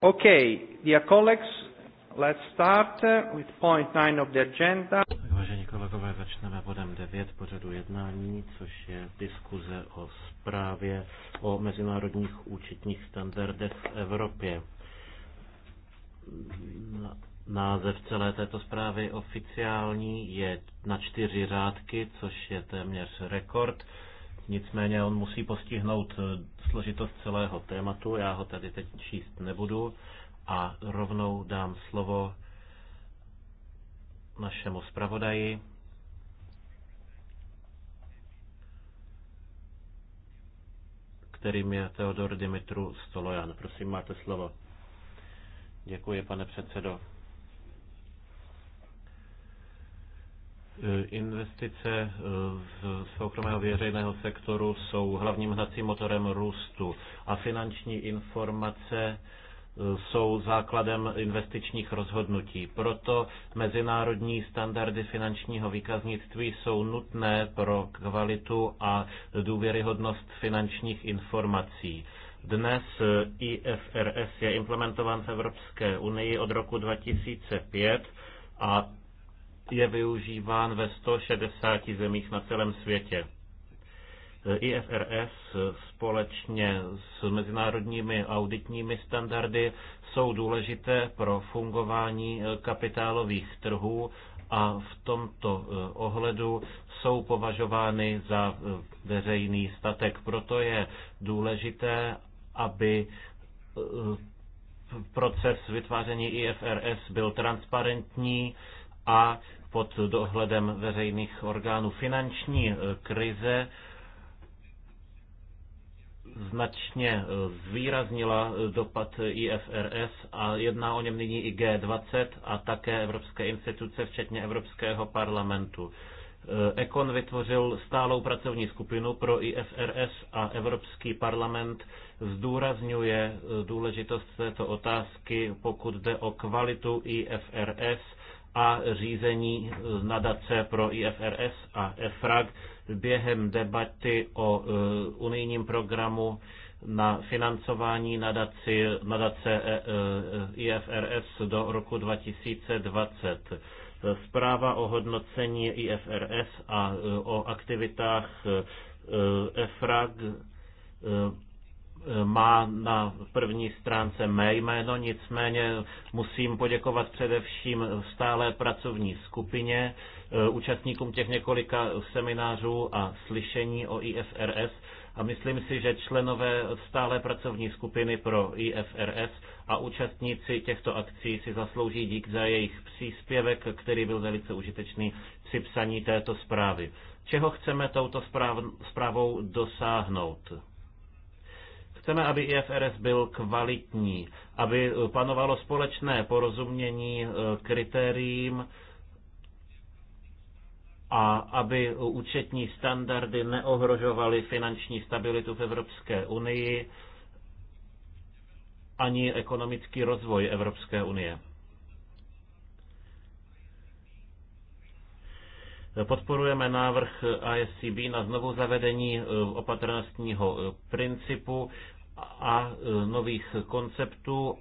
Okay, dear colleagues, let's start uh, with point 9 of the agenda. Vážení kolegové, začneme bodem 9 pořadu jednání, což je diskuze o zprávě o mezinárodních účetních standardech v Evropě. Název celé této zprávy oficiální je na čtyři řádky, což je téměř rekord. Nicméně on musí postihnout eh, složitost celého tématu, já ho tady teď číst nebudu a rovnou dám slovo našemu zpravodaji. kterým je Teodor Dimitru Stolojan. Prosím, máte slovo. Děkuji, pane předsedo. Eh, investice z eh, soukromého věřejného sektoru jsou hlavním hnacím motorem růstu a finanční informace eh, jsou základem investičních rozhodnutí. Proto mezinárodní standardy finančního výkaznictví jsou nutné pro kvalitu a důvěryhodnost finančních informací. Dnes IFRS je implementován v Evropské unii od roku 2005 a je využíván ve 160 zemích na celém světě. IFRS společně s mezinárodními auditními standardy jsou důležité pro fungování eh, kapitálových trhů a v tomto eh, ohledu jsou považovány za eh, veřejný statek. Proto je důležité, aby proces vytváření IFRS byl transparentní a pod dohledem veřejných orgánů. Finanční eh, krize značně eh, zvýraznila eh, dopad IFRS a jedná o něm nyní i G20 a také evropské instituce, včetně Evropského parlamentu. Ekon vytvořil stálou pracovní skupinu pro IFRS a Evropský parlament zdůrazňuje důležitost této otázky, pokud jde o kvalitu IFRS a řízení nadace pro IFRS a EFRAG během debaty o eh, unijním programu na financování nadaci, nadace eh, eh, IFRS do roku 2020. Zpráva o hodnocení IFRS a o aktivitách EFRAG má na první stránce mé jméno, nicméně musím poděkovat především stále pracovní skupině, e, účastníkům těch několika seminářů a slyšení o IFRS a myslím si, že členové stále pracovní skupiny pro IFRS a účastníci těchto akcí si zaslouží dík za jejich příspěvek, který byl velice užitečný při psaní této zprávy. Čeho chceme touto zprávou dosáhnout? Chceme, aby IFRS byl kvalitní, aby eh, panovalo společné porozumění eh, kritériím, a aby eh, účetní standardy neohrožovaly finanční stabilitu v Evropské unii ani ekonomický rozvoj Evropské unie. Podporujeme návrh ASCB na znovu zavedení opatrnostního principu a e, nových konceptů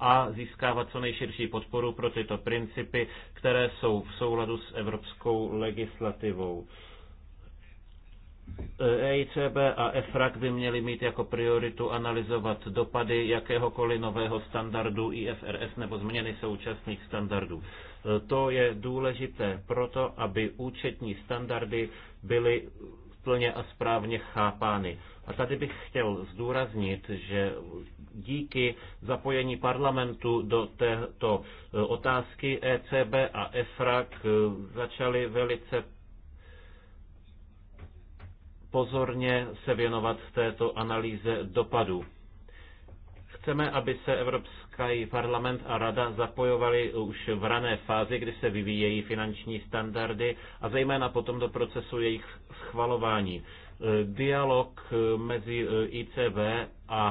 a získávat co nejširší podporu pro tyto principy, které jsou v souladu s evropskou legislativou. EICB e a EFRAG by měly mít jako prioritu analyzovat dopady jakéhokoliv nového standardu IFRS nebo změny současných standardů. E, to je důležité proto, aby účetní standardy byly plně a správně chápány. A tady bych chtěl zdůraznit, že díky zapojení parlamentu do této e, otázky ECB a EFRAG e, začaly velice pozorně se věnovat této analýze dopadu. Chceme, aby se Evropský parlament a rada zapojovali e, už v rané fázi, kdy se vyvíjejí finanční standardy a zejména potom do procesu jejich schvalování. Eh, dialog eh, mezi eh, ICV a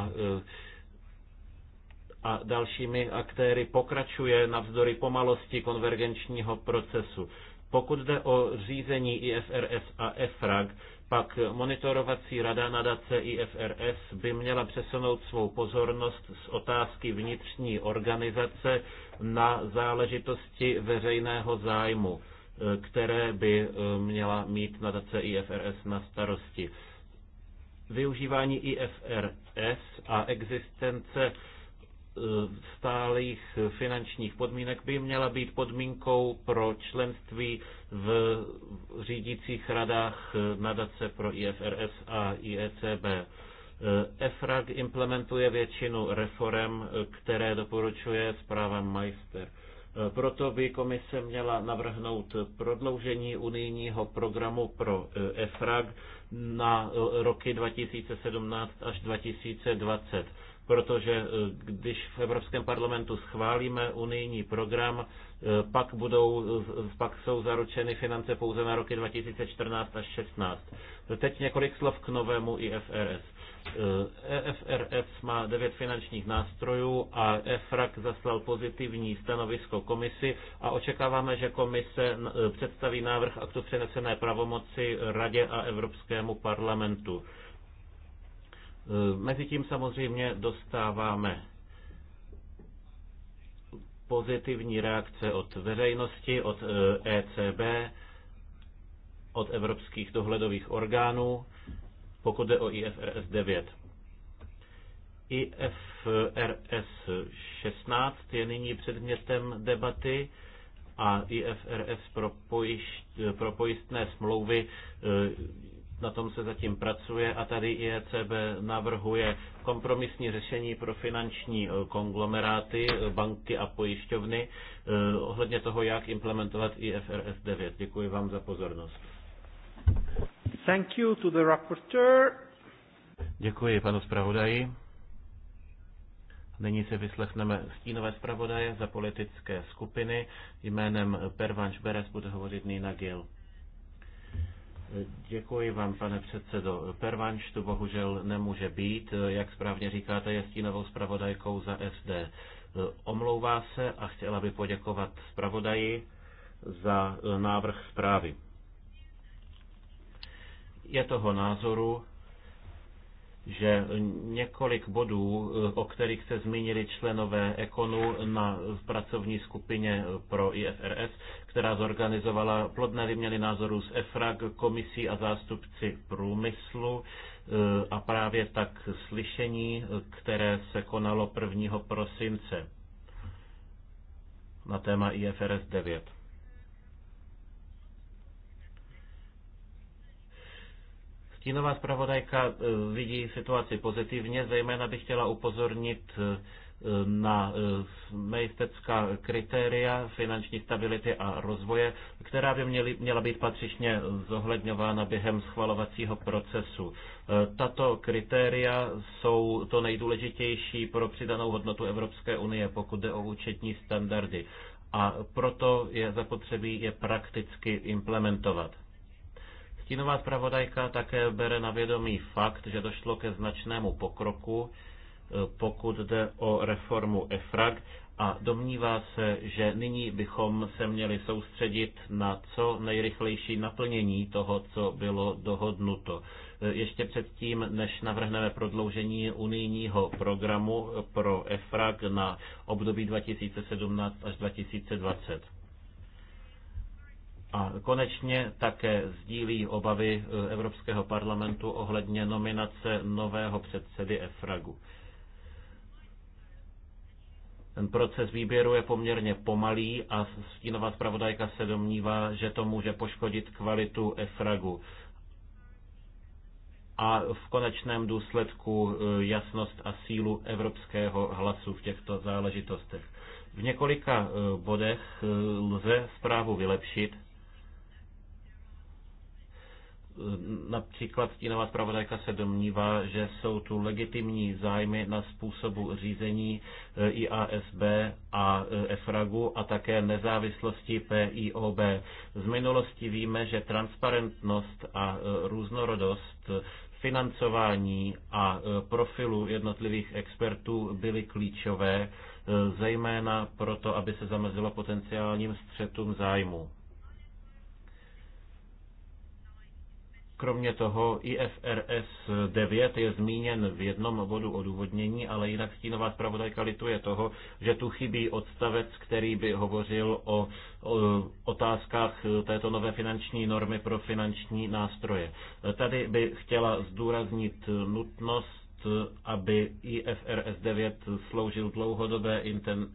a dalšími aktéry pokračuje navzdory pomalosti konvergenčního procesu. Pokud jde o řízení IFRS a EFRAG, pak monitorovací rada nadace IFRS by měla přesunout svou pozornost z otázky vnitřní organizace na záležitosti veřejného zájmu které by eh, měla mít nadace IFRS na starosti. Využívání IFRS a existence eh, stálých finančních podmínek by měla být podmínkou pro členství v řídících radách eh, nadace pro IFRS a IECB. EFRAG implementuje většinu reform, které doporučuje zpráva Meister. Eh, proto by komise měla navrhnout prodloužení unijního programu pro eh, EFRAG na eh, roky 2017 až 2020 protože když v Evropském parlamentu schválíme unijní program, pak, budou, pak jsou zaručeny finance pouze na roky 2014 až 2016. Teď několik slov k novému IFRS. EFRF eh, e má devět finančních nástrojů a EFRAK zaslal pozitivní stanovisko komisi a očekáváme, že komise eh, představí návrh aktu přenesené pravomoci Radě a Evropskému parlamentu. Eh, Mezitím samozřejmě dostáváme pozitivní reakce od veřejnosti, od ECB, e od evropských dohledových orgánů pokud jde o IFRS 9. IFRS 16 je nyní předmětem debaty a IFRS pro, pojišť, pro pojistné smlouvy eh, na tom se zatím pracuje a tady IECB navrhuje kompromisní řešení pro finanční eh, konglomeráty, eh, banky a pojišťovny ohledně toho, jak implementovat IFRS 9. Děkuji vám za pozornost. Thank you to the rapporteur. Děkuji panu zpravodaji. Nyní si vyslechneme stínové zpravodaje za politické skupiny. Jménem Pervanš Beres bude hovořit Nina GIL. Děkuji vám, pane předsedo. Pervanš tu bohužel nemůže být. Jak správně říkáte, je stínovou zpravodajkou za SD. Omlouvá se a chtěla by poděkovat zpravodaji za návrh zprávy je toho názoru, že několik bodů, o kterých se zmínili členové Ekonu na pracovní skupině pro IFRS, která zorganizovala plodné vyměny názorů s EFRAG, komisí a zástupci průmyslu e, a právě tak slyšení, které se konalo 1. prosince na téma IFRS 9. Stínová zpravodajka eh, vidí situaci pozitivně, zejména bych chtěla upozornit eh, na eh, mejstecká kritéria finanční stability a rozvoje, která by měly, měla být patřičně zohledňována během schvalovacího procesu. Tato kritéria jsou to nejdůležitější pro přidanou hodnotu Evropské unie, pokud jde o účetní standardy. A proto je zapotřebí je prakticky implementovat. Stínová zpravodajka také bere na vědomí fakt, že došlo ke značnému pokroku, e, pokud jde o reformu EFRAG a domnívá se, že nyní bychom se měli soustředit na co nejrychlejší naplnění toho, co bylo dohodnuto. E, ještě předtím, než navrhneme prodloužení unijního programu pro EFRAG na období 2017 až 2020. A konečně také sdílí obavy e, Evropského parlamentu ohledně nominace nového předsedy EFRAGu. Ten proces výběru je poměrně pomalý a stínová zpravodajka se domnívá, že to může poškodit kvalitu EFRAGu a v konečném důsledku e, jasnost a sílu evropského hlasu v těchto záležitostech. V několika e, bodech lze zprávu vylepšit Například stínová zpravodajka se domnívá, že jsou tu legitimní zájmy na způsobu řízení eh, IASB a eh, EFRAGu a také nezávislosti PIOB. Z minulosti víme, že transparentnost a eh, různorodost financování a profilu jednotlivých expertů byly klíčové, zejména proto, aby se zamezilo potenciálním střetům zájmu. Kromě toho IFRS 9 je zmíněn v jednom bodu odůvodnění, ale jinak stínová zpravodajka lituje toho, že tu chybí odstavec, který by hovořil o, o otázkách této nové finanční normy pro finanční nástroje. Tady by chtěla zdůraznit nutnost aby IFRS 9 sloužil dlouhodobé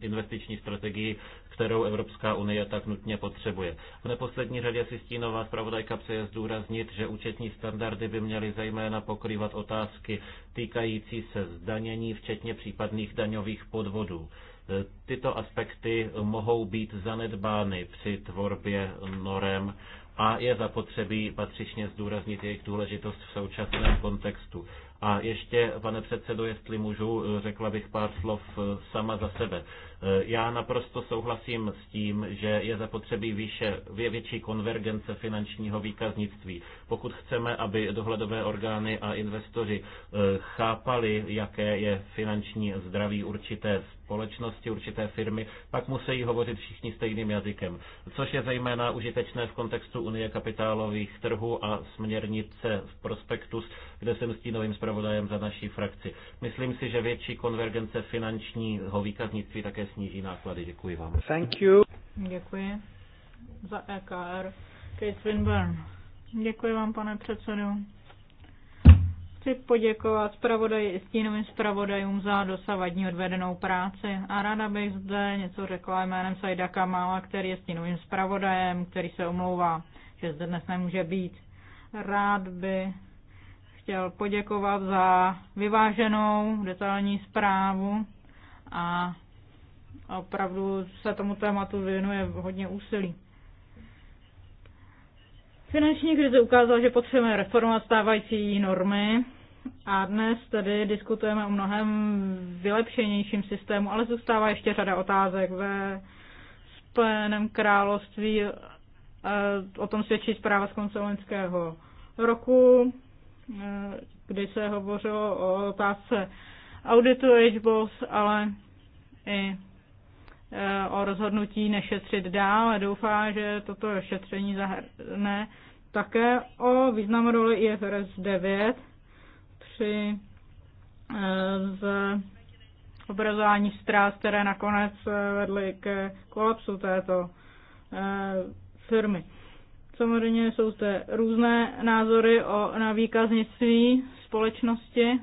investiční strategii, kterou Evropská unie tak nutně potřebuje. V neposlední řadě si stínová zpravodajka přeje zdůraznit, že účetní standardy by měly zejména pokrývat otázky týkající se zdanění, včetně případných daňových podvodů. Tyto aspekty mohou být zanedbány při tvorbě norem a je zapotřebí patřičně zdůraznit jejich důležitost v současném kontextu. A ještě, pane předsedo, jestli můžu, eh, řekla bych pár slov eh, sama za sebe. Eh, já naprosto souhlasím s tím, že je zapotřebí výše, větší konvergence finančního výkaznictví. Pokud chceme, aby dohledové orgány a investoři eh, chápali, jaké je finanční zdraví určité společnosti, určité firmy, pak musí hovořit všichni stejným jazykem, což je zejména užitečné v kontextu Unie kapitálových trhů a směrnice v prospektus, kde jsem s tím novým zpravodajem za naší frakci. Myslím si, že větší konvergence finančního výkaznictví také sníží náklady. Děkuji vám. Thank you. Děkuji. Za EKR Kate Winburn. Děkuji vám, pane předsedu. Chci poděkovat zpravodaji i stínovým zpravodajům za dosavadní odvedenou práci a ráda bych zde něco řekla jménem Saida Kamala, který je stínovým zpravodajem, který se omlouvá, že zde dnes nemůže být. Rád by chtěl poděkovat za vyváženou detailní zprávu a a opravdu se tomu tématu věnuje hodně úsilí. Finanční krize ukázala, že potřebujeme reformovat stávající normy a dnes tedy diskutujeme o mnohem vylepšenějším systému, ale zůstává ještě řada otázek ve Spojeném království. Eh, o tom svědčí zpráva z konce loňského roku, eh, kdy se hovořilo o otázce auditu HBOS, ale i o rozhodnutí nešetřit dál a doufá, že toto šetření zahrne také o významu roli IFRS 9 při z eh, obrazování ztrát, které nakonec eh, vedly k kolapsu této eh, firmy. Samozřejmě jsou zde různé názory o, na výkaznictví společnosti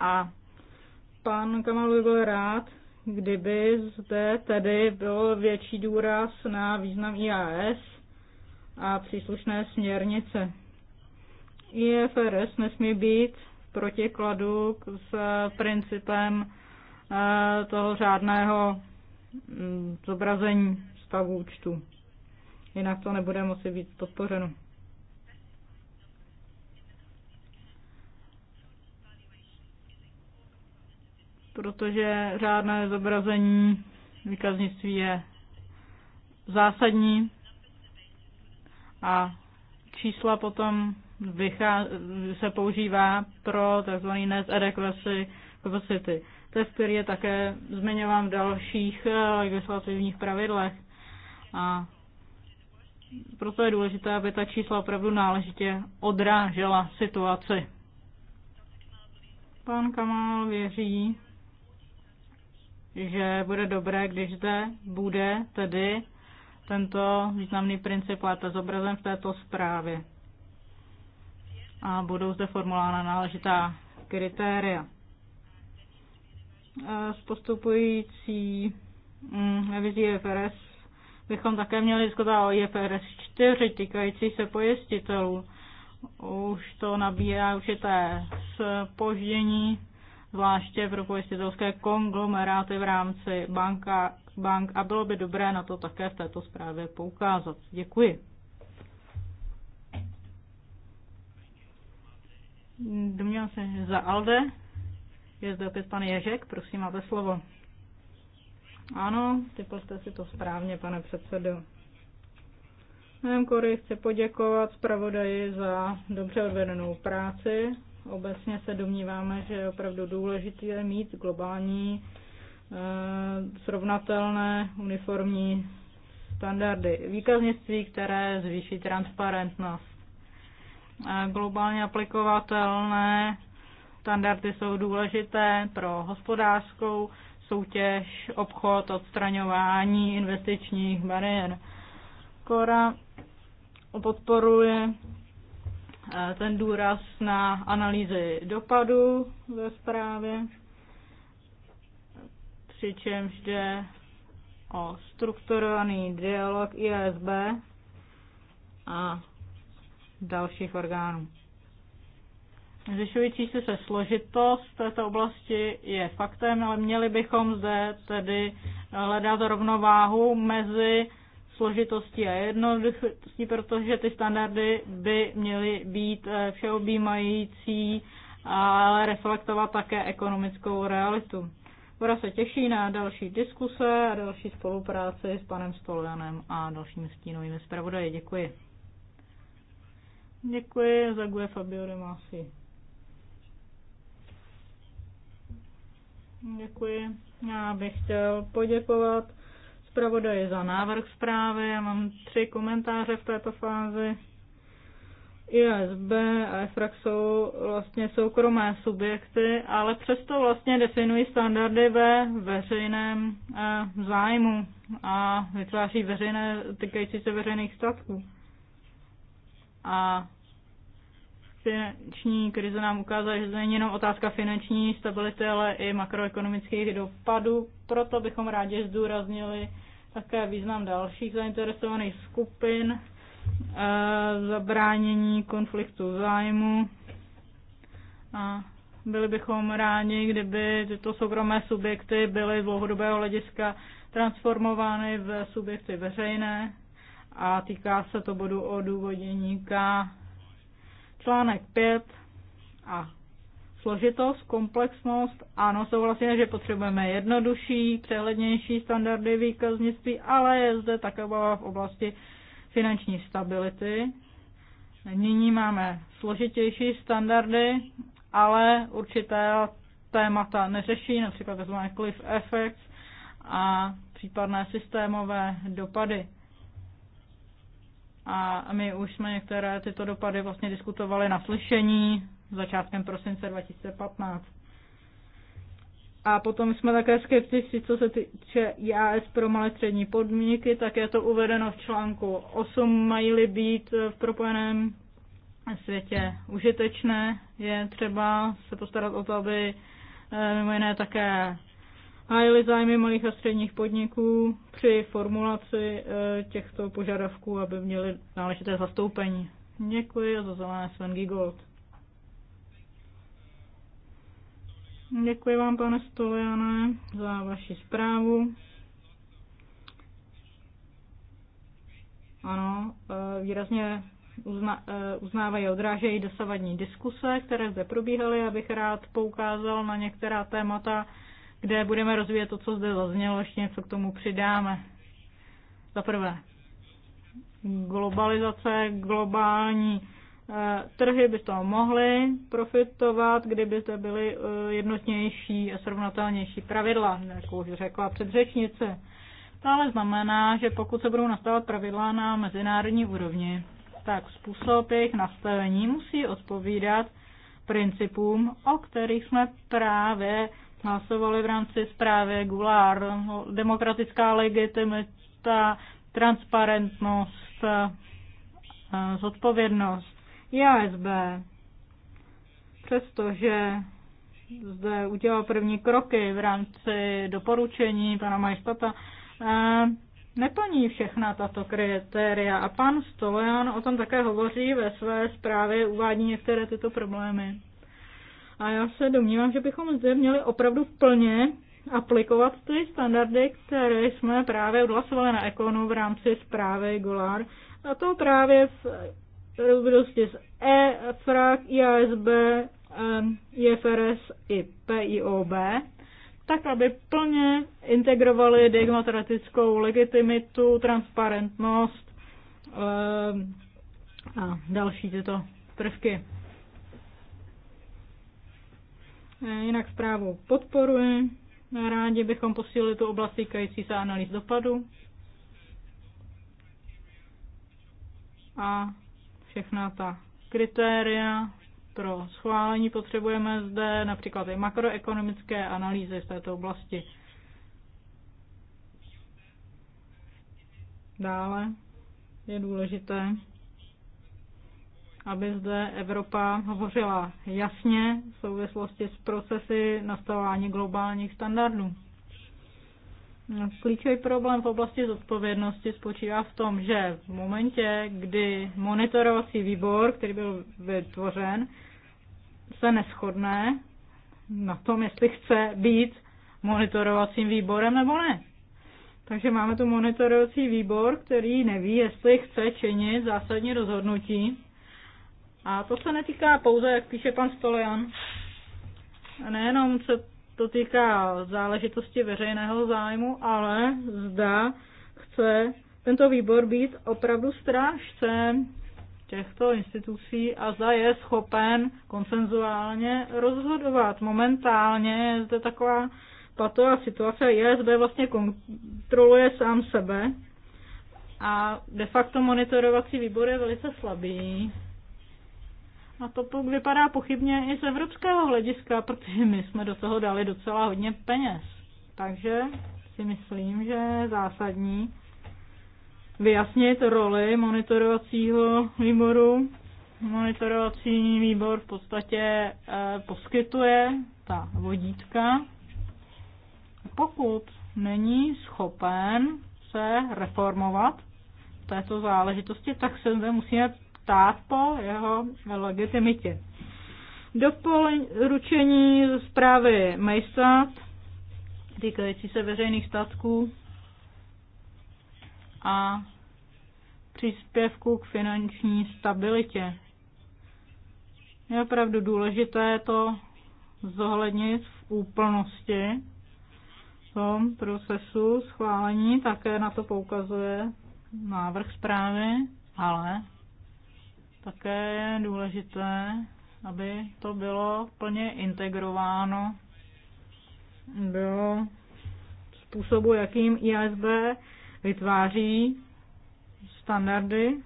a pan Kamal by byl rád, kdyby zde tedy byl větší důraz na význam IAS a příslušné směrnice. IFRS nesmí být v protikladu s principem eh, toho řádného mm, zobrazení stavu účtu. Jinak to nebude moci být podpořeno. protože řádné zobrazení výkaznictví je zásadní a čísla potom se používá pro tzv. net adequacy capacity. Test, který je také zmiňován v dalších eh, legislativních pravidlech. A proto je důležité, aby ta čísla opravdu náležitě odrážela situaci. Pan Kamal věří, že bude dobré, když zde bude tedy tento významný princip lépe zobrazen v této zprávě. A budou zde formulána náležitá kritéria. Mm, e S postupující revizí IFRS bychom také měli diskutovat o IFRS e 4 týkající se pojistitelů. Už to nabírá určité spoždění zvláště pro pojistitelské konglomeráty v rámci banka, bank a bylo by dobré na to také v této zprávě poukázat. Děkuji. Domnívám se, že za Alde je zde opět pan Ježek, prosím, máte slovo. Ano, typl jste si to správně, pane předsedo. Nevím, Kory chci poděkovat zpravodaji za dobře odvedenou práci Obecně se domníváme, že je opravdu důležité mít globální eh, srovnatelné uniformní standardy výkaznictví, které zvýší transparentnost. Globálně aplikovatelné standardy jsou důležité pro hospodářskou soutěž, obchod, odstraňování investičních bariér. Kora podporuje ten důraz na analýzy dopadu ve zprávě, přičemž jde o strukturovaný dialog ISB a dalších orgánů. Zvyšující se, se složitost této oblasti je faktem, ale měli bychom zde tedy hledat rovnováhu mezi složitosti a jednoduchosti, protože ty standardy by měly být eh, všeobjímající, ale reflektovat také ekonomickou realitu. Bora se těší na další diskuse a další spolupráci s panem Stolianem a dalšími stínovými zpravodaji. Děkuji. Děkuji, zaguje Fabio De Masi. Děkuji. Já bych chtěl poděkovat zpravodaje za návrh zprávy. Já mám tři komentáře v této fázi. ISB a EFRAG jsou vlastně soukromé subjekty, ale přesto vlastně definují standardy ve veřejném eh, zájmu a vytváří veřejné, týkající se veřejných statků. A finanční krize nám ukázala, že to není jenom otázka finanční stability, ale i makroekonomických dopadů. Proto bychom rádi zdůraznili také význam dalších zainteresovaných skupin, e, zabránění konfliktu zájmu a byli bychom rádi, kdyby tyto soukromé subjekty byly z dlouhodobého hlediska transformovány v subjekty veřejné a týká se to bodu důvodění K Článek 5 a složitost, komplexnost. Ano, souhlasím, že potřebujeme jednodušší, přehlednější standardy výkaznictví, ale je zde také v oblasti finanční stability. Nyní máme složitější standardy, ale určité témata neřeší, například tzv. cliff effects a případné systémové dopady. A my už jsme některé tyto dopady vlastně diskutovali na slyšení začátkem prosince 2015. A potom jsme také skeptici, co se týče IAS pro malé střední podmínky, tak je to uvedeno v článku 8, mají-li být v propojeném světě užitečné, je třeba se postarat o to, aby eh, mimo jiné také hájili zájmy malých a středních podniků při formulaci eh, těchto požadavků, aby měli náležité zastoupení. Děkuji a za zelené Sven Gigold. Děkuji vám, pane Stoliane, za vaši zprávu. Ano, eh, výrazně eh, uznávají a odrážejí dosavadní diskuse, které zde probíhaly. Abych rád poukázal na některá témata, kde budeme rozvíjet to, co zde zaznělo, ještě něco k tomu přidáme. Za prvé, globalizace, globální eh, trhy by z toho mohly profitovat, kdyby zde byly eh, jednotnější a srovnatelnější pravidla, jak už řekla předřečnice. To ale znamená, že pokud se budou nastavovat pravidla na mezinárodní úrovni, tak způsob jejich nastavení musí odpovídat principům, o kterých jsme právě hlasovali v rámci zprávy Gulár. Demokratická legitimita, transparentnost, eh, zodpovědnost. IASB, přestože zde udělal první kroky v rámci doporučení pana majstata, eh, neplní všechna tato kritéria a pan Stolian o tom také hovoří ve své zprávě, uvádí některé tyto problémy. A já se domnívám, že bychom zde měli opravdu plně aplikovat ty standardy, které jsme právě odhlasovali na Ekonu v rámci zprávy Golar. A to právě v souvislosti e, s EFRAG, IASB, IFRS i PIOB, tak aby plně integrovali demokratickou legitimitu, transparentnost eh, a další tyto prvky. Eh, jinak zprávu podporuji. Rádi bychom posílili tu oblast týkající se analýz dopadu. A všechna ta kritéria pro schválení potřebujeme zde například i makroekonomické analýzy z této oblasti. Dále je důležité aby zde Evropa hovořila jasně v souvislosti s procesy nastavování globálních standardů. Klíčový problém v oblasti zodpovědnosti spočívá v tom, že v momentě, kdy monitorovací výbor, který byl vytvořen, se neschodne na tom, jestli chce být monitorovacím výborem nebo ne. Takže máme tu monitorovací výbor, který neví, jestli chce činit zásadní rozhodnutí a to se netýká pouze, jak píše pan Stolian, nejenom se to týká záležitosti veřejného zájmu, ale zda chce tento výbor být opravdu strážcem těchto institucí a zda je schopen konsenzuálně rozhodovat. Momentálně je zde taková patová situace, JSB vlastně kontroluje sám sebe a de facto monitorovací výbor je velice slabý a to vypadá pochybně i z evropského hlediska, protože my jsme do toho dali docela hodně peněz. Takže si myslím, že je zásadní vyjasnit roli monitorovacího výboru. Monitorovací výbor v podstatě eh, poskytuje ta vodítka. Pokud není schopen se reformovat v této záležitosti, tak se zde musíme ptát po jeho legitimitě. Doporučení zprávy Mejstát týkající se veřejných statků a příspěvku k finanční stabilitě. Je opravdu důležité to zohlednit v úplnosti v tom procesu schválení. Také na to poukazuje návrh zprávy, ale také je důležité, aby to bylo plně integrováno do způsobu, jakým ISB vytváří standardy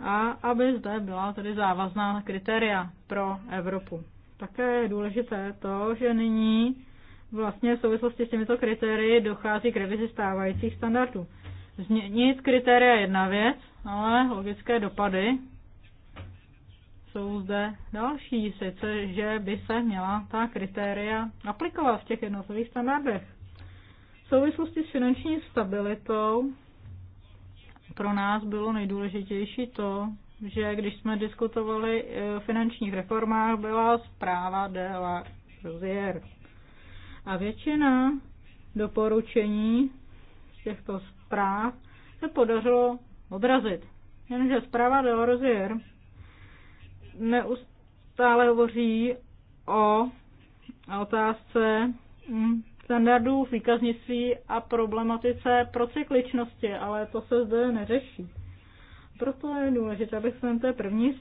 a aby zde byla tedy závazná kritéria pro Evropu. Také je důležité to, že nyní vlastně v souvislosti s těmito kritérii dochází k revizi stávajících standardů. Změnit kritéria je jedna věc, ale logické dopady jsou zde další, sice, že by se měla ta kritéria aplikovat v těch jednotlivých standardech. V souvislosti s finanční stabilitou pro nás bylo nejdůležitější to, že když jsme diskutovali e, o finančních reformách, byla zpráva de la Rozier. A většina doporučení z těchto zpráv se podařilo odrazit. jenže zpráva de Rozier neustále hovoří o otázce mm, standardů v výkaznictví a problematice procykličnosti, ale to se zde neřeší. Proto je důležité, abychom té první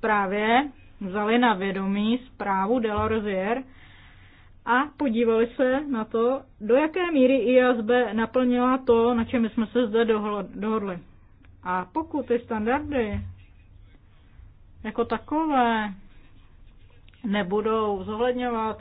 právě vzali na vědomí zprávu Delorzier a podívali se na to, do jaké míry IASB naplnila to, na čem jsme se zde dohodli. A pokud ty standardy jako takové nebudou zohledňovat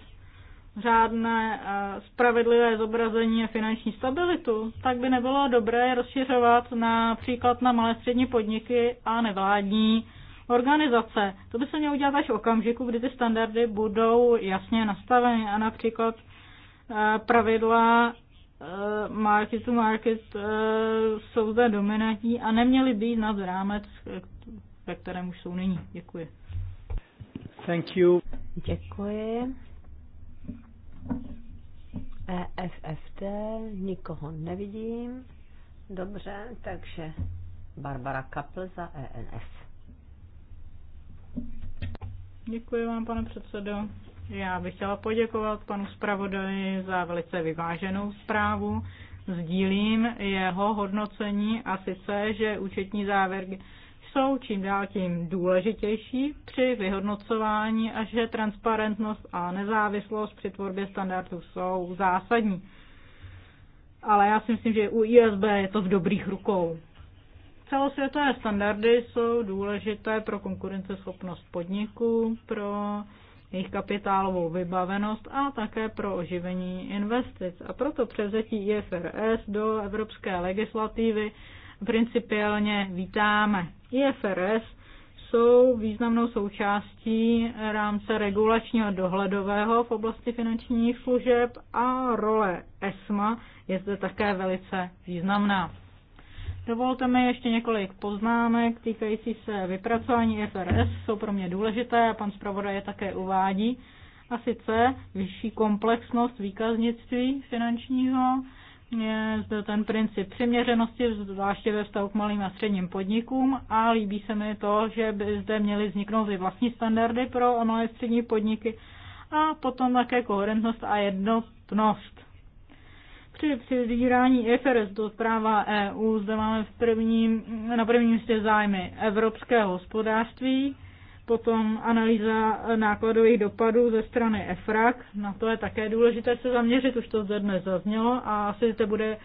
řádné eh, spravedlivé zobrazení a finanční stabilitu, tak by nebylo dobré rozšiřovat například na malé střední podniky a nevládní organizace. To by se mělo udělat až v okamžiku, kdy ty standardy budou jasně nastaveny a například eh, pravidla eh, market to market eh, jsou zde dominantní a neměly být nad rámec, ve kterém už jsou nyní. Děkuji. Thank you. Děkuji. EFFT, nikoho nevidím. Dobře, takže Barbara Kapl za ENF. Děkuji vám, pane předsedo. Já bych chtěla poděkovat panu zpravodaji za velice vyváženou zprávu. Sdílím jeho hodnocení a sice, že účetní závěrky jsou čím dál tím důležitější při vyhodnocování a že transparentnost a nezávislost při tvorbě standardů jsou zásadní. Ale já si myslím, že u ISB je to v dobrých rukou. Celosvětové standardy jsou důležité pro konkurenceschopnost podniků, pro jejich kapitálovou vybavenost a také pro oživení investic. A proto převzetí IFRS do evropské legislativy principiálně vítáme. IFRS jsou významnou součástí rámce regulačního dohledového v oblasti finančních služeb a role ESMA je zde také velice významná. Dovolte mi ještě několik poznámek týkající se vypracování FRS, jsou pro mě důležité a pan zpravodaj je také uvádí. A sice vyšší komplexnost výkaznictví finančního, je zde ten princip přiměřenosti, zvláště ve vztahu k malým a středním podnikům a líbí se mi to, že by zde měly vzniknout i vlastní standardy pro malé a střední podniky a potom také koherentnost a jednotnost při přidírání IFRS do zpráva EU zde máme v prvním, na prvním místě zájmy evropského hospodářství, potom analýza nákladových dopadů ze strany EFRAG, na to je také důležité se zaměřit, už to zde dnes zaznělo a asi zde bude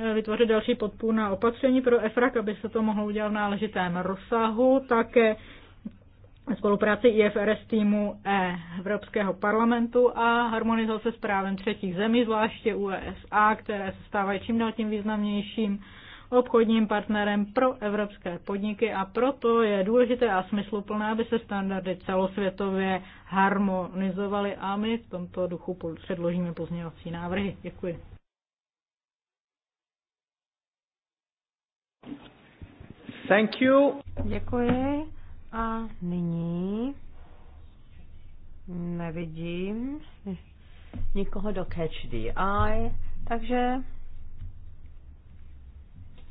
eh, vytvořit další podpůrná opatření pro EFRAG, aby se to mohlo udělat v náležitém rozsahu, také spolupráci IFRS týmu e Evropského parlamentu a harmonizace s právem třetích zemí, zvláště USA, e které se stávají čím dál tím významnějším obchodním partnerem pro evropské podniky a proto je důležité a smysluplné, aby se standardy celosvětově harmonizovaly a my v tomto duchu předložíme pozměňovací návrhy. Děkuji. Thank you. Děkuji. A nyní nevidím nikoho do Catch the Eye, takže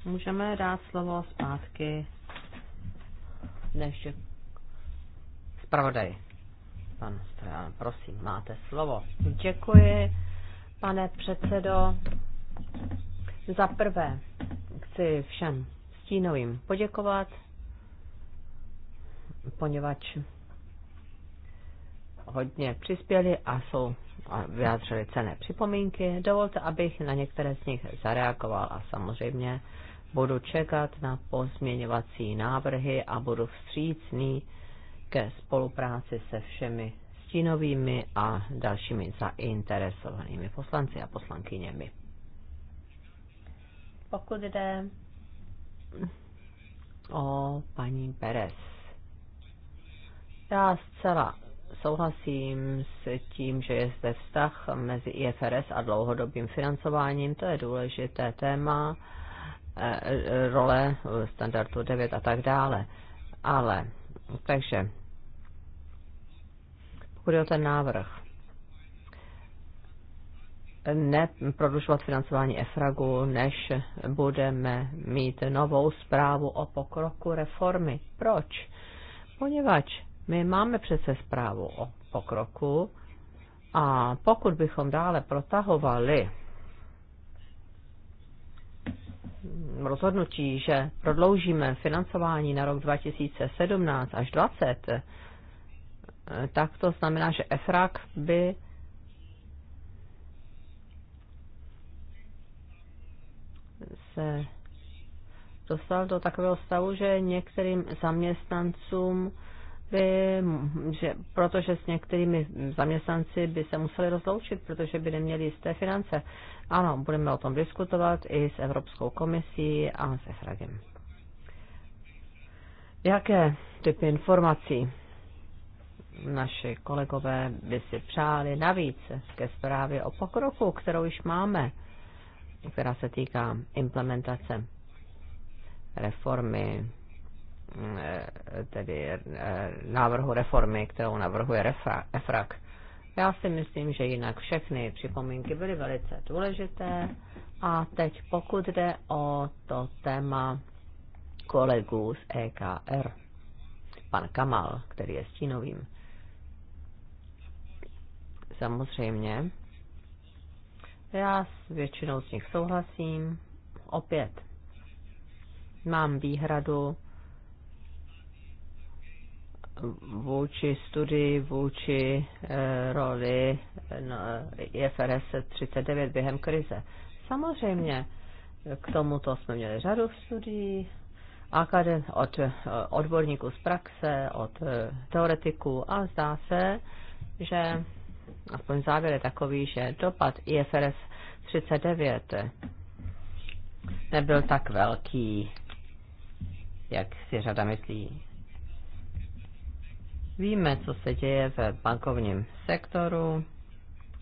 můžeme dát slovo zpátky než zpravodaj. Pan Stojan, prosím, máte slovo. Děkuji, pane předsedo. Za prvé chci všem stínovým poděkovat poněvadž hodně přispěli a jsou a vyjádřili cené připomínky. Dovolte, abych na některé z nich zareagoval a samozřejmě budu čekat na pozměňovací návrhy a budu vstřícný ke spolupráci se všemi stínovými a dalšími zainteresovanými poslanci a poslankyněmi. Pokud jde o paní Perez. Já zcela souhlasím s tím, že je zde vztah mezi IFRS a dlouhodobým financováním. To je důležité téma, eh, eh, role standardu 9 a tak dále. Ale, takže, pokud je o ten návrh, neprodlužovat financování EFRAGu, než budeme mít novou zprávu o pokroku reformy. Proč? Poněvadž my máme přece zprávu o pokroku a pokud bychom dále protahovali rozhodnutí, že prodloužíme financování na rok 2017 až 2020, tak to znamená, že EFRAK by se dostal do takového stavu, že některým zaměstnancům by, že, protože s některými zaměstnanci by se museli rozloučit, protože by neměli jisté finance. Ano, budeme o tom diskutovat i s Evropskou komisí a s EFRAGem. Jaké typy informací naši kolegové by si přáli navíc ke zprávě o pokroku, kterou již máme, která se týká implementace reformy tedy eh, návrhu reformy, kterou navrhuje EFRAK. Já si myslím, že jinak všechny připomínky byly velice důležité. A teď pokud jde o to téma kolegů z EKR, pan Kamal, který je stínovým, samozřejmě, já s většinou z nich souhlasím. Opět mám výhradu vůči studii, vůči eh, roli IFRS 39 během krize. Samozřejmě k tomuto jsme měli řadu studií akadem, od eh, odborníků z praxe, od eh, teoretiků a zdá se, že aspoň závěr je takový, že dopad IFRS 39 nebyl tak velký, jak si řada myslí. Víme, co se děje v bankovním sektoru,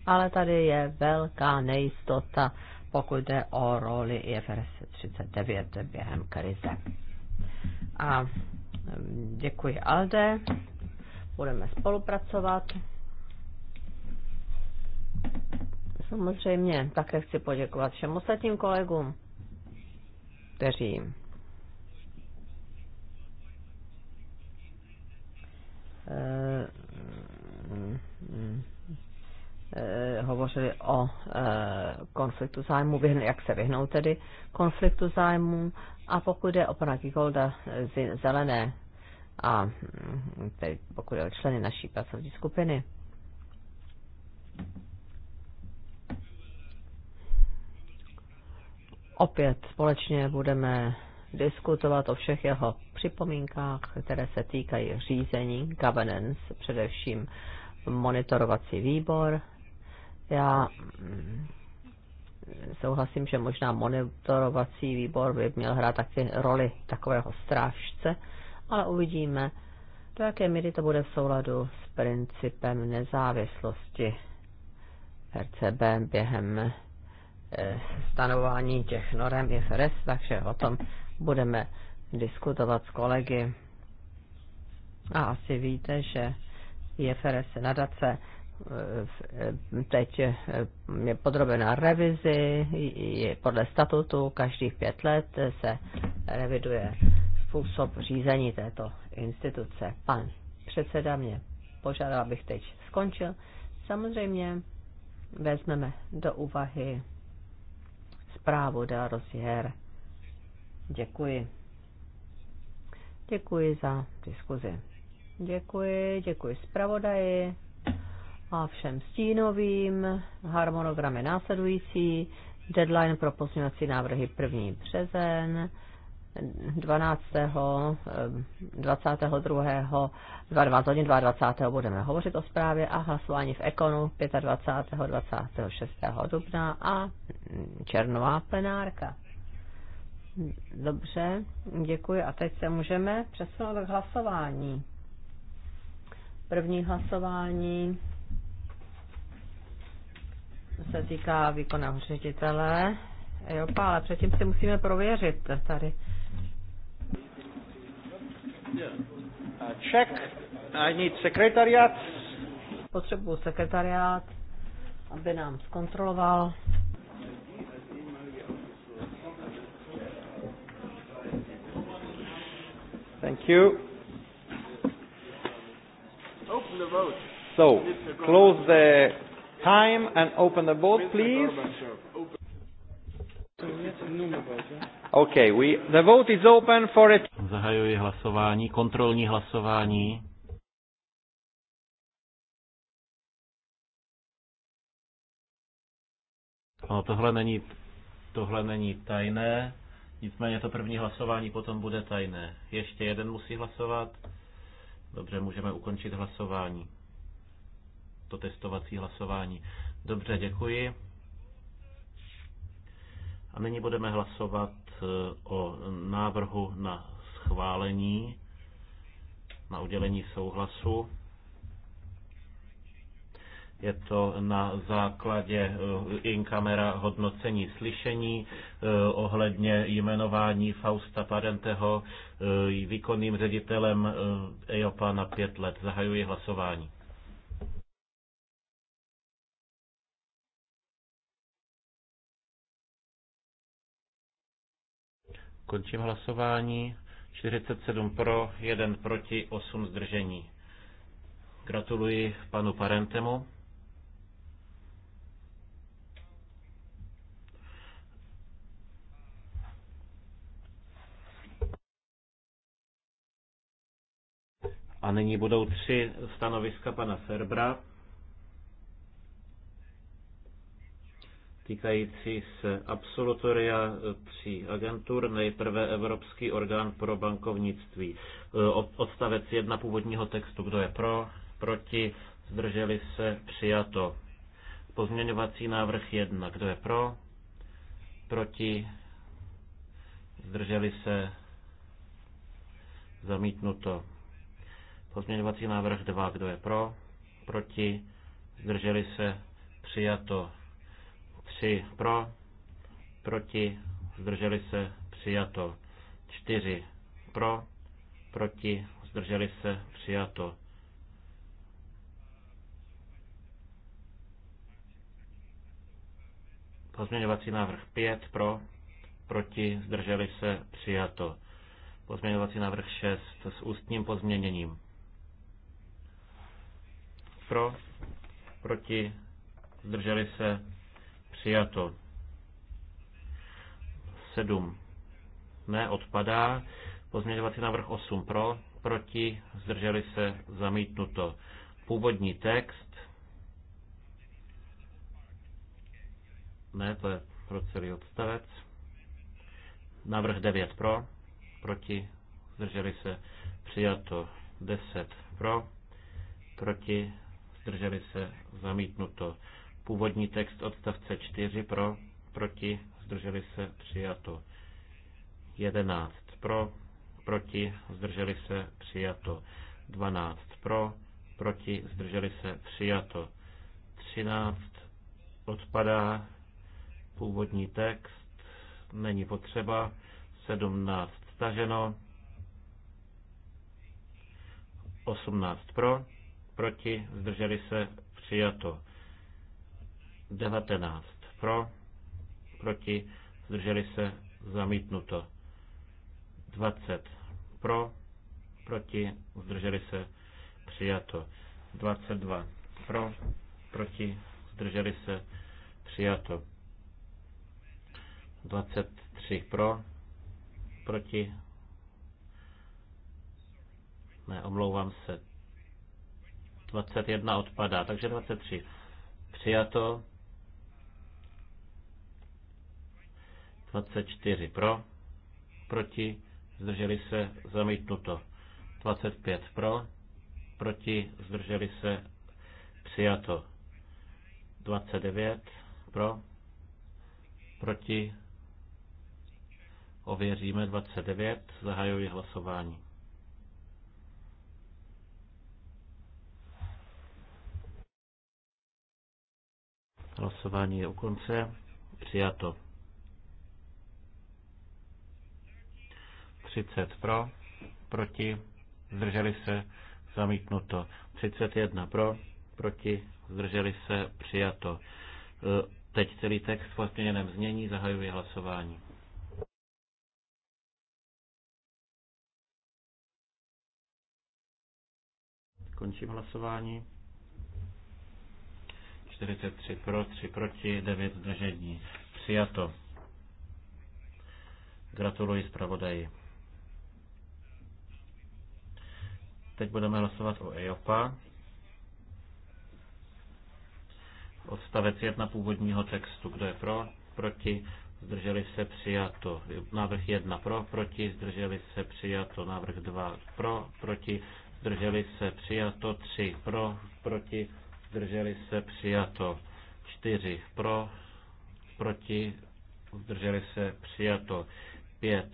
ale tady je velká nejistota, pokud jde o roli IFRS 39 během krize. A děkuji Alde, budeme spolupracovat. Samozřejmě také chci poděkovat všem ostatním kolegům, kteří Eh, eh, hovořili o eh, konfliktu zájmu, jak se vyhnout tedy konfliktu zájmu. A pokud je o pana z Zelené, a hm, tedy pokud je o členy naší pracovní skupiny, opět společně budeme diskutovat o všech jeho připomínkách, které se týkají řízení, governance, především monitorovací výbor. Já mm, souhlasím, že možná monitorovací výbor by měl hrát taky roli takového strážce, ale uvidíme, do jaké míry to bude v souladu s principem nezávislosti RCB během eh, stanování těch norem FRS, takže o tom budeme diskutovat s kolegy. A asi víte, že IFRS nadace eh, eh, teď eh, je podrobená revizi, je podle statutu každých pět let se reviduje způsob řízení této instituce. Pan předseda mě požádal, abych teď skončil. Samozřejmě vezmeme do úvahy zprávu Dá Rozier Děkuji. Děkuji za diskuzi. Děkuji, děkuji zpravodaji a všem stínovým. Harmonogram je následující. Deadline pro pozměňovací návrhy 1. březen. 12. 22. 22 22. budeme hovořit o zprávě a hlasování v Ekonu 25. 26. dubna a černová plenárka. Dobře, děkuji. A teď se můžeme přesunout k hlasování. První hlasování se týká výkonného ředitele. Jo, ale předtím si musíme prověřit tady. Check. I need secretariat. Potřebuji sekretariát, aby nám zkontroloval. Thank you. Open the vote. So, close the time and open the vote, please. Okay, we, the vote is open for it. Zahajuji hlasování, kontrolní hlasování. Ano, tohle není, tohle není tajné. Nicméně to první hlasování potom bude tajné. Ještě jeden musí hlasovat. Dobře, můžeme ukončit hlasování. To testovací hlasování. Dobře, děkuji. A nyní budeme hlasovat eh, o návrhu na schválení, na udělení souhlasu. Je to na základě eh, in camera hodnocení slyšení eh, ohledně jmenování Fausta Parenteho eh, výkonným ředitelem EOPA na pět let. Zahajuji hlasování. Končím hlasování. 47 pro, 1 proti, 8 zdržení. Gratuluji panu Parentemu. A nyní budou tři stanoviska pana Ferbra týkající se absolutoria tří agentur, nejprve Evropský orgán pro bankovnictví. E, odstavec jedna původního textu, kdo je pro, proti, zdrželi se, přijato. Pozměňovací návrh jedna, kdo je pro, proti, zdrželi se, zamítnuto. Pozměňovací návrh 2, kdo je pro, proti, zdrželi se, přijato. 3 pro, proti, zdrželi se, přijato. 4 pro, proti, zdrželi se, přijato. Pozměňovací návrh 5 pro, proti, zdrželi se, přijato. Pozměňovací návrh 6 s ústním pozměněním pro, proti, zdrželi se, přijato. sedm ne, odpadá. Pozměňovací návrh 8 pro, proti, zdrželi se, zamítnuto. Původní text, ne, to je pro celý odstavec. Návrh 9 pro, proti, zdrželi se, přijato. 10 pro, proti, zdrželi se, zamítnuto. Původní text odstavce 4 pro, proti, zdrželi se, přijato. 11 pro, proti, zdrželi se, přijato. 12 pro, proti, zdrželi se, přijato. 13 odpadá, původní text není potřeba, 17 staženo, 18 pro, proti, zdrželi se, přijato. 19 pro, proti, zdrželi se, zamítnuto. 20 pro, proti, zdrželi se, přijato. 22 pro, proti, zdrželi se, přijato. 23 pro, proti, ne, omlouvám se, 21 odpadá, takže 23. Přijato. 24 pro, proti, zdrželi se, zamítnuto. 25 pro, proti, zdrželi se, přijato. 29 pro, proti, ověříme 29, zahajuji hlasování. Hlasování je u konce. Přijato. 30 pro, proti, zdrželi se, zamítnuto. 31 pro, proti, zdrželi se, přijato. E, teď celý text v pozměněném znění zahajuje hlasování. Končím hlasování. 43 pro, 3 proti, 9 zdržení. Přijato. Gratuluji zpravodaji. Teď budeme hlasovat o EOPA. Odstavec 1 původního textu. Kdo je pro? Proti? Zdrželi se přijato. Návrh 1 pro, proti, zdrželi se přijato. Návrh 2 pro, proti, zdrželi se přijato. 3 pro, proti, zdrželi se, přijato. 4 pro, proti, zdrželi se, přijato. 5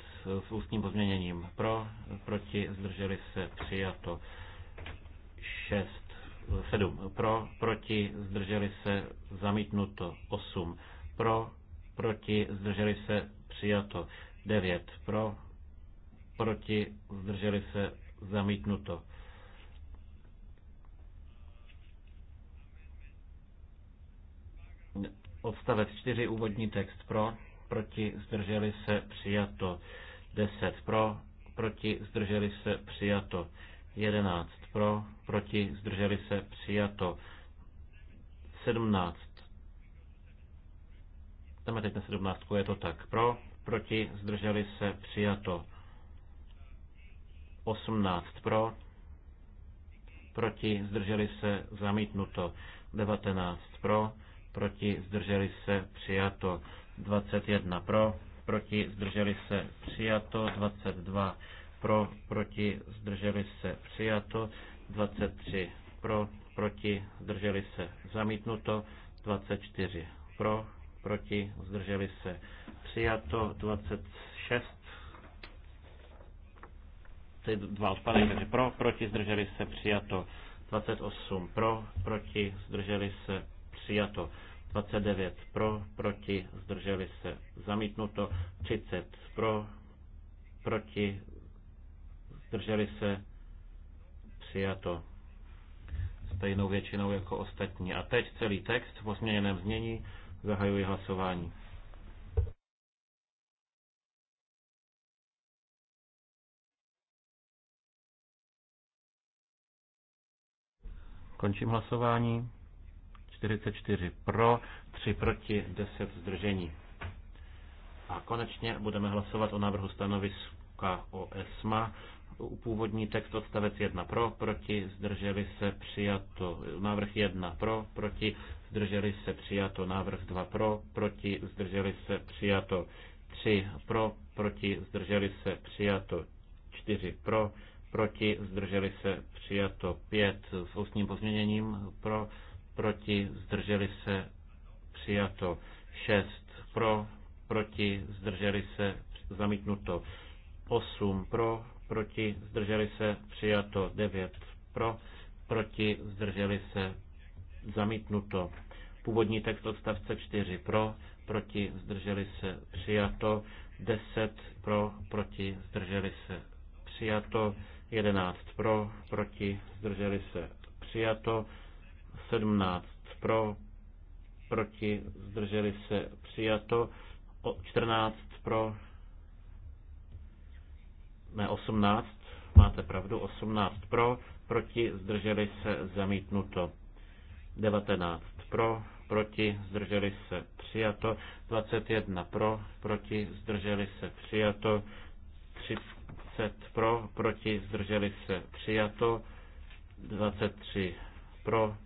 s ústním pozměněním pro, proti, zdrželi se, přijato. 6, 7 pro, proti, zdrželi se, zamítnuto. 8 pro, proti, zdrželi se, přijato. 9 pro, proti, zdrželi se, zamítnuto. Odstavec 4, úvodní text pro, proti, zdrželi se, přijato. 10 pro, proti, zdrželi se, přijato. 11 pro, proti, zdrželi se, přijato. 17. Tam je teď na 17, je to tak. Pro, proti, zdrželi se, přijato. 18 pro, proti, zdrželi se, zamítnuto. 19 pro, proti, zdrželi se, přijato. 21 pro, proti, zdrželi se, přijato. 22 pro, proti, zdrželi se, přijato. 23 pro, proti, zdrželi se, zamítnuto. 24 pro, proti, zdrželi se, přijato. 26 ty dva odpady, takže pro, proti, zdrželi se, přijato. 28 pro, proti, zdrželi se, přijato. 29 pro, proti, zdrželi se, zamítnuto. 30 pro, proti, zdrželi se, přijato stejnou většinou jako ostatní. A teď celý text v osměněném změní zahajuji hlasování. Končím hlasování. 44 pro, 3 proti, 10 zdržení. A konečně budeme hlasovat o návrhu stanoviska o ESMA. Původní text odstavec 1 pro, proti, zdrželi se přijato. Návrh 1 pro, proti, zdrželi se přijato. Návrh 2 pro, proti, zdrželi se přijato. 3 pro, proti, zdrželi se přijato. 4 pro, proti, zdrželi se přijato. 5 s ústním pozměněním pro, proti, zdrželi se, přijato. 6 pro, proti, zdrželi se, zamítnuto. 8 pro, proti, zdrželi se, přijato. 9 pro, proti, zdrželi se, zamítnuto. Původní text odstavce 4 pro, proti, zdrželi se, přijato. 10 pro, proti, zdrželi se, přijato. 11 pro, proti, zdrželi se, přijato. 17 pro, proti, zdrželi se, přijato. 14 pro, ne 18, máte pravdu, 18 pro, proti, zdrželi se, zamítnuto. 19 pro, proti, zdrželi se, přijato. 21 pro, proti, zdrželi se, přijato. 30 pro, proti, zdrželi se, přijato. 23 pro,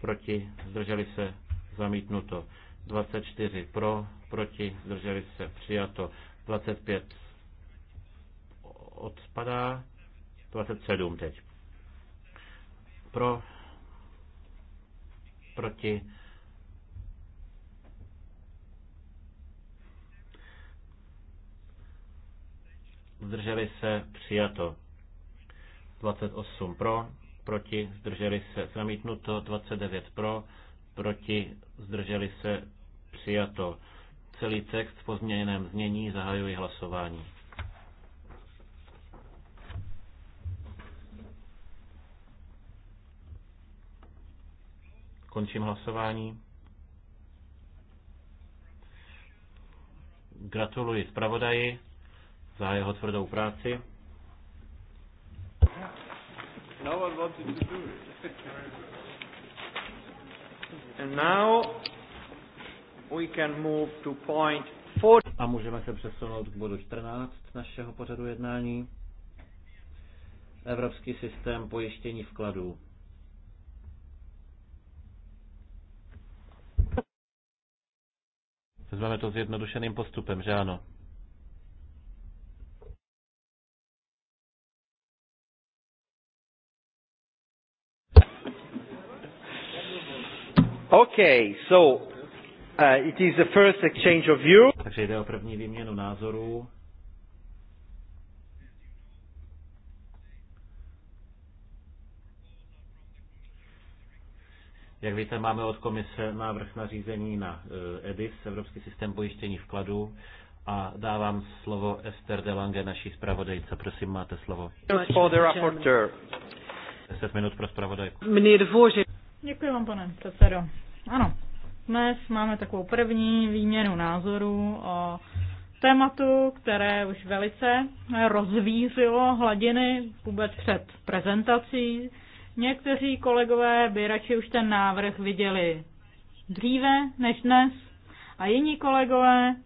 proti, zdrželi se, zamítnuto. 24 pro, proti, zdrželi se, přijato. 25 odpadá, 27 teď. Pro, proti, zdrželi se, přijato. 28 pro, proti, zdrželi se, zamítnuto, 29 pro, proti, zdrželi se, přijato. Celý text v pozměněném znění zahajuji hlasování. Končím hlasování. Gratuluji zpravodaji za jeho tvrdou práci. No one wanted to do it. And now we can move to point four. A můžeme se přesunout k bodu 14 našeho pořadu jednání. Evropský systém pojištění vkladů. Vezmeme to s jednodušeným postupem, že ano? Okay, so uh, it is the first exchange of view. Takže jde o první výměnu názorů. Jak víte, máme od komise návrh na řízení na eh, EDIS, Evropský systém pojištění vkladů. A dávám slovo Ester de Lange, naší zpravodajce. Prosím, máte slovo. Deset minut pro zpravodajku. Děkuji vám, pane předsedo. Ano, dnes máme takovou první výměnu názorů o tématu, které už velice rozvířilo hladiny vůbec před prezentací. Někteří kolegové by radši už ten návrh viděli dříve než dnes a jiní kolegové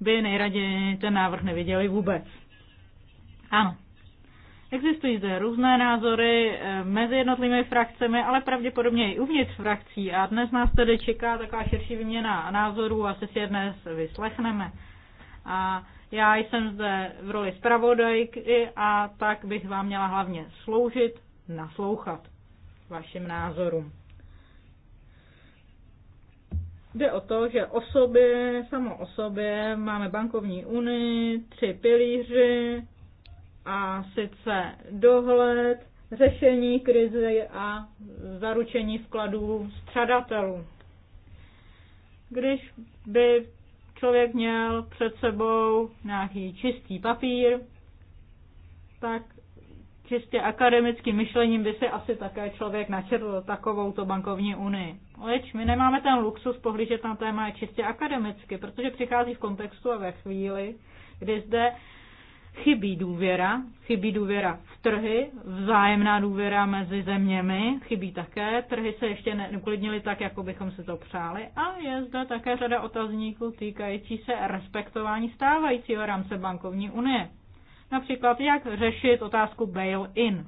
by nejraději ten návrh neviděli vůbec. Ano, Existují zde různé názory eh, mezi jednotlivými frakcemi, ale pravděpodobně i uvnitř frakcí. A dnes nás tedy čeká taková širší výměna názorů, asi si je dnes vyslechneme. A já jsem zde v roli zpravodajky a tak bych vám měla hlavně sloužit, naslouchat vašim názorům. Jde o to, že osoby, samo o sobě máme bankovní unii, tři pilíři, a sice dohled, řešení krize a zaručení vkladů střadatelů. Když by člověk měl před sebou nějaký čistý papír, tak čistě akademickým myšlením by si asi také člověk načetl takovou to bankovní unii. Leč my nemáme ten luxus pohlížet na téma čistě akademicky, protože přichází v kontextu a ve chvíli, kdy zde Chybí důvěra, chybí důvěra v trhy, vzájemná důvěra mezi zeměmi, chybí také, trhy se ještě neuklidnily tak, jako bychom si to přáli a je zde také řada otazníků týkající se respektování stávajícího rámce bankovní unie. Například, jak řešit otázku bail-in.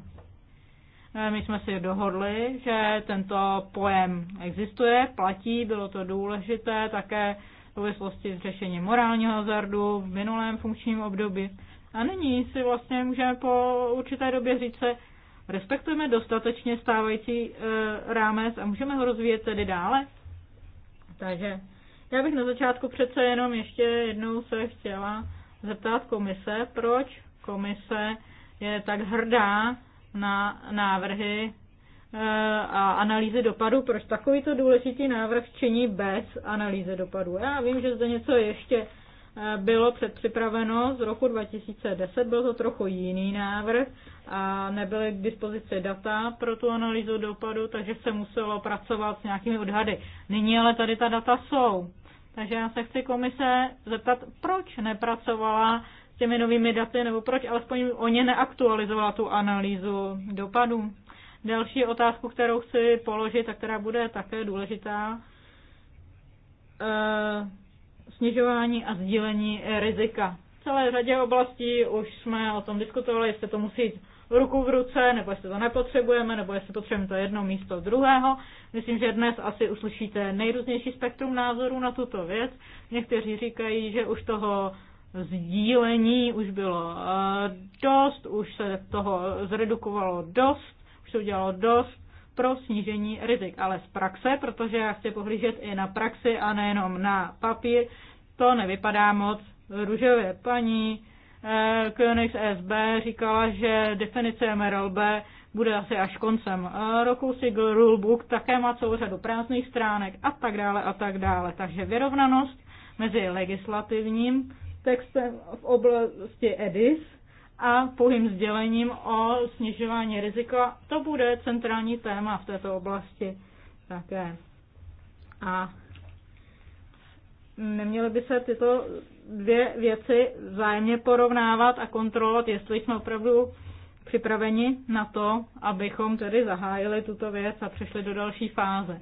Eh, my jsme si dohodli, že tento pojem existuje, platí, bylo to důležité také v souvislosti s řešením morálního hazardu v minulém funkčním období. A nyní si vlastně můžeme po určité době říct se, respektujeme dostatečně stávající e, rámec a můžeme ho rozvíjet tedy dále. Takže já bych na začátku přece jenom ještě jednou se chtěla zeptat komise, proč komise je tak hrdá na návrhy e, a analýzy dopadu, proč takovýto důležitý návrh činí bez analýzy dopadu. Já vím, že zde něco ještě bylo předpřipraveno z roku 2010, byl to trochu jiný návrh a nebyly k dispozici data pro tu analýzu dopadu, takže se muselo pracovat s nějakými odhady. Nyní ale tady ta data jsou. Takže já se chci komise zeptat, proč nepracovala s těmi novými daty, nebo proč alespoň o ně neaktualizovala tu analýzu dopadů. Další otázku, kterou chci položit a která bude také důležitá, eh, snižování a sdílení eh, rizika. V celé řadě oblastí už jsme o tom diskutovali, jestli to musí jít ruku v ruce, nebo jestli to nepotřebujeme, nebo jestli potřebujeme to jedno místo druhého. Myslím, že dnes asi uslyšíte nejrůznější spektrum názorů na tuto věc. Někteří říkají, že už toho sdílení už bylo eh, dost, už se toho zredukovalo dost, už se udělalo dost pro snížení rizik. Ale z praxe, protože já chci pohlížet i na praxi a nejenom na papír, to nevypadá moc růžově. Paní eh, Königs SB říkala, že definice MRLB bude asi až koncem eh, roku. Sigl Rulebook také má celou řadu prázdných stránek a tak dále a tak dále. Takže vyrovnanost mezi legislativním textem v oblasti EDIS a pouhým sdělením o snižování rizika. To bude centrální téma v této oblasti také. A neměly by se tyto dvě věci vzájemně porovnávat a kontrolovat, jestli jsme opravdu připraveni na to, abychom tedy zahájili tuto věc a přešli do další fáze.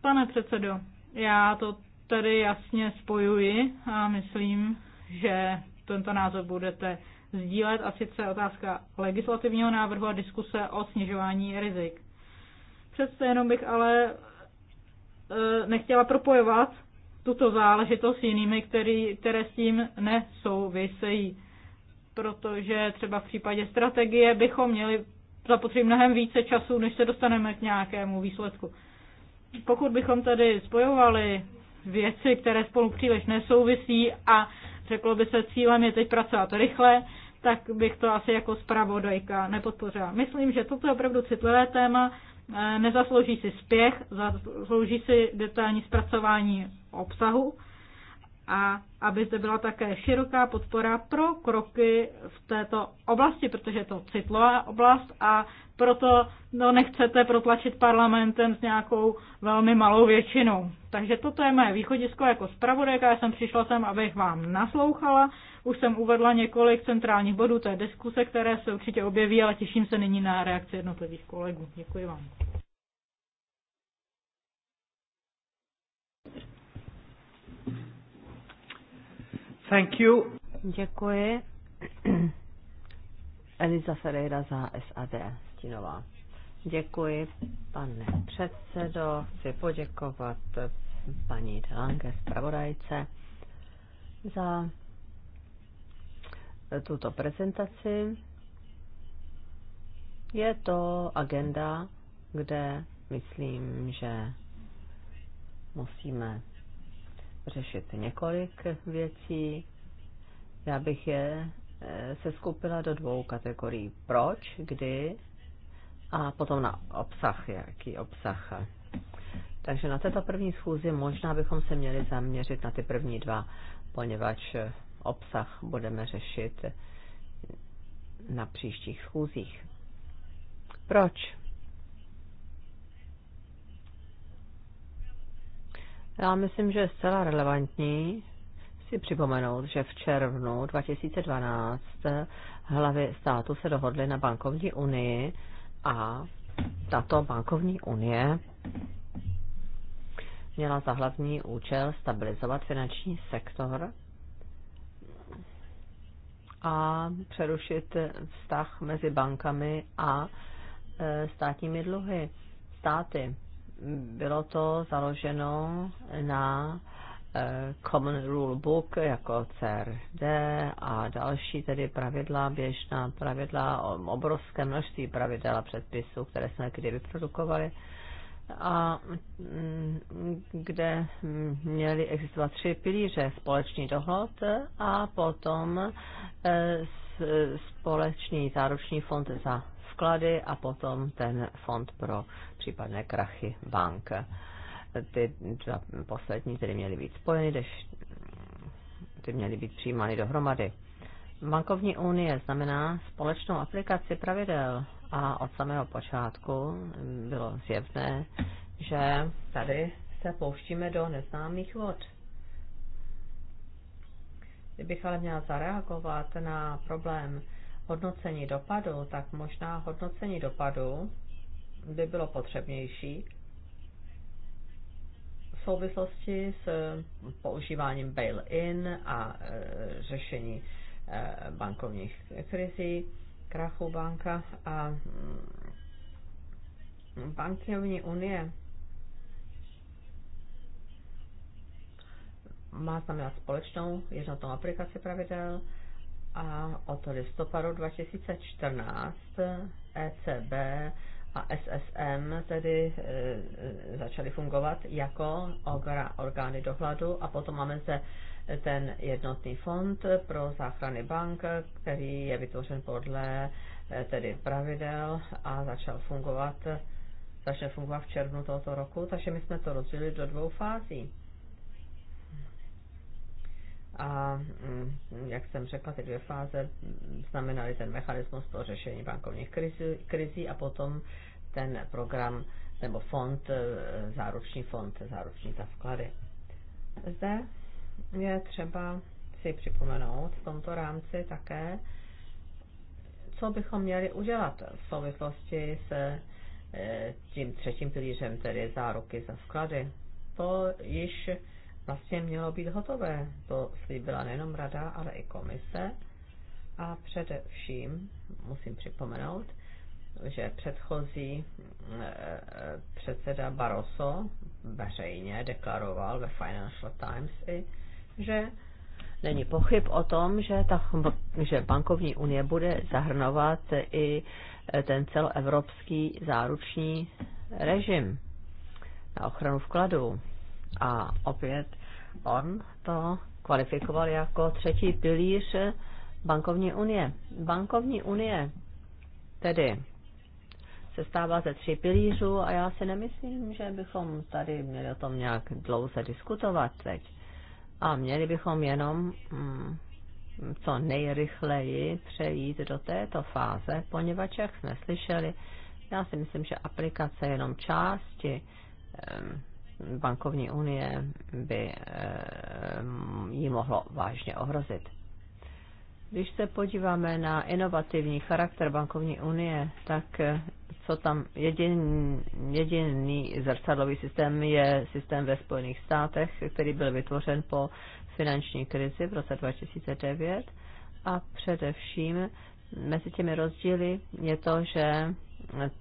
Pane předsedo, já to tady jasně spojuji a myslím, že tento názor budete sdílet a sice otázka legislativního návrhu a diskuse o snižování rizik. Přece jenom bych ale e, nechtěla propojovat tuto záležitost s jinými, který, které s tím nesouvisejí. Protože třeba v případě strategie bychom měli zapotřebí mnohem více času, než se dostaneme k nějakému výsledku. Pokud bychom tady spojovali věci, které spolu příliš nesouvisí a řeklo by se, cílem je teď pracovat rychle, tak bych to asi jako zpravodajka nepodpořila. Myslím, že toto je opravdu citlivé téma, eh, nezaslouží si spěch, zaslouží si detailní zpracování obsahu a aby zde byla také široká podpora pro kroky v této oblasti, protože je to citlová oblast a proto no, nechcete protlačit parlamentem s nějakou velmi malou většinou. Takže toto je moje východisko jako zpravodajka. Já jsem přišla sem, abych vám naslouchala. Už jsem uvedla několik centrálních bodů té diskuse, které se určitě objeví, ale těším se nyní na reakci jednotlivých kolegů. Děkuji vám. Thank you. Děkuji. Eliza Ferreira za SAD Stinová. Děkuji, pane předsedo. Chci poděkovat paní Delange, zpravodajce, za tuto prezentaci. Je to agenda, kde myslím, že musíme řešit několik věcí. Já bych je eh, se skupila do dvou kategorií. Proč, kdy a potom na obsah, jaký obsah. Takže na této první schůzi možná bychom se měli zaměřit na ty první dva, poněvadž obsah budeme řešit na příštích schůzích. Proč? Já myslím, že je zcela relevantní si připomenout, že v červnu 2012 hlavy státu se dohodly na bankovní unii a tato bankovní unie měla za hlavní účel stabilizovat finanční sektor a přerušit vztah mezi bankami a e, státními dluhy. Státy bylo to založeno na eh, Common Rule Book jako CRD a další tedy pravidla, běžná pravidla, obrovské množství pravidel a předpisů, které jsme kdy vyprodukovali a mm, kde měly existovat tři pilíře, společný dohod a potom eh, společný záruční fond za vklady a potom ten fond pro případné krachy bank. Ty dva poslední tedy měly být spojeny, když ty měly být přijímány dohromady. Bankovní unie znamená společnou aplikaci pravidel a od samého počátku bylo zjevné, že tady se pouštíme do neznámých vod. Kdybych ale měla zareagovat na problém hodnocení dopadu, tak možná hodnocení dopadu by bylo potřebnější v souvislosti s používáním bail-in a e, řešení e, bankovních krizí, krachu banka a mm, bankovní unie má znamenat společnou jednotnou aplikaci pravidel, a od listopadu 2014 ECB a SSM tedy e, e, začaly fungovat jako orgány dohledu a potom máme zde ten jednotný fond pro záchrany bank, který je vytvořen podle e, tedy pravidel a začal fungovat, začne fungovat v červnu tohoto roku, takže my jsme to rozdělili do dvou fází a mm, jak jsem řekla, ty dvě fáze znamenaly ten mechanismus pro řešení bankovních krizi, krizí a potom ten program nebo fond, e, záruční fond, záruční za vklady. Zde je třeba si připomenout v tomto rámci také, co bychom měli udělat v souvislosti s e, tím třetím pilířem, tedy záruky za vklady. To již vlastně mělo být hotové. To slíbila nejenom rada, ale i komise. A především musím připomenout, že předchozí eh, předseda Barroso veřejně deklaroval ve Financial Times i, že není pochyb o tom, že, ta, že bankovní unie bude zahrnovat i eh, ten celoevropský záruční režim na ochranu vkladů. A opět on to kvalifikoval jako třetí pilíř bankovní unie. Bankovní unie tedy se stává ze tří pilířů a já si nemyslím, že bychom tady měli o tom nějak dlouze diskutovat teď. A měli bychom jenom mm, co nejrychleji přejít do této fáze, poněvadž, jak jsme slyšeli, já si myslím, že aplikace jenom části bankovní unie by eh, ji mohlo vážně ohrozit. Když se podíváme na inovativní charakter bankovní unie, tak eh, co tam jedin, jediný zrcadlový systém je systém ve Spojených státech, který byl vytvořen po finanční krizi v roce 2009 a především mezi těmi rozdíly je to, že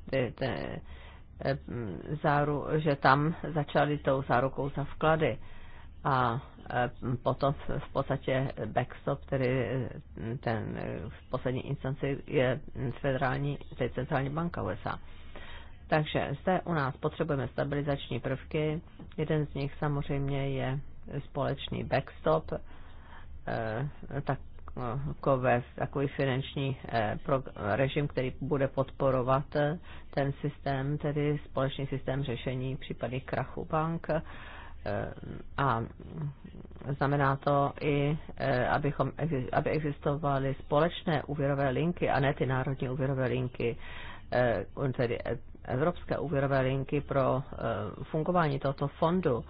ty, ty, Eh, záru, že tam začali tou zárukou za vklady a eh, potom v podstatě backstop, tedy eh, ten v poslední instanci je federální, tedy centrální banka USA. Takže zde u nás potřebujeme stabilizační prvky. Jeden z nich samozřejmě je společný backstop, tak takové, takový finanční eh, režim, který bude podporovat eh, ten systém, tedy společný systém řešení případy krachu bank. Eh, a znamená to i, abychom, aby existovaly společné úvěrové linky a ne ty národní úvěrové linky, tedy e, evropské úvěrové linky pro fungování tohoto fondu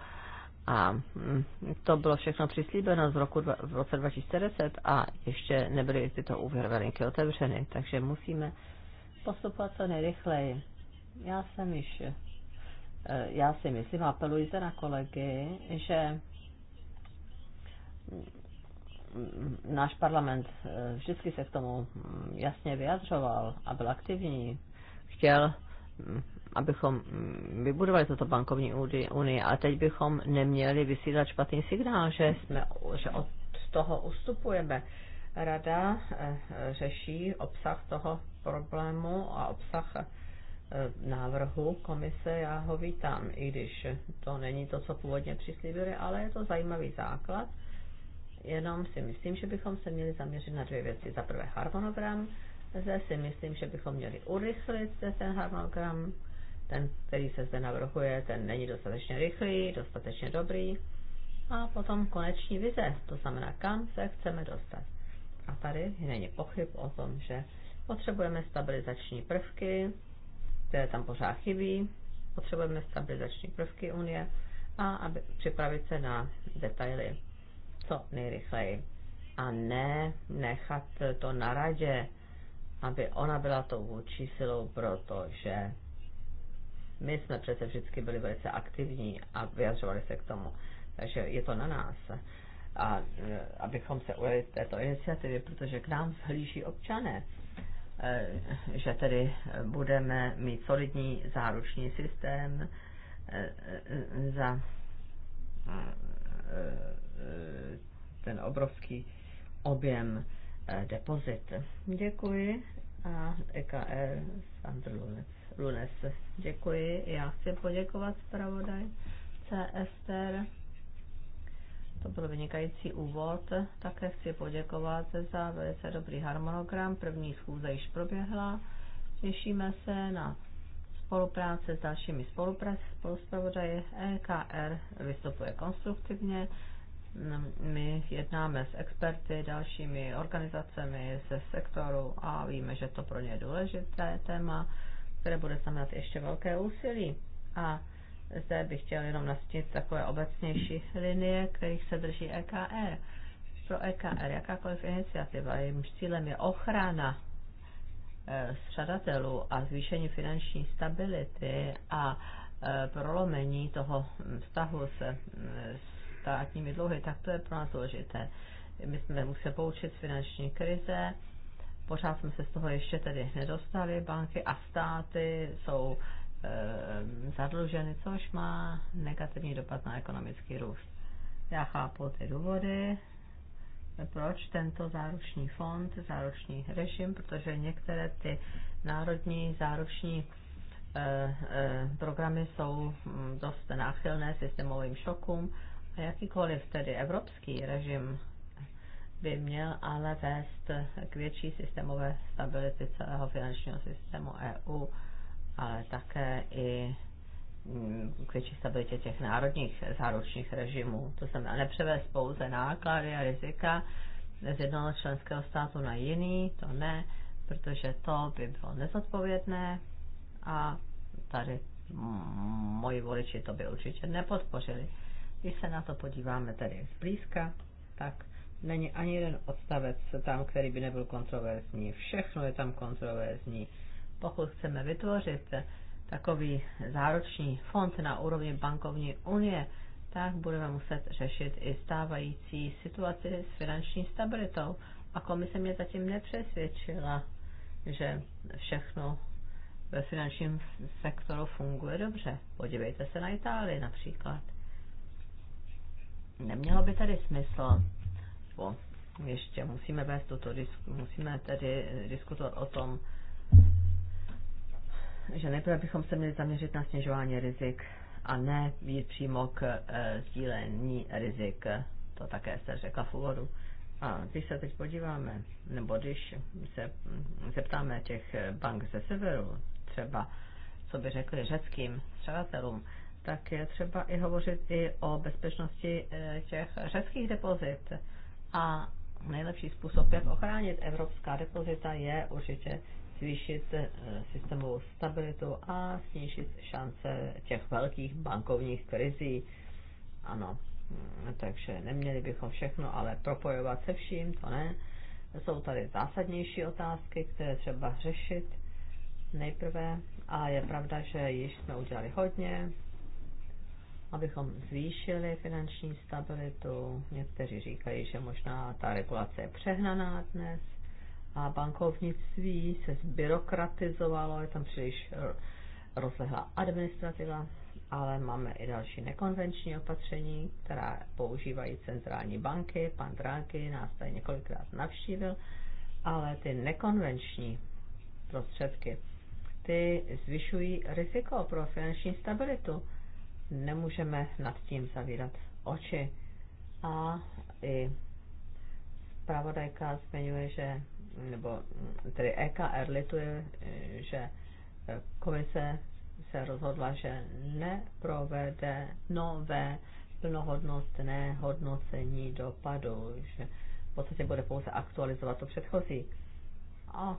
a mm, to bylo všechno přislíbeno z roku, dva, v roce 2010 a ještě nebyly tyto úvěrové linky otevřeny, takže musíme postupovat co nejrychleji. Já jsem již, eh, já si myslím, apeluji se na kolegy, že mm, náš parlament eh, vždycky se k tomu mm, jasně vyjadřoval a byl aktivní. Chtěl abychom mm, vybudovali toto bankovní unii, a teď bychom neměli vysílat špatný signál, že, jsme, že od toho ustupujeme. Rada eh, řeší obsah toho problému a obsah eh, návrhu komise, já ho vítám, i když to není to, co původně přislíbili, ale je to zajímavý základ. Jenom si myslím, že bychom se měli zaměřit na dvě věci. Za prvé harmonogram, zde si myslím, že bychom měli urychlit ten harmonogram ten, který se zde navrhuje, ten není dostatečně rychlý, dostatečně dobrý. A potom koneční vize, to znamená, kam se chceme dostat. A tady není pochyb o tom, že potřebujeme stabilizační prvky, které tam pořád chybí, potřebujeme stabilizační prvky Unie a aby připravit se na detaily co nejrychleji. A ne nechat to na radě, aby ona byla tou vůči silou, protože my jsme přece vždycky byli velice aktivní a vyjadřovali se k tomu. Takže je to na nás. A e, abychom se ujeli této iniciativy, protože k nám vhlíží občané, e, že tedy budeme mít solidní záruční systém e, za ten obrovský objem depozit. Děkuji a EKR Sandr Lunec. Lunes. Děkuji. Já chci poděkovat zpravodajce Ester. To byl vynikající úvod. Také chci poděkovat za velice dobrý harmonogram. První schůze již proběhla. Těšíme se na spolupráce s dalšími spoluspravodaji. EKR vystupuje konstruktivně. My jednáme s experty, dalšími organizacemi ze sektoru a víme, že to pro ně je důležité téma které bude znamenat ještě velké úsilí. A zde bych chtěl jenom nastínit takové obecnější linie, kterých se drží EKR. Pro EKR jakákoliv iniciativa, jejímž cílem je ochrana eh, střadatelů a zvýšení finanční stability a eh, prolomení toho vztahu se eh, státními dluhy, tak to je pro nás důležité. My jsme museli poučit z finanční krize Pořád jsme se z toho ještě tedy nedostali. Banky a státy jsou e, zadluženy, což má negativní dopad na ekonomický růst. Já chápu ty důvody, proč tento záruční fond, záruční režim, protože některé ty národní záruční eh, eh, programy jsou hm, dost náchylné systémovým šokům a jakýkoliv tedy evropský režim by měl ale vést k větší systémové stability celého finančního systému EU, ale také i mm, k větší stabilitě těch národních záručních režimů. To znamená nepřevést pouze náklady a rizika z jednoho členského státu na jiný, to ne, protože to by bylo nezodpovědné a tady moji voliči to by určitě nepodpořili. Když se na to podíváme tedy zblízka, tak není ani jeden odstavec tam, který by nebyl kontroverzní. Všechno je tam kontroverzní. Pokud chceme vytvořit takový záruční fond na úrovni bankovní unie, tak budeme muset řešit i stávající situaci s finanční stabilitou. A komise mě zatím nepřesvědčila, že všechno ve finančním sektoru funguje dobře. Podívejte se na Itálii například. Nemělo by tady smysl lidstvo. Ještě musíme vést tuto musíme tedy diskutovat o tom, že nejprve bychom se měli zaměřit na snižování rizik a ne být přímo k e, sdílení rizik. To také se řekla v úvodu. A když se teď podíváme, nebo když se zeptáme těch bank ze severu, třeba co by řekli řeckým střadatelům, tak je třeba i hovořit i o bezpečnosti eh, těch řeckých depozit. A nejlepší způsob, jak ochránit evropská depozita, je určitě zvýšit eh, systémovou stabilitu a snížit šance těch velkých bankovních krizí. Ano, mm, takže neměli bychom všechno, ale propojovat se vším, to ne. Jsou tady zásadnější otázky, které třeba řešit nejprve a je pravda, že již jsme udělali hodně, abychom zvýšili finanční stabilitu. Někteří říkají, že možná ta regulace je přehnaná dnes a bankovnictví se zbyrokratizovalo, je tam příliš eh, rozlehlá administrativa, ale máme i další nekonvenční opatření, která používají centrální banky. Pan Dráky nás tady několikrát navštívil, ale ty nekonvenční prostředky, ty zvyšují riziko pro finanční stabilitu nemůžeme nad tím zavírat oči. A i zpravodajka zmiňuje, že, nebo tedy EKR lituje, že komise se rozhodla, že neprovede nové plnohodnostné hodnocení dopadu, že v podstatě bude pouze aktualizovat to předchozí. A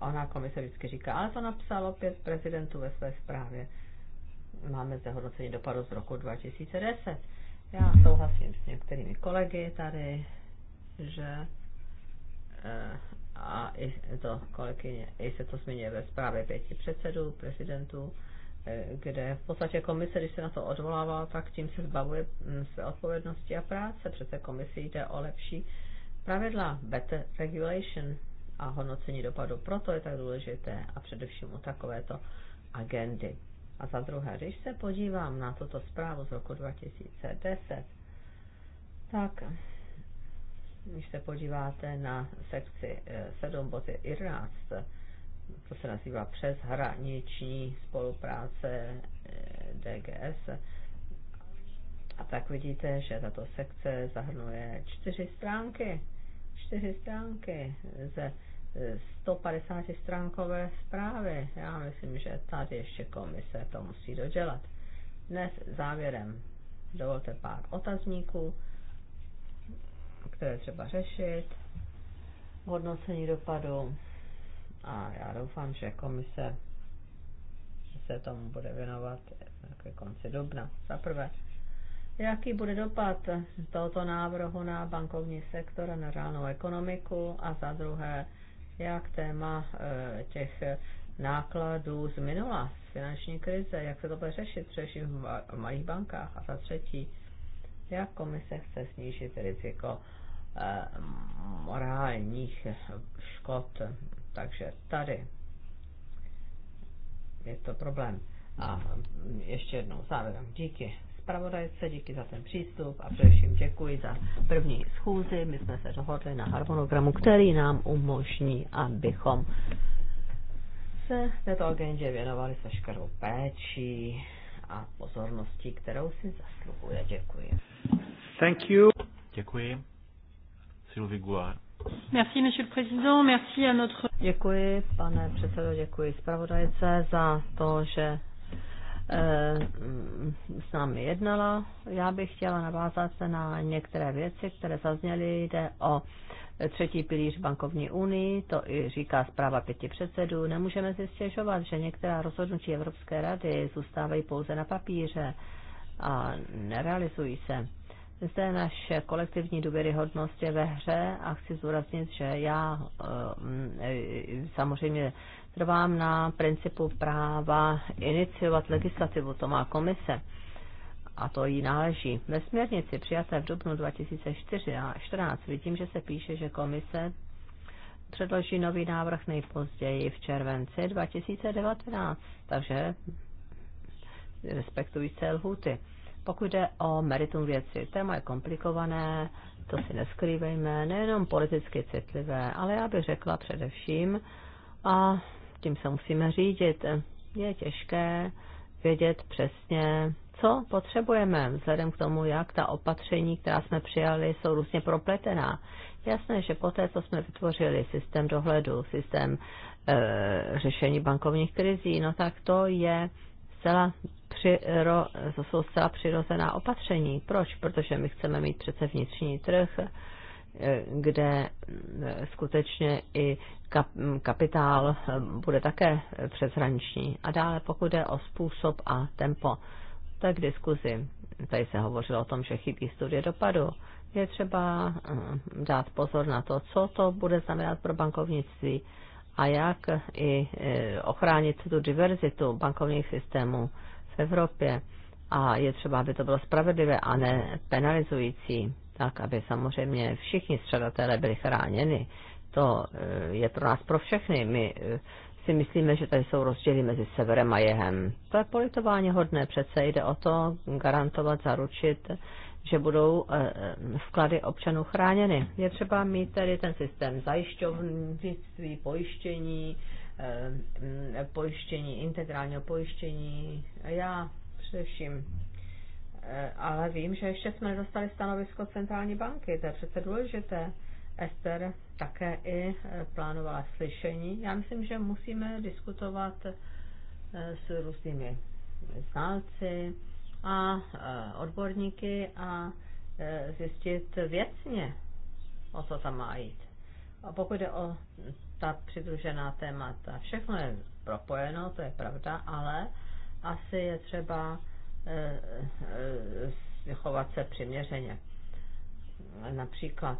ona komise vždycky říká, ale to napsalo pět prezidentů ve své zprávě máme zde hodnocení dopadu z roku 2010. Já souhlasím s některými kolegy tady, že eh, a i to kolegyně, i se to zmiňuje ve zprávě pěti předsedů, prezidentů, eh, kde v podstatě komise, když se na to odvolává, tak tím se zbavuje hm, své odpovědnosti a práce. Přece komisi jde o lepší pravidla, better regulation a hodnocení dopadu. Proto je tak důležité a především u takovéto agendy. A za druhé, když se podívám na tuto zprávu z roku 2010, tak když se podíváte na sekci 7 boty 11, to se nazývá přeshraniční spolupráce eh, DGS, a tak vidíte, že tato sekce zahrnuje čtyři stránky, čtyři stránky ze 150 stránkové zprávy. Já myslím, že tady ještě komise to musí dodělat. Dnes závěrem dovolte pár otazníků, které třeba řešit, hodnocení dopadu a já doufám, že komise se tomu bude věnovat ke konci dubna. Za prvé, jaký bude dopad tohoto návrhu na bankovní sektor a na reálnou ekonomiku a za druhé, jak téma e, těch e, nákladů z minula, z finanční krize, jak se to bude řešit, především v malých bankách. A za třetí, jak komise chce snížit riziko e, morálních škod. Takže tady je to problém. A ještě jednou závěrem. Díky zpravodajce, díky za ten přístup a především děkuji za první schůzi. My jsme se dohodli na harmonogramu, který nám umožní, abychom se této agendě věnovali s veškerou péčí a pozorností, kterou si zasluhuje. Děkuji. Thank you. Děkuji. Sylvie Guar. Merci, monsieur le président. Merci à notre... Děkuji, pane předsedo, děkuji zpravodajce za to, že Eh, s námi jednala. Já bych chtěla navázat se na některé věci, které zazněly. Jde o třetí pilíř bankovní unii, to i říká zpráva pěti předsedů. Nemůžeme si stěžovat, že některá rozhodnutí Evropské rady zůstávají pouze na papíře a nerealizují se. Zde naše kolektivní důvěryhodnost je ve hře a chci zúraznit, že já eh, mm, samozřejmě trvám na principu práva iniciovat legislativu, to má komise a to jí náleží. Ve směrnici přijaté v dubnu 2014 vidím, že se píše, že komise předloží nový návrh nejpozději v červenci 2019, takže respektují se lhuty. Pokud jde o meritum věci, téma je komplikované, to si neskrývejme, nejenom politicky citlivé, ale já bych řekla především, a tím se musíme řídit, je těžké vědět přesně, co potřebujeme, vzhledem k tomu, jak ta opatření, která jsme přijali, jsou různě propletená. Jasné, že poté, co jsme vytvořili systém dohledu, systém e, řešení bankovních krizí, no tak to je zcela přiro, to jsou zcela přirozená opatření. Proč? Protože my chceme mít přece vnitřní trh, eh, kde eh, skutečně i kapitál eh, bude také přeshraniční. A dále, pokud jde o způsob a tempo, tak diskuzi. Tady se hovořilo o tom, že chybí studie dopadu. Je třeba dát pozor na to, co to bude znamenat pro bankovnictví a jak i e, ochránit tu diverzitu bankovních systémů v Evropě. A je třeba, aby to bylo spravedlivé a ne penalizující, tak aby samozřejmě všichni středatelé byli chráněni. To e, je pro nás pro všechny. My e, si myslíme, že tady jsou rozdíly mezi severem a jehem. To je politování hodné. Přece jde o to garantovat, zaručit že budou eh, eh, vklady občanů chráněny. Je třeba mít tedy ten systém zajišťovnictví, pojištění, eh, mm, pojištění, integrálního pojištění. Já především. Ale vím, že ještě jsme nedostali stanovisko centrální banky, to je přece důležité. Ester také i plánovala slyšení. Já myslím, že musíme diskutovat s různými znalci, a e, odborníky a e, zjistit věcně, o co tam má jít. A pokud je o ta přidružená témata, všechno je propojeno, to je pravda, ale asi je třeba e, chovat se přiměřeně. Například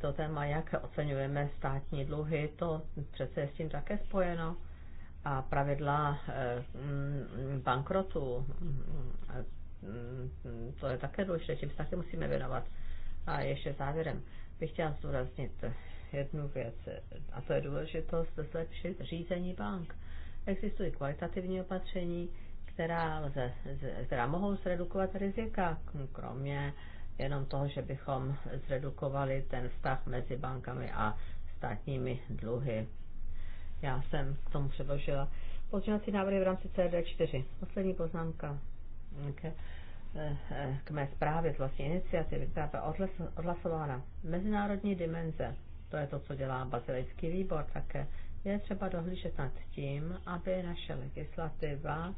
to téma, jak oceňujeme státní dluhy, to přece je s tím také spojeno a pravidla eh, mm, bankrotu, mm, to je také důležité, čím se taky musíme věnovat. A ještě závěrem bych chtěla zdůraznit jednu věc, a to je důležitost zlepšit řízení bank. Existují kvalitativní opatření, která, lze, která mohou zredukovat rizika, kromě jenom toho, že bychom zredukovali ten vztah mezi bankami a státními dluhy. Já jsem k tomu předložila pozměňovací návrhy v rámci CD4. Poslední poznámka k, eh, k mé zprávě z vlastní iniciativy, která byla odhlasována. Mezinárodní dimenze, to je to, co dělá bazilejský výbor také, je třeba dohlížet nad tím, aby naše legislativa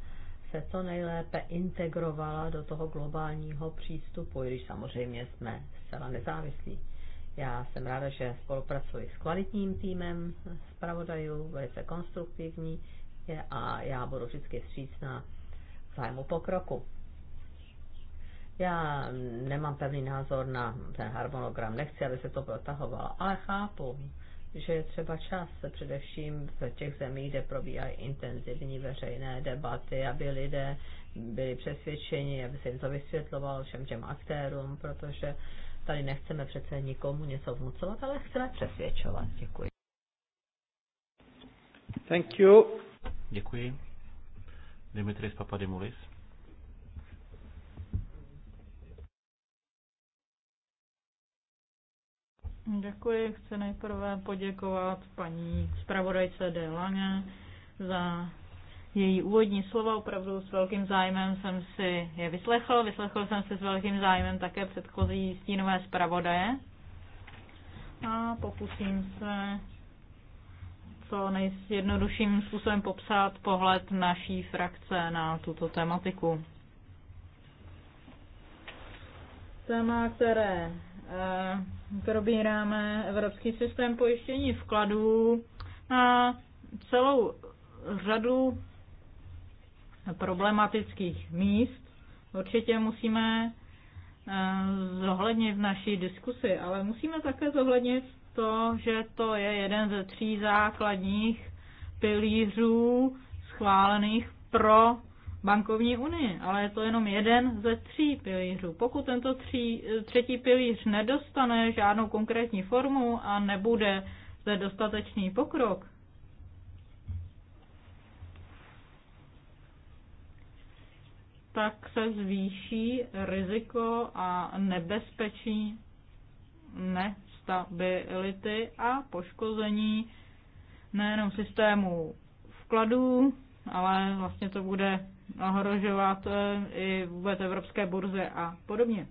se co nejlépe integrovala do toho globálního přístupu, i když samozřejmě jsme zcela nezávislí. Já jsem ráda, že spolupracuji s kvalitním týmem zpravodajů, velice konstruktivní je a já budu vždycky vstřícná zájmu pokroku. Já nemám pevný názor na ten harmonogram, nechci, aby se to protahovalo, ale chápu, že je třeba čas, především v těch zemích, kde probíhají intenzivní veřejné debaty, aby lidé byli přesvědčeni, aby se jim to vysvětlovalo všem těm aktérům, protože uh, Tady nechceme přece nikomu něco vnucovat, ale chceme přesvědčovat. Děkuji. Thank you. Děkuji. Dimitris Papadimulis. Děkuji. Chci nejprve poděkovat paní zpravodajce D. Lange za její úvodní slova. Opravdu s velkým zájmem jsem si je vyslechl. Vyslechl jsem si s velkým zájmem také předchozí stínové zpravodaje. A pokusím se co nejjednodušším způsobem popsat pohled naší frakce na tuto tematiku. Téma, které eh, probíráme evropský systém pojištění vkladů na celou řadu problematických míst určitě musíme eh, zohlednit v naší diskusi, ale musíme také zohlednit to, že to je jeden ze tří základních pilířů schválených pro bankovní unii, ale je to jenom jeden ze tří pilířů. Pokud tento tří, třetí pilíř nedostane žádnou konkrétní formu a nebude zde dostatečný pokrok, tak se zvýší riziko a nebezpečí nestability a poškození nejenom systému vkladů, ale vlastně to bude ohrožovat eh, i vůbec evropské burze a podobně.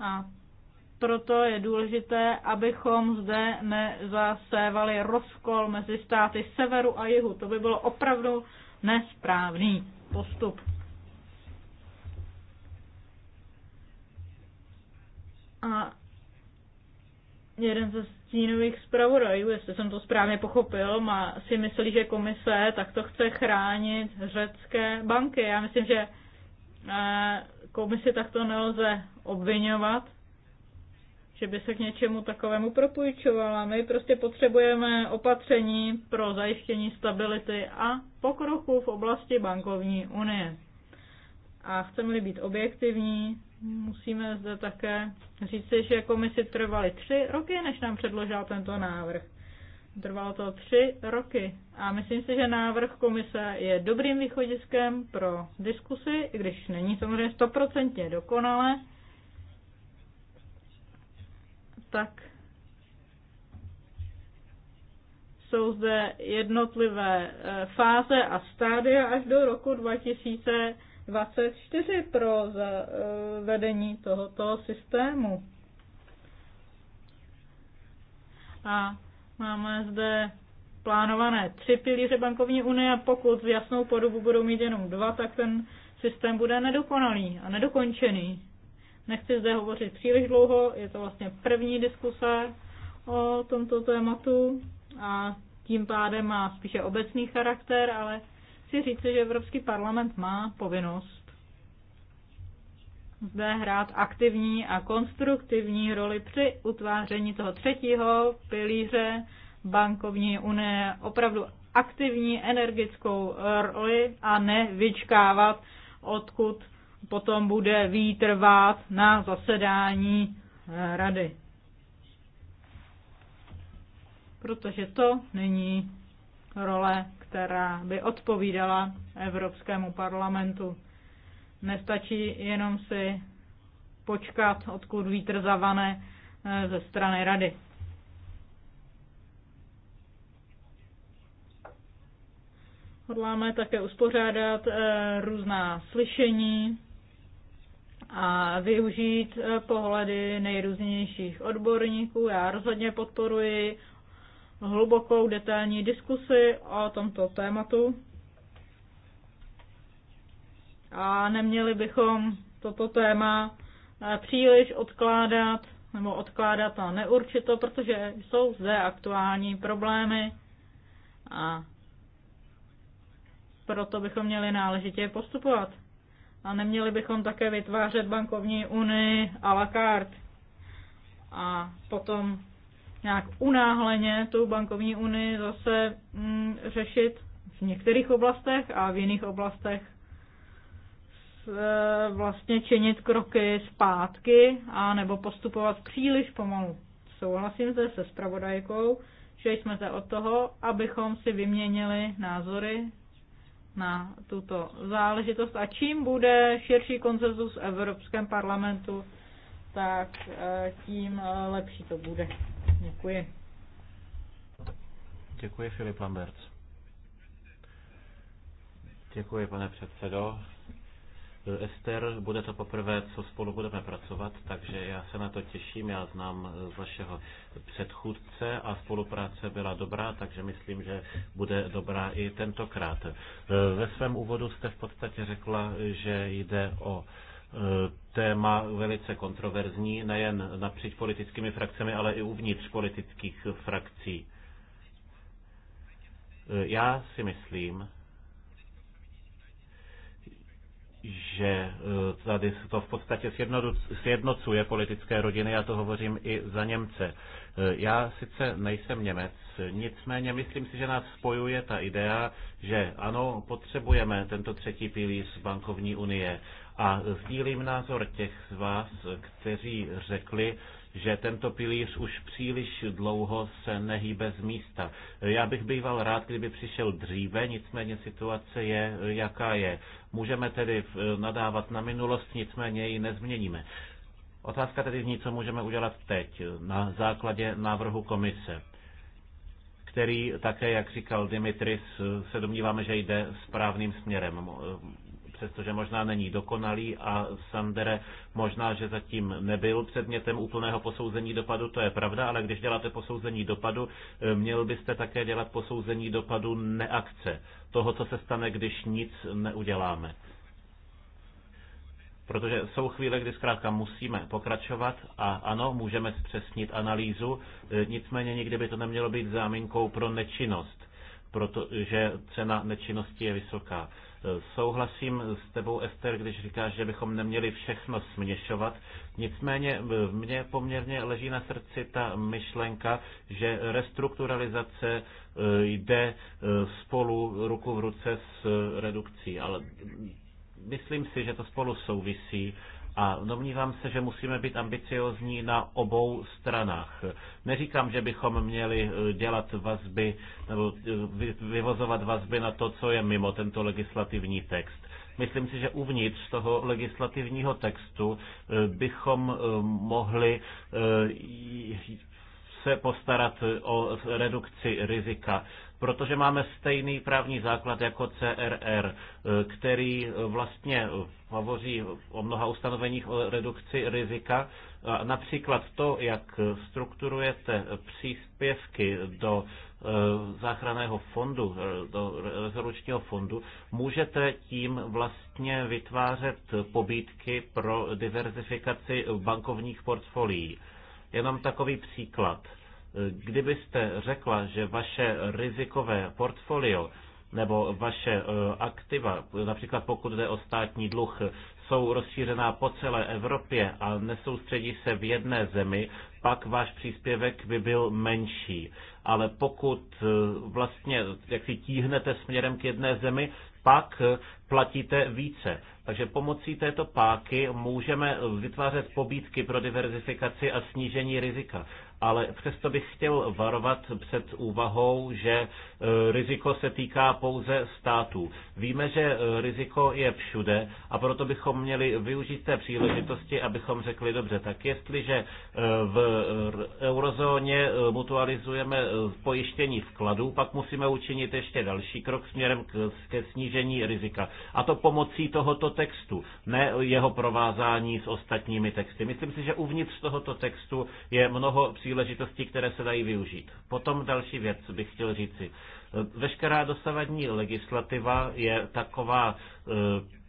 A proto je důležité, abychom zde nezasévali rozkol mezi státy severu a jihu. To by bylo opravdu nesprávný postup. A jeden ze stínových zpravodajů, jestli jsem to správně pochopil, má, si myslí, že komise takto chce chránit řecké banky. Já myslím, že eh, komisi takto nelze obvinovat, že by se k něčemu takovému propůjčovala. My prostě potřebujeme opatření pro zajištění stability a pokroku v oblasti bankovní unie. A chceme-li být objektivní, musíme zde také říci, že komisi trvaly tři roky, než nám předložila tento návrh. Trvalo to tři roky a myslím si, že návrh komise je dobrým východiskem pro diskusy, i když není samozřejmě stoprocentně dokonalé, tak jsou zde jednotlivé eh, fáze a stádia až do roku 2024 pro eh, vedení tohoto systému. A máme zde plánované tři pilíře bankovní unie a pokud v jasnou podobu budou mít jenom dva, tak ten systém bude nedokonalý a nedokončený. Nechci zde hovořit příliš dlouho, je to vlastně první diskuse o tomto tématu a tím pádem má spíše obecný charakter, ale chci říct, že Evropský parlament má povinnost zde hrát aktivní a konstruktivní roli při utváření toho třetího pilíře bankovní unie, opravdu aktivní, energickou roli a ne vyčkávat, odkud potom bude výtrvat na zasedání eh, rady. Protože to není role, která by odpovídala Evropskému parlamentu. Nestačí jenom si počkat, odkud vítr zavane eh, ze strany rady. Hodláme také uspořádat eh, různá slyšení a využít eh, pohledy nejrůznějších odborníků. Já rozhodně podporuji hlubokou detailní diskusi o tomto tématu. A neměli bychom toto téma eh, příliš odkládat nebo odkládat na neurčito, protože jsou zde aktuální problémy a proto bychom měli náležitě postupovat. A neměli bychom také vytvářet bankovní unii a la carte. A potom nějak unáhleně tu bankovní unii zase mm, řešit v některých oblastech a v jiných oblastech e, vlastně činit kroky zpátky a nebo postupovat příliš pomalu. Souhlasím zde se spravodajkou, že jsme zde od toho, abychom si vyměnili názory na tuto záležitost a čím bude širší konsenzus v Evropském parlamentu, tak eh, tím eh, lepší to bude. Děkuji. Děkuji, Filip Lambert. Děkuji, pane předsedo. Eh, Ester, bude to poprvé, co spolu budeme pracovat, takže já se na to těším. Já znám eh, vašeho předchůdce a spolupráce byla dobrá, takže myslím, že bude dobrá i tentokrát. Eh, ve svém úvodu jste v podstatě řekla, že jde o téma velice kontroverzní, nejen napříč politickými frakcemi, ale i uvnitř politických frakcí. Já si myslím, že e, tady to v podstatě sjednocuje politické rodiny, já to hovořím i za Němce. E, já sice nejsem Němec, nicméně myslím si, že nás spojuje ta idea, že ano, potřebujeme tento třetí pilíř bankovní unie. A sdílím názor těch z vás, kteří řekli, že tento pilíř už příliš dlouho se nehýbe z místa. Já bych býval rád, kdyby přišel dříve, nicméně situace je, jaká je. Můžeme tedy nadávat na minulost, nicméně ji nezměníme. Otázka tedy zní, co můžeme udělat teď na základě návrhu komise který také, jak říkal Dimitris, se domníváme, že jde správným směrem přestože možná není dokonalý a Sandere možná, že zatím nebyl předmětem úplného posouzení dopadu, to je pravda, ale když děláte posouzení dopadu, eh, měl byste také dělat posouzení dopadu neakce, toho, co se stane, když nic neuděláme. Protože jsou chvíle, kdy zkrátka musíme pokračovat a ano, můžeme zpřesnit analýzu, eh, nicméně nikdy by to nemělo být záminkou pro nečinnost, protože cena nečinnosti je vysoká. Souhlasím s tebou, Ester, když říkáš, že bychom neměli všechno směšovat. Nicméně mně poměrně leží na srdci ta myšlenka, že restrukturalizace e, jde e, spolu ruku v ruce s redukcí. Ale myslím si, že to spolu souvisí a domnívám se, že musíme být ambiciozní na obou stranách. Neříkám, že bychom měli eh, dělat vazby nebo eh, vyvozovat vazby na to, co je mimo tento legislativní text. Myslím si, že uvnitř toho legislativního textu eh, bychom mohli se postarat o redukci rizika protože máme stejný právní základ jako CRR, eh, který eh, vlastně eh, hovoří o mnoha ustanoveních o redukci rizika. Například to, jak strukturujete příspěvky do záchranného fondu, do rezolučního fondu, můžete tím vlastně vytvářet pobídky pro diverzifikaci bankovních portfolií. Jenom takový příklad Kdybyste řekla, že vaše rizikové portfolio nebo vaše e, aktiva, například pokud jde o státní dluh, jsou rozšířená po celé Evropě a nesoustředí se v jedné zemi, pak váš příspěvek by byl menší. Ale pokud e, vlastně jak si tíhnete směrem k jedné zemi, pak e, platíte více. Takže pomocí této páky můžeme vytvářet pobídky pro diverzifikaci a snížení rizika ale přesto bych chtěl varovat před úvahou, že e, riziko se týká pouze států. Víme, že e, riziko je všude a proto bychom měli využít té příležitosti, abychom řekli, dobře, tak jestliže e, v eurozóně mutualizujeme pojištění vkladů, pak musíme učinit ještě další krok směrem k, ke snížení rizika. A to pomocí tohoto textu, ne jeho provázání s ostatními texty. Myslím si, že uvnitř tohoto textu je mnoho příležitostí příležitosti, které se dají využít. Potom další věc bych chtěl říci. Veškerá dosavadní legislativa je taková eh,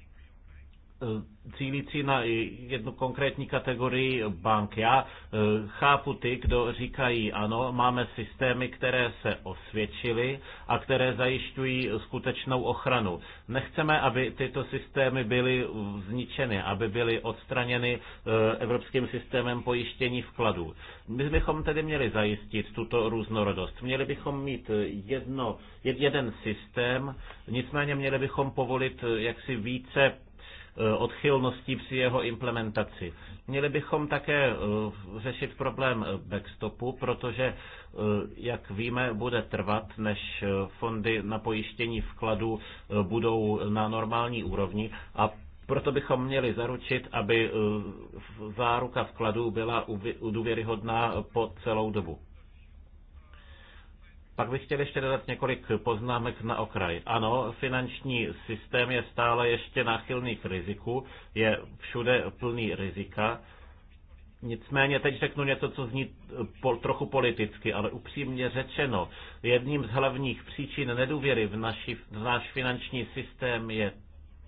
cílící eh, na jednu konkrétní kategorii bank. Já eh, chápu ty, kdo říkají ano, máme systémy, které se osvědčily a které zajišťují skutečnou ochranu. Nechceme, aby tyto systémy byly zničeny, aby byly odstraněny eh, evropským systémem pojištění vkladů. My bychom tedy měli zajistit tuto různorodost. Měli bychom mít jedno, jeden systém, nicméně měli bychom povolit jaksi více Eh, odchylností při jeho implementaci. Měli bychom také eh, řešit problém eh, backstopu, protože, jak víme, bude trvat, než fondy na pojištění vkladu budou na normální úrovni a proto bychom měli zaručit, aby záruka vkladů byla důvěryhodná po celou dobu. Pak bych chtěl ještě dodat několik poznámek na okraj. Ano, finanční systém je stále ještě náchylný k riziku, je všude plný rizika. Nicméně teď řeknu něco, co zní po, trochu politicky, ale upřímně řečeno, jedním z hlavních příčin nedůvěry v, naši, v náš finanční systém je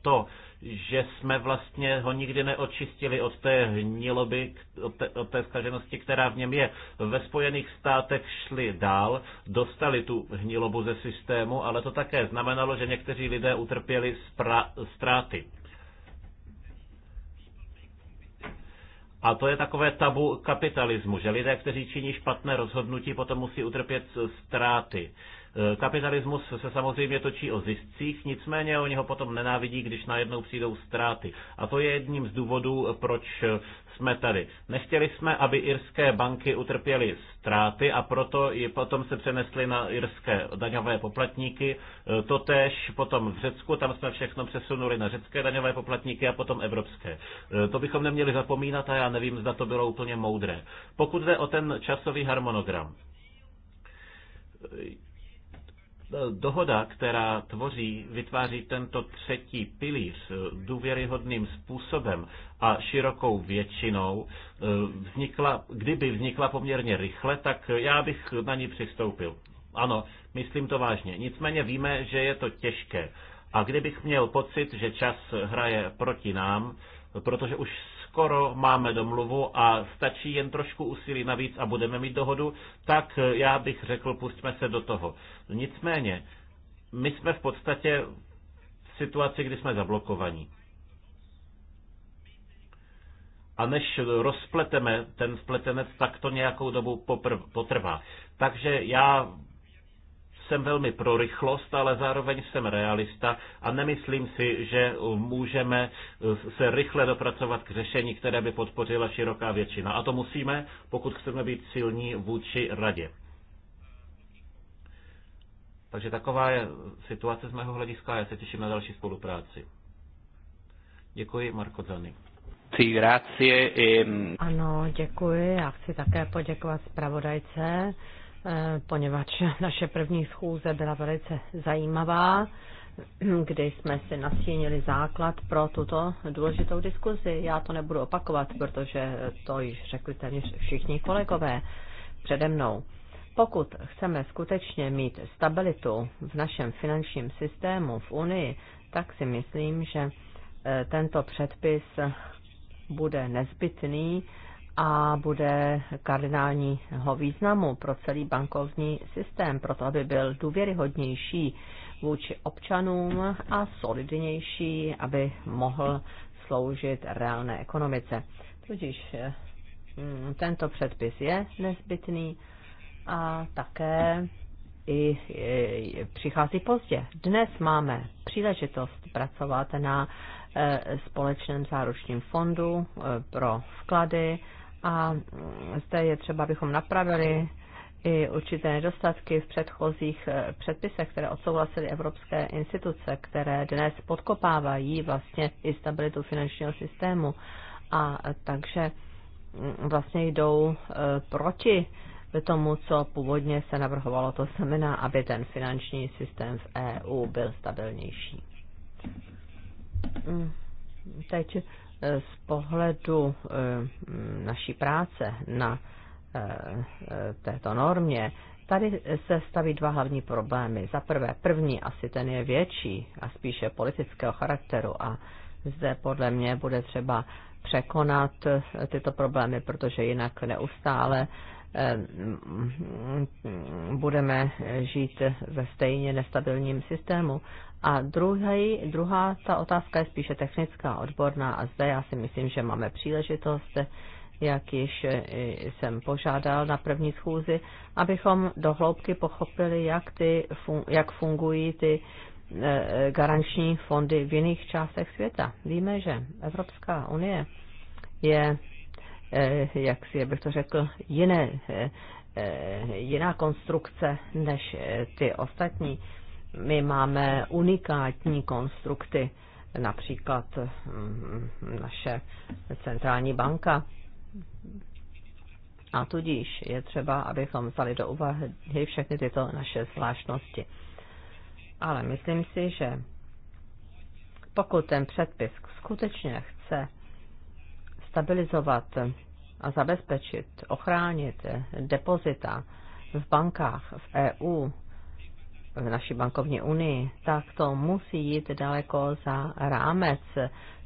to, že jsme vlastně ho nikdy neočistili od té hniloby, od té, od té skaženosti, která v něm je. Ve Spojených státech šli dál, dostali tu hnilobu ze systému, ale to také znamenalo, že někteří lidé utrpěli ztráty. A to je takové tabu kapitalismu, že lidé, kteří činí špatné rozhodnutí, potom musí utrpět ztráty. Uh, Eh, kapitalismus se samozřejmě točí o ziscích, nicméně oni ho potom nenávidí, když najednou přijdou ztráty. A to je jedním z důvodů, proč jsme tady. Nechtěli jsme, aby irské banky utrpěly ztráty a proto je potom se přenesly na irské daňové poplatníky. Eh, Totež potom v Řecku, tam jsme všechno přesunuli na řecké daňové poplatníky a potom evropské. Eh, to bychom neměli zapomínat a já nevím, zda to bylo úplně moudré. Pokud jde o ten časový harmonogram, Dohoda, která tvoří, vytváří tento třetí pilíř důvěryhodným způsobem a širokou většinou, e, vznikla, kdyby vznikla poměrně rychle, tak já bych na ní přistoupil. Ano, myslím to vážně. Nicméně víme, že je to těžké. A kdybych měl pocit, že čas hraje proti nám, protože už skoro máme domluvu a stačí jen trošku úsilí navíc a budeme mít dohodu, tak já bych řekl, pustíme se do toho. Nicméně, my jsme v podstatě v situaci, kdy jsme zablokovaní. A než rozpleteme ten spletenec, tak to nějakou dobu potrvá. Takže já jsem velmi pro rychlost, ale zároveň jsem realista a nemyslím si, že eh, můžeme eh, se rychle dopracovat k řešení, které by podpořila široká většina. A to musíme, pokud chceme být silní vůči radě. Takže taková je situace z mého hlediska a já se těším na další spolupráci. Děkuji, Marko Zany. Ehm. Ano, děkuji. Já chci také poděkovat zpravodajce Eh, poněvadž naše první schůze byla velice zajímavá, kdy jsme si nasínili základ pro tuto důležitou diskuzi. Já to nebudu opakovat, protože to již řekli téměř všichni kolegové přede mnou. Pokud chceme skutečně mít stabilitu v našem finančním systému v Unii, tak si myslím, že eh, tento předpis bude nezbytný a bude kardinálního významu pro celý bankovní systém, proto aby byl důvěryhodnější vůči občanům a solidnější, aby mohl sloužit reálné ekonomice. Tudíž mm, tento předpis je nezbytný a také i, i přichází pozdě. Dnes máme příležitost pracovat na e, společném záručním fondu e, pro vklady a zde je třeba, abychom napravili i určité nedostatky v předchozích eh, předpisech, které odsouhlasily evropské instituce, které dnes podkopávají vlastně i stabilitu finančního systému. A takže mm, vlastně jdou eh, proti tomu, co původně se navrhovalo. To znamená, aby ten finanční systém v EU byl stabilnější. Mm, teď Eh, z pohledu eh, naší práce na eh, této normě, tady se staví dva hlavní problémy. Za prvé, první asi ten je větší a spíše politického charakteru a zde podle mě bude třeba překonat tyto problémy, protože jinak neustále budeme žít ve stejně nestabilním systému. A druhý, druhá ta otázka je spíše technická, odborná a zde já si myslím, že máme příležitost, jak již e, jsem požádal na první schůzi, abychom hloubky pochopili, jak, ty, jak fungují ty e, garanční fondy v jiných částech světa. Víme, že Evropská unie je, e, jak si bych to řekl, jiné, jiná konstrukce než ty ostatní my máme unikátní konstrukty, například mm, naše centrální banka. A tudíž je třeba, abychom vzali do úvahy všechny tyto naše zvláštnosti. Ale myslím si, že pokud ten předpis skutečně chce stabilizovat a zabezpečit, ochránit depozita v bankách v EU, v naší bankovní unii, tak to musí jít daleko za rámec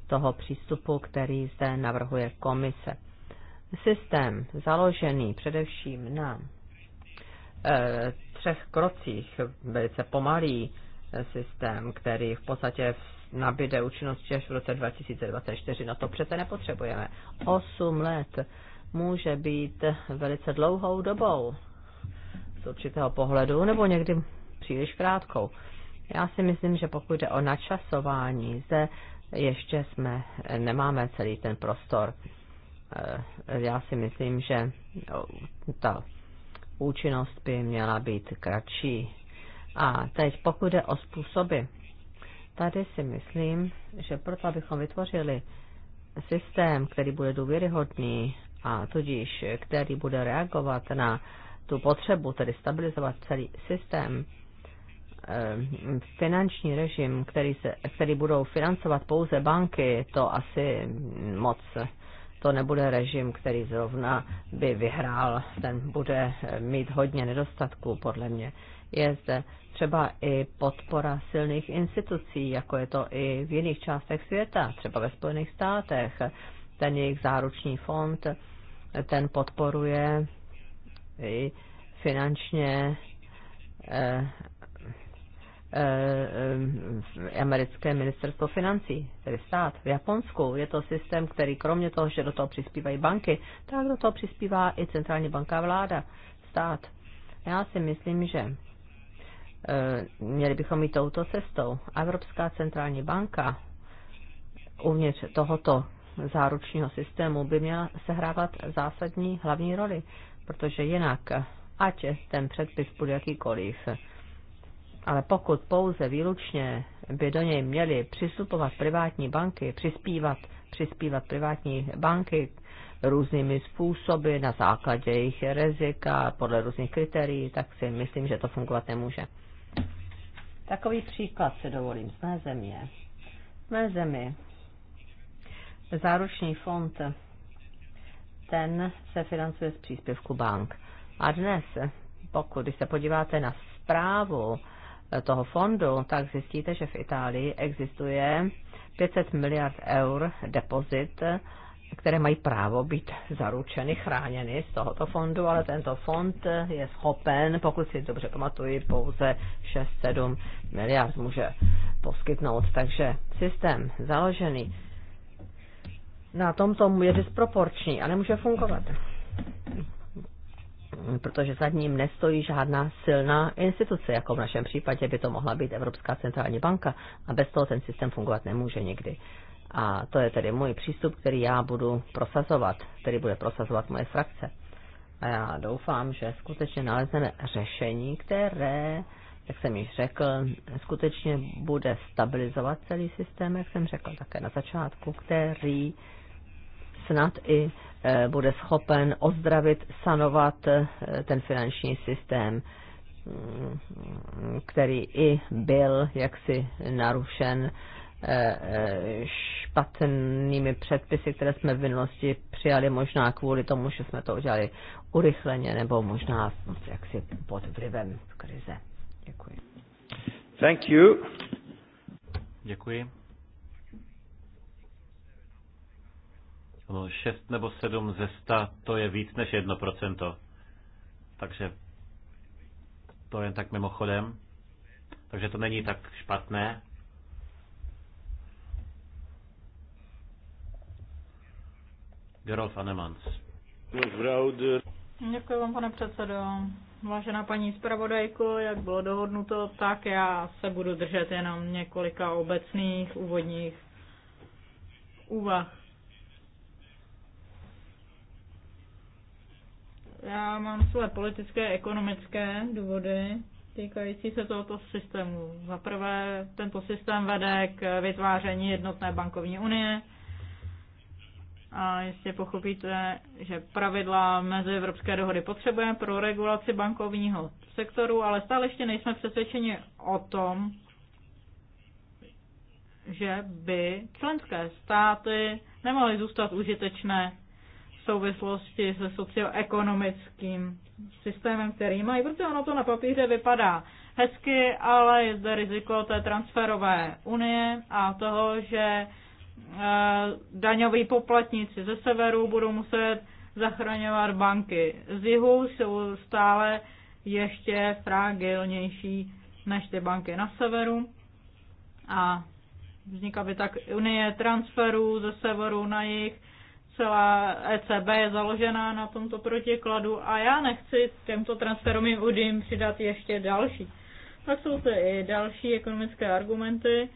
toho přístupu, který zde navrhuje komise. Systém založený především na e, třech krocích, velice pomalý e, systém, který v podstatě nabíde účinnosti až v roce 2024, no to přece nepotřebujeme. 8 let může být velice dlouhou dobou z určitého pohledu, nebo někdy příliš krátkou. Já si myslím, že pokud jde o načasování, zde ještě jsme, nemáme celý ten prostor. Eh, já si myslím, že eh, ta účinnost by měla být kratší. A teď pokud jde o způsoby, tady si myslím, že proto, abychom vytvořili systém, který bude důvěryhodný a tudíž který bude reagovat na tu potřebu, tedy stabilizovat celý systém, Eh, finanční režim, který, se, který budou financovat pouze banky, to asi moc to nebude režim, který zrovna by vyhrál, ten bude mít hodně nedostatků, podle mě. Je zde třeba i podpora silných institucí, jako je to i v jiných částech světa, třeba ve Spojených státech. Ten jejich záruční fond, ten podporuje i finančně eh, Eh, eh, americké ministerstvo financí, tedy stát v Japonsku. Je to systém, který kromě toho, že do toho přispívají banky, tak do toho přispívá i centrální banka vláda, stát. Já si myslím, že eh, měli bychom jít touto cestou. Evropská centrální banka uvnitř tohoto záručního systému by měla sehrávat zásadní hlavní roli, protože jinak, ať ten předpis bude jakýkoliv, ale pokud pouze výlučně by do něj měly přistupovat privátní banky, přispívat, přispívat privátní banky různými způsoby na základě jejich rizika, podle různých kritérií, tak si myslím, že to fungovat nemůže. Takový příklad se dovolím z mé země. Z mé zemi záruční fond, ten se financuje z příspěvku bank. A dnes, pokud když se podíváte na zprávu, toho fondu, tak zjistíte, že v Itálii existuje 500 miliard eur depozit, které mají právo být zaručeny, chráněny z tohoto fondu, ale tento fond je schopen, pokud si dobře pamatuji, pouze 6-7 miliard může poskytnout. Takže systém založený na tomto je disproporční a nemůže fungovat protože za ním nestojí žádná silná instituce, jako v našem případě by to mohla být Evropská centrální banka a bez toho ten systém fungovat nemůže nikdy. A to je tedy můj přístup, který já budu prosazovat, který bude prosazovat moje frakce. A já doufám, že skutečně nalezneme řešení, které, jak jsem již řekl, skutečně bude stabilizovat celý systém, jak jsem řekl také na začátku, který snad i Eh, bude schopen ozdravit, sanovat eh, ten finanční systém, mm, který i byl jaksi narušen eh, špatnými předpisy, které jsme v minulosti přijali, možná kvůli tomu, že jsme to udělali urychleně nebo možná jaksi pod vlivem krize. Děkuji. Thank you. Děkuji. 6 no, nebo 7 ze 100 to je víc než 1%. Takže to jen tak mimochodem. Takže to není tak špatné. Gerolf Anemans. Děkuji vám, pane předsedo. Vážená paní zpravodajko, jak bylo dohodnuto, tak já se budu držet jenom několika obecných úvodních úvah. Já mám své politické, ekonomické důvody týkající se tohoto systému. Za prvé, tento systém vede k vytváření jednotné bankovní unie. A jistě pochopíte, že pravidla mezi evropské dohody potřebujeme pro regulaci bankovního sektoru, ale stále ještě nejsme přesvědčeni o tom, že by členské státy nemohly zůstat užitečné souvislosti se socioekonomickým systémem, který mají, protože ono to na papíře vypadá hezky, ale je zde riziko té transferové unie a toho, že eh, daňoví poplatníci ze severu budou muset zachraňovat banky. Z jihu jsou stále ještě fragilnější než ty banky na severu a vzniká by tak unie transferů ze severu na jih celá ECB je založená na tomto protikladu a já nechci těmto transferovým údajům přidat ještě další. Pak jsou to i další ekonomické argumenty.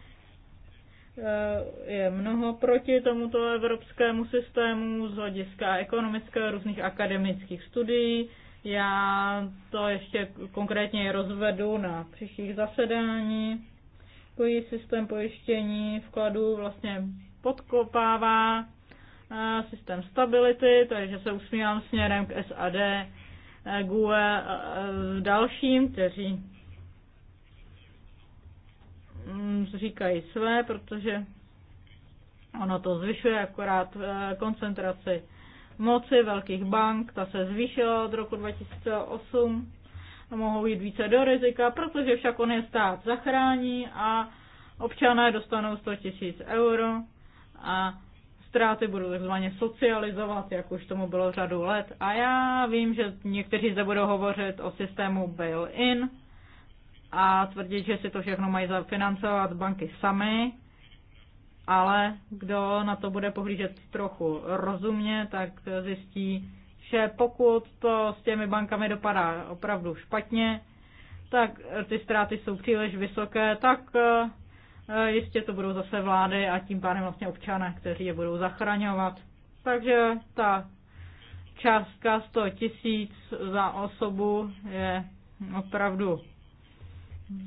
Eh, je mnoho proti tomuto evropskému systému z hlediska ekonomického různých akademických studií. Já to ještě konkrétně rozvedu na příštích zasedání. Takový systém pojištění vkladů vlastně podkopává systém stability, takže se usmívám směrem k SAD, eh, GUE eh, dalším, kteří mm, říkají své, protože ono to zvyšuje akorát eh, koncentraci moci velkých bank, ta se zvýšila od roku 2008 a mohou jít více do rizika, protože však on je stát zachrání a občané dostanou 100 000 euro a substráty budou takzvaně socializovat, jak už tomu bylo řadu let. A já vím, že někteří zde budou hovořit o systému bail-in a tvrdit, že si to všechno mají zafinancovat banky samy, ale kdo na to bude pohlížet trochu rozumně, tak zjistí, že pokud to s těmi bankami dopadá opravdu špatně, tak ty ztráty jsou příliš vysoké, tak eh, Eh, jistě to budou zase vlády a tím pádem vlastně občané, kteří je budou zachraňovat. Takže ta částka 100 tisíc za osobu je opravdu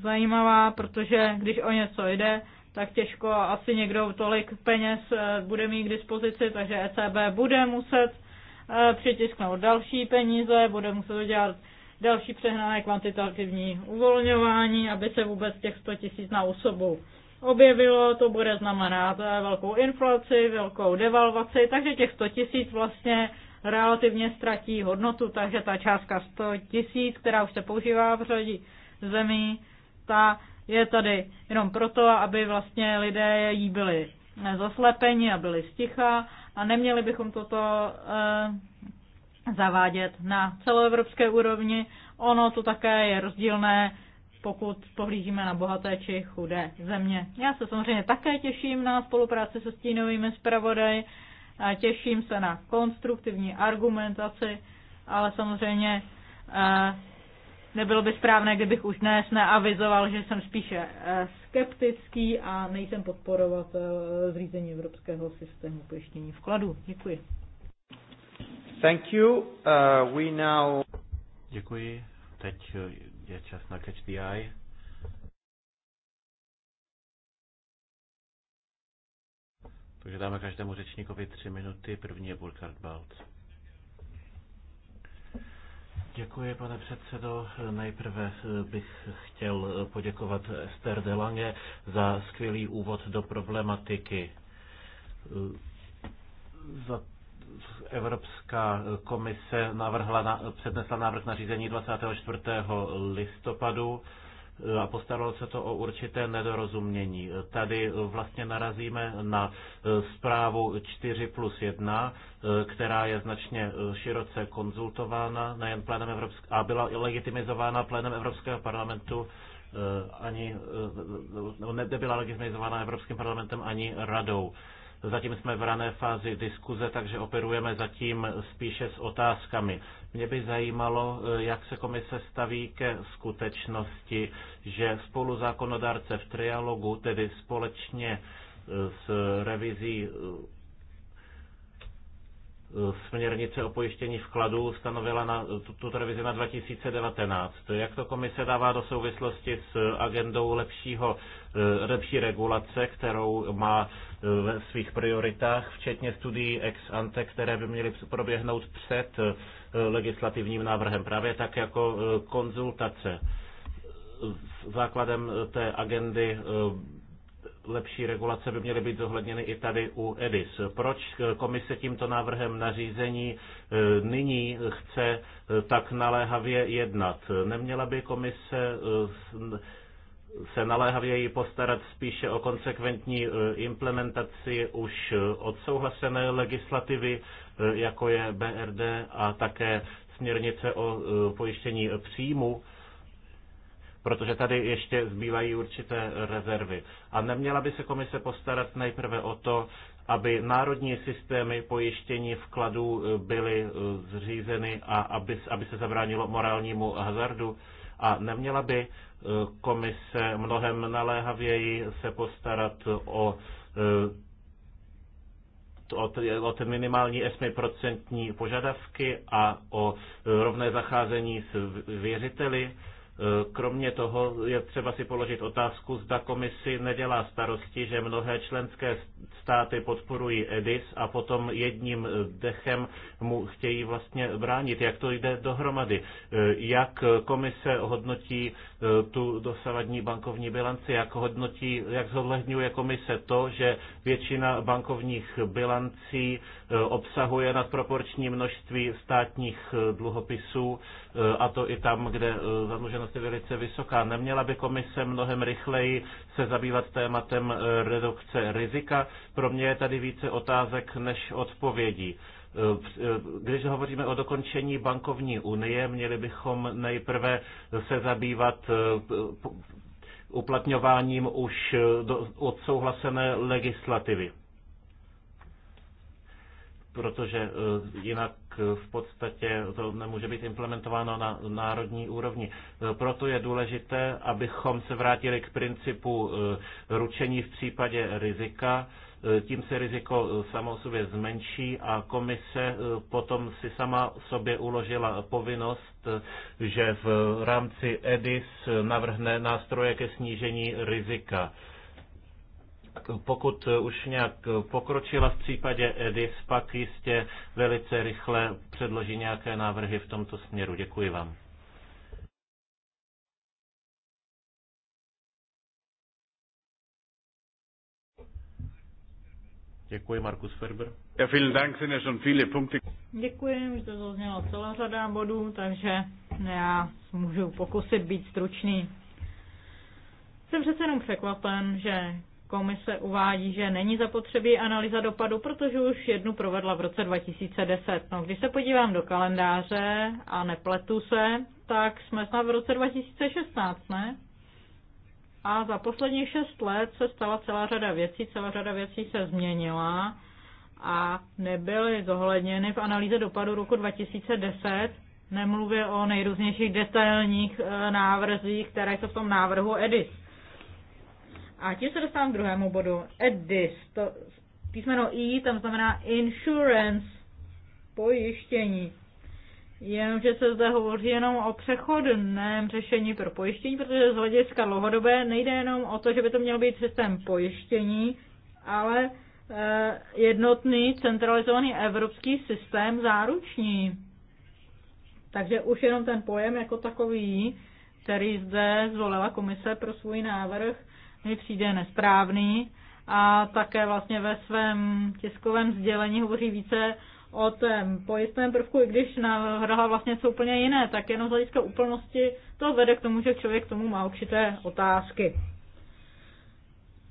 zajímavá, protože když o něco jde, tak těžko asi někdo tolik peněz eh, bude mít k dispozici, takže ECB bude muset eh, přitisknout další peníze, bude muset udělat další přehnané kvantitativní uvolňování, aby se vůbec těch 100 tisíc na osobu objevilo, to bude znamenat velkou inflaci, velkou devalvaci, takže těch 100 tisíc vlastně relativně ztratí hodnotu, takže ta částka 100 tisíc, která už se používá v řadě zemí, ta je tady jenom proto, aby vlastně lidé jí byli zaslepeni a byli sticha a neměli bychom toto e, zavádět na celoevropské úrovni. Ono to také je rozdílné pokud pohlížíme na bohaté či chudé země. Já se samozřejmě také těším na spolupráci se stínovými zpravodaji, těším se na konstruktivní argumentaci, ale samozřejmě eh, nebylo by správné, kdybych už dnes neavizoval, že jsem spíše eh, skeptický a nejsem podporovatel eh, zřízení evropského systému pojištění vkladu. Děkuji. Thank you. Uh, we now... Děkuji. Teď je čas na Catch the Eye. Takže dáme každému řečníkovi tři minuty. První je Burkhard Balc. Děkuji, pane předsedo. Nejprve bych chtěl poděkovat Ester Delange za skvělý úvod do problematiky. Za Evropská komise navrhla, přednesla návrh na řízení 24. listopadu e, a postaralo se to o určité nedorozumění. Tady vlastně narazíme na e, zprávu 4 plus 1, e, která je značně široce konzultována nejen plénem Evropsk- a byla legitimizována plénem Evropského parlamentu ani nebyla legitimizována Evropským parlamentem ani radou. Zatím jsme v rané fázi diskuze, takže operujeme zatím spíše s otázkami. Mě by zajímalo, eh, jak se komise staví ke skutečnosti, že zákonodárce v trialogu, tedy společně eh, s revizí eh, směrnice o pojištění vkladů stanovila na tuto revizi na 2019. Jak to komise dává do souvislosti s agendou lepšího, lepší regulace, kterou má Eh, ve svých prioritách, včetně studií ex ante, které by měly proběhnout před eh, legislativním návrhem, právě tak jako eh, konzultace. Základem té agendy lepší regulace by měly být zohledněny i tady u EDIS. Proč komise tímto návrhem nařízení nyní chce tak naléhavě jednat? Neměla by komise se naléhavěji postarat spíše o konsekventní e, implementaci už e, odsouhlasené legislativy, e, jako je BRD a také směrnice o pojištění příjmu, protože tady ještě zbývají určité rezervy. A neměla by se komise postarat nejprve o to, aby národní systémy pojištění vkladů byly zřízeny a aby, aby se zabránilo morálnímu hazardu? A neměla by eh, komise mnohem naléhavěji se postarat o eh, o ty minimální 8% požadavky a o eh, rovné zacházení s věřiteli. Kromě toho je třeba si položit otázku, zda komisi nedělá starosti, že mnohé členské státy podporují EDIS a potom jedním dechem mu chtějí vlastně bránit. Jak to jde dohromady? E, jak komise hodnotí e, tu dosavadní bankovní bilanci? Jak hodnotí, jak zohledňuje komise to, že většina bankovních bilancí e, obsahuje nadproporční množství státních dluhopisů a to i tam, kde zadluženost je velice vysoká. Neměla by komise mnohem rychleji se zabývat tématem eh, redukce rizika. Pro mě je tady více otázek než odpovědí. Eh, eh, když hovoříme o dokončení bankovní unie, měli bychom nejprve se zabývat uplatňováním už odsouhlasené legislativy. Protože jinak v podstatě to nemůže být implementováno na národní úrovni. Proto je důležité, abychom se vrátili k principu eh, ručení v případě rizika. Eh, tím se riziko eh, samo sobě zmenší a komise potom si sama sobě uložila povinnost, že v rámci EDIS navrhne nástroje ke snížení rizika pokud už nějak pokročila v případě EDIS, pak jistě velice rychle předloží nějaké návrhy v tomto směru. Děkuji vám. Děkuji, Markus Ferber. Ja, vielen Dank, sind ja schon viele Punkte. Děkuji, už to zaznělo celá řada bodů, takže já můžu pokusit být stručný. Jsem přece jenom překvapen, že Komise uvádí, že není zapotřebí analýza dopadu, protože už jednu provedla v roce 2010. No, když se podívám do kalendáře a nepletu se, tak jsme snad v roce 2016, ne? A za poslední šest let se stala celá řada věcí, celá řada věcí se změnila a nebyly zohledněny v analýze dopadu roku 2010, nemluvě o nejrůznějších detailních eh, návrzích, které jsou v tom návrhu EDIS a tím se dostávám k druhému bodu. EDIS, to písmeno I, tam znamená insurance, pojištění. Jenomže se zde hovoří jenom o přechodném řešení pro pojištění, protože z hlediska dlouhodobé nejde jenom o to, že by to měl být systém pojištění, ale eh, jednotný centralizovaný evropský systém záruční. Takže už jenom ten pojem jako takový, který zde zvolila komise pro svůj návrh, mi přijde nesprávný a také vlastně ve svém tiskovém sdělení hovoří více o tom pojistném prvku, i když navrhla vlastně něco úplně jiné, tak jenom z hlediska úplnosti to vede k tomu, že člověk k tomu má určité otázky.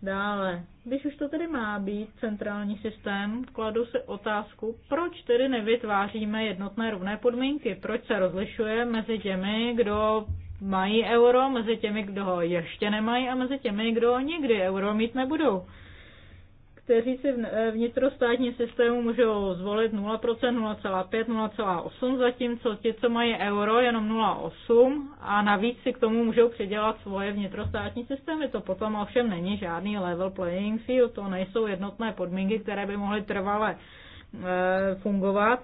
Dále, když už to tedy má být centrální systém, kladu si otázku, proč tedy nevytváříme jednotné rovné podmínky, proč se rozlišuje mezi těmi, kdo mají euro, mezi těmi, kdo ho ještě nemají a mezi těmi, kdo ho nikdy euro mít nebudou. Kteří si eh, vnitrostátní systému můžou zvolit 0%, 0,5, 0,8, zatímco ti, co mají euro, jenom 0,8 a navíc si k tomu můžou přidělat svoje vnitrostátní systémy. To potom ovšem není žádný level playing field, to nejsou jednotné podmínky, které by mohly trvale eh, fungovat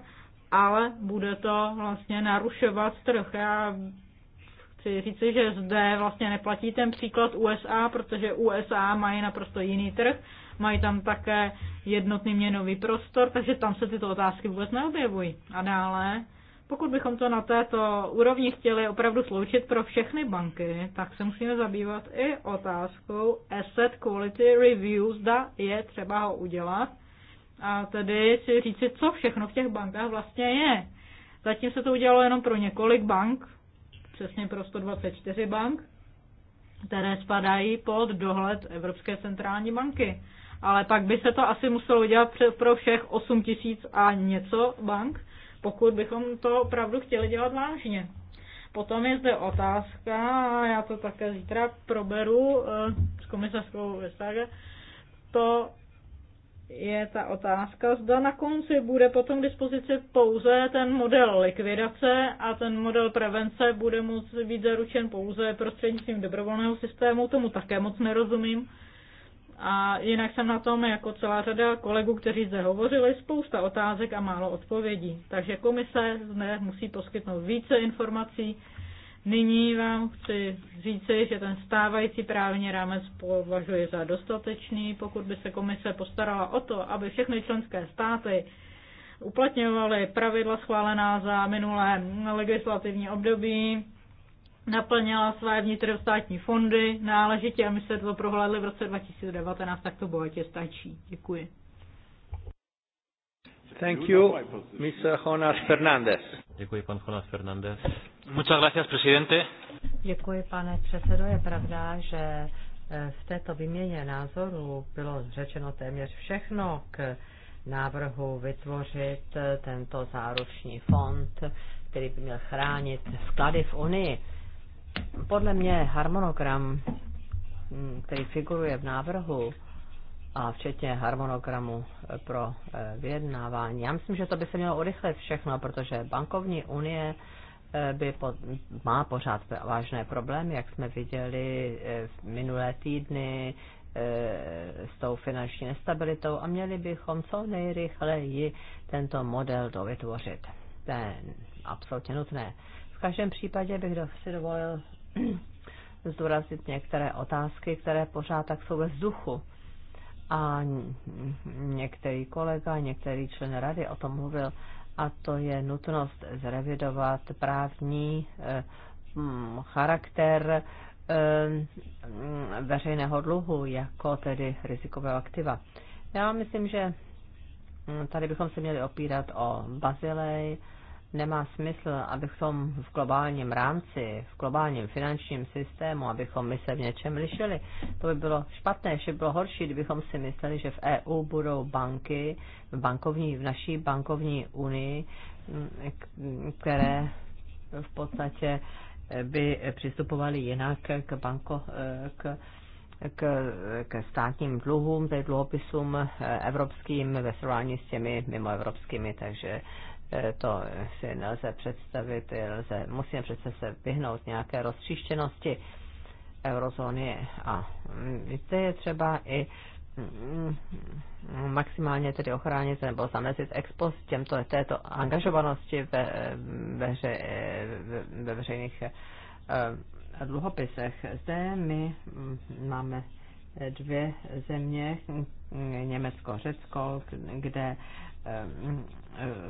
ale bude to vlastně narušovat trh. Já chci říci, že zde vlastně neplatí ten příklad USA, protože USA mají naprosto jiný trh, mají tam také jednotný měnový prostor, takže tam se tyto otázky vůbec neobjevují. A dále, pokud bychom to na této úrovni chtěli opravdu sloučit pro všechny banky, tak se musíme zabývat i otázkou asset quality review, zda je třeba ho udělat. A tedy si říci, co všechno v těch bankách vlastně je. Zatím se to udělalo jenom pro několik bank, přesně pro 124 bank, které spadají pod dohled Evropské centrální banky. Ale pak by se to asi muselo udělat pro všech 8 tisíc a něco bank, pokud bychom to opravdu chtěli dělat vážně. Potom je zde otázka, a já to také zítra proberu eh, s komisařskou Vestager, to je ta otázka, zda na konci bude potom k dispozici pouze ten model likvidace a ten model prevence bude moc být zaručen pouze prostřednictvím dobrovolného systému, tomu také moc nerozumím. A jinak jsem na tom jako celá řada kolegů, kteří zde hovořili, spousta otázek a málo odpovědí. Takže komise zde musí poskytnout více informací, Nyní vám chci říci, že ten stávající právní rámec považuji za dostatečný, pokud by se komise postarala o to, aby všechny členské státy uplatňovaly pravidla schválená za minulé legislativní období, naplnila své vnitrostátní fondy náležitě a my se to prohlédli v roce 2019, tak to bohatě stačí. Děkuji. Thank you, Mr. Jonas Fernandez. Děkuji, pan Jonas Fernandez. Muchas gracias, presidente. Děkuji, pane předsedo. Je pravda, že eh, v této výměně názorů bylo řečeno téměř všechno k návrhu vytvořit eh, tento záruční fond, který by měl chránit vklady v Unii. Podle mě harmonogram, hm, který figuruje v návrhu, a včetně harmonogramu eh, pro vyjednávání. Já myslím, že to by se mělo urychlit všechno, protože bankovní unie by po, má pořád vážné problémy, jak jsme viděli eh, v minulé týdny eh, s tou finanční nestabilitou a měli bychom co nejrychleji tento model dovytvořit. To je absolutně nutné. V každém případě bych si dovolil zdůrazit některé otázky, které pořád tak jsou ve vzduchu. A některý kolega, některý člen rady o tom mluvil a to je nutnost zrevidovat právní eh, mm, charakter eh, mm, veřejného dluhu jako tedy rizikového aktiva. Já myslím, že mm, tady bychom se měli opírat o Bazilej, nemá smysl, abychom v globálním rámci, v globálním finančním systému, abychom my se v něčem lišili. To by bylo špatné, ještě bylo horší, kdybychom si mysleli, že v EU budou banky, v, bankovní, v naší bankovní unii, které v podstatě by přistupovali jinak k, banko, k k, k státním dluhům, tedy dluhopisům evropským ve srovnání s těmi mimoevropskými, takže E, to si nelze představit, nelze, musíme přece se vyhnout nějaké rozčištěnosti eurozóny a mm, víte, je třeba i mm, maximálně tedy ochránit nebo zamezit expos těmto, této angažovanosti ve, ve, hře, ve, ve veřejných e, dluhopisech. Zde my mm, máme dvě země, Německo, Řecko, kde Eh,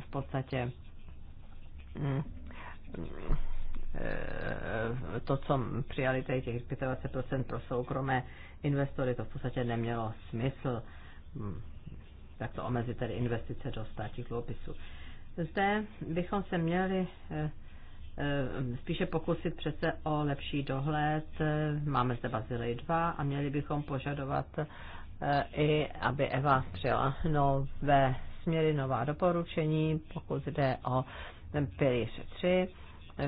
v podstatě eh, to, co přijali tady těch 25% pro soukromé investory, to v podstatě nemělo smysl. Hm, tak to omezit tedy investice do státních dluhopisů. Zde bychom se měli eh, spíše pokusit přece o lepší dohled. Máme zde Bazilej 2 a měli bychom požadovat i, aby Eva přijala nové směry, nová doporučení, pokud jde o pilíř 3,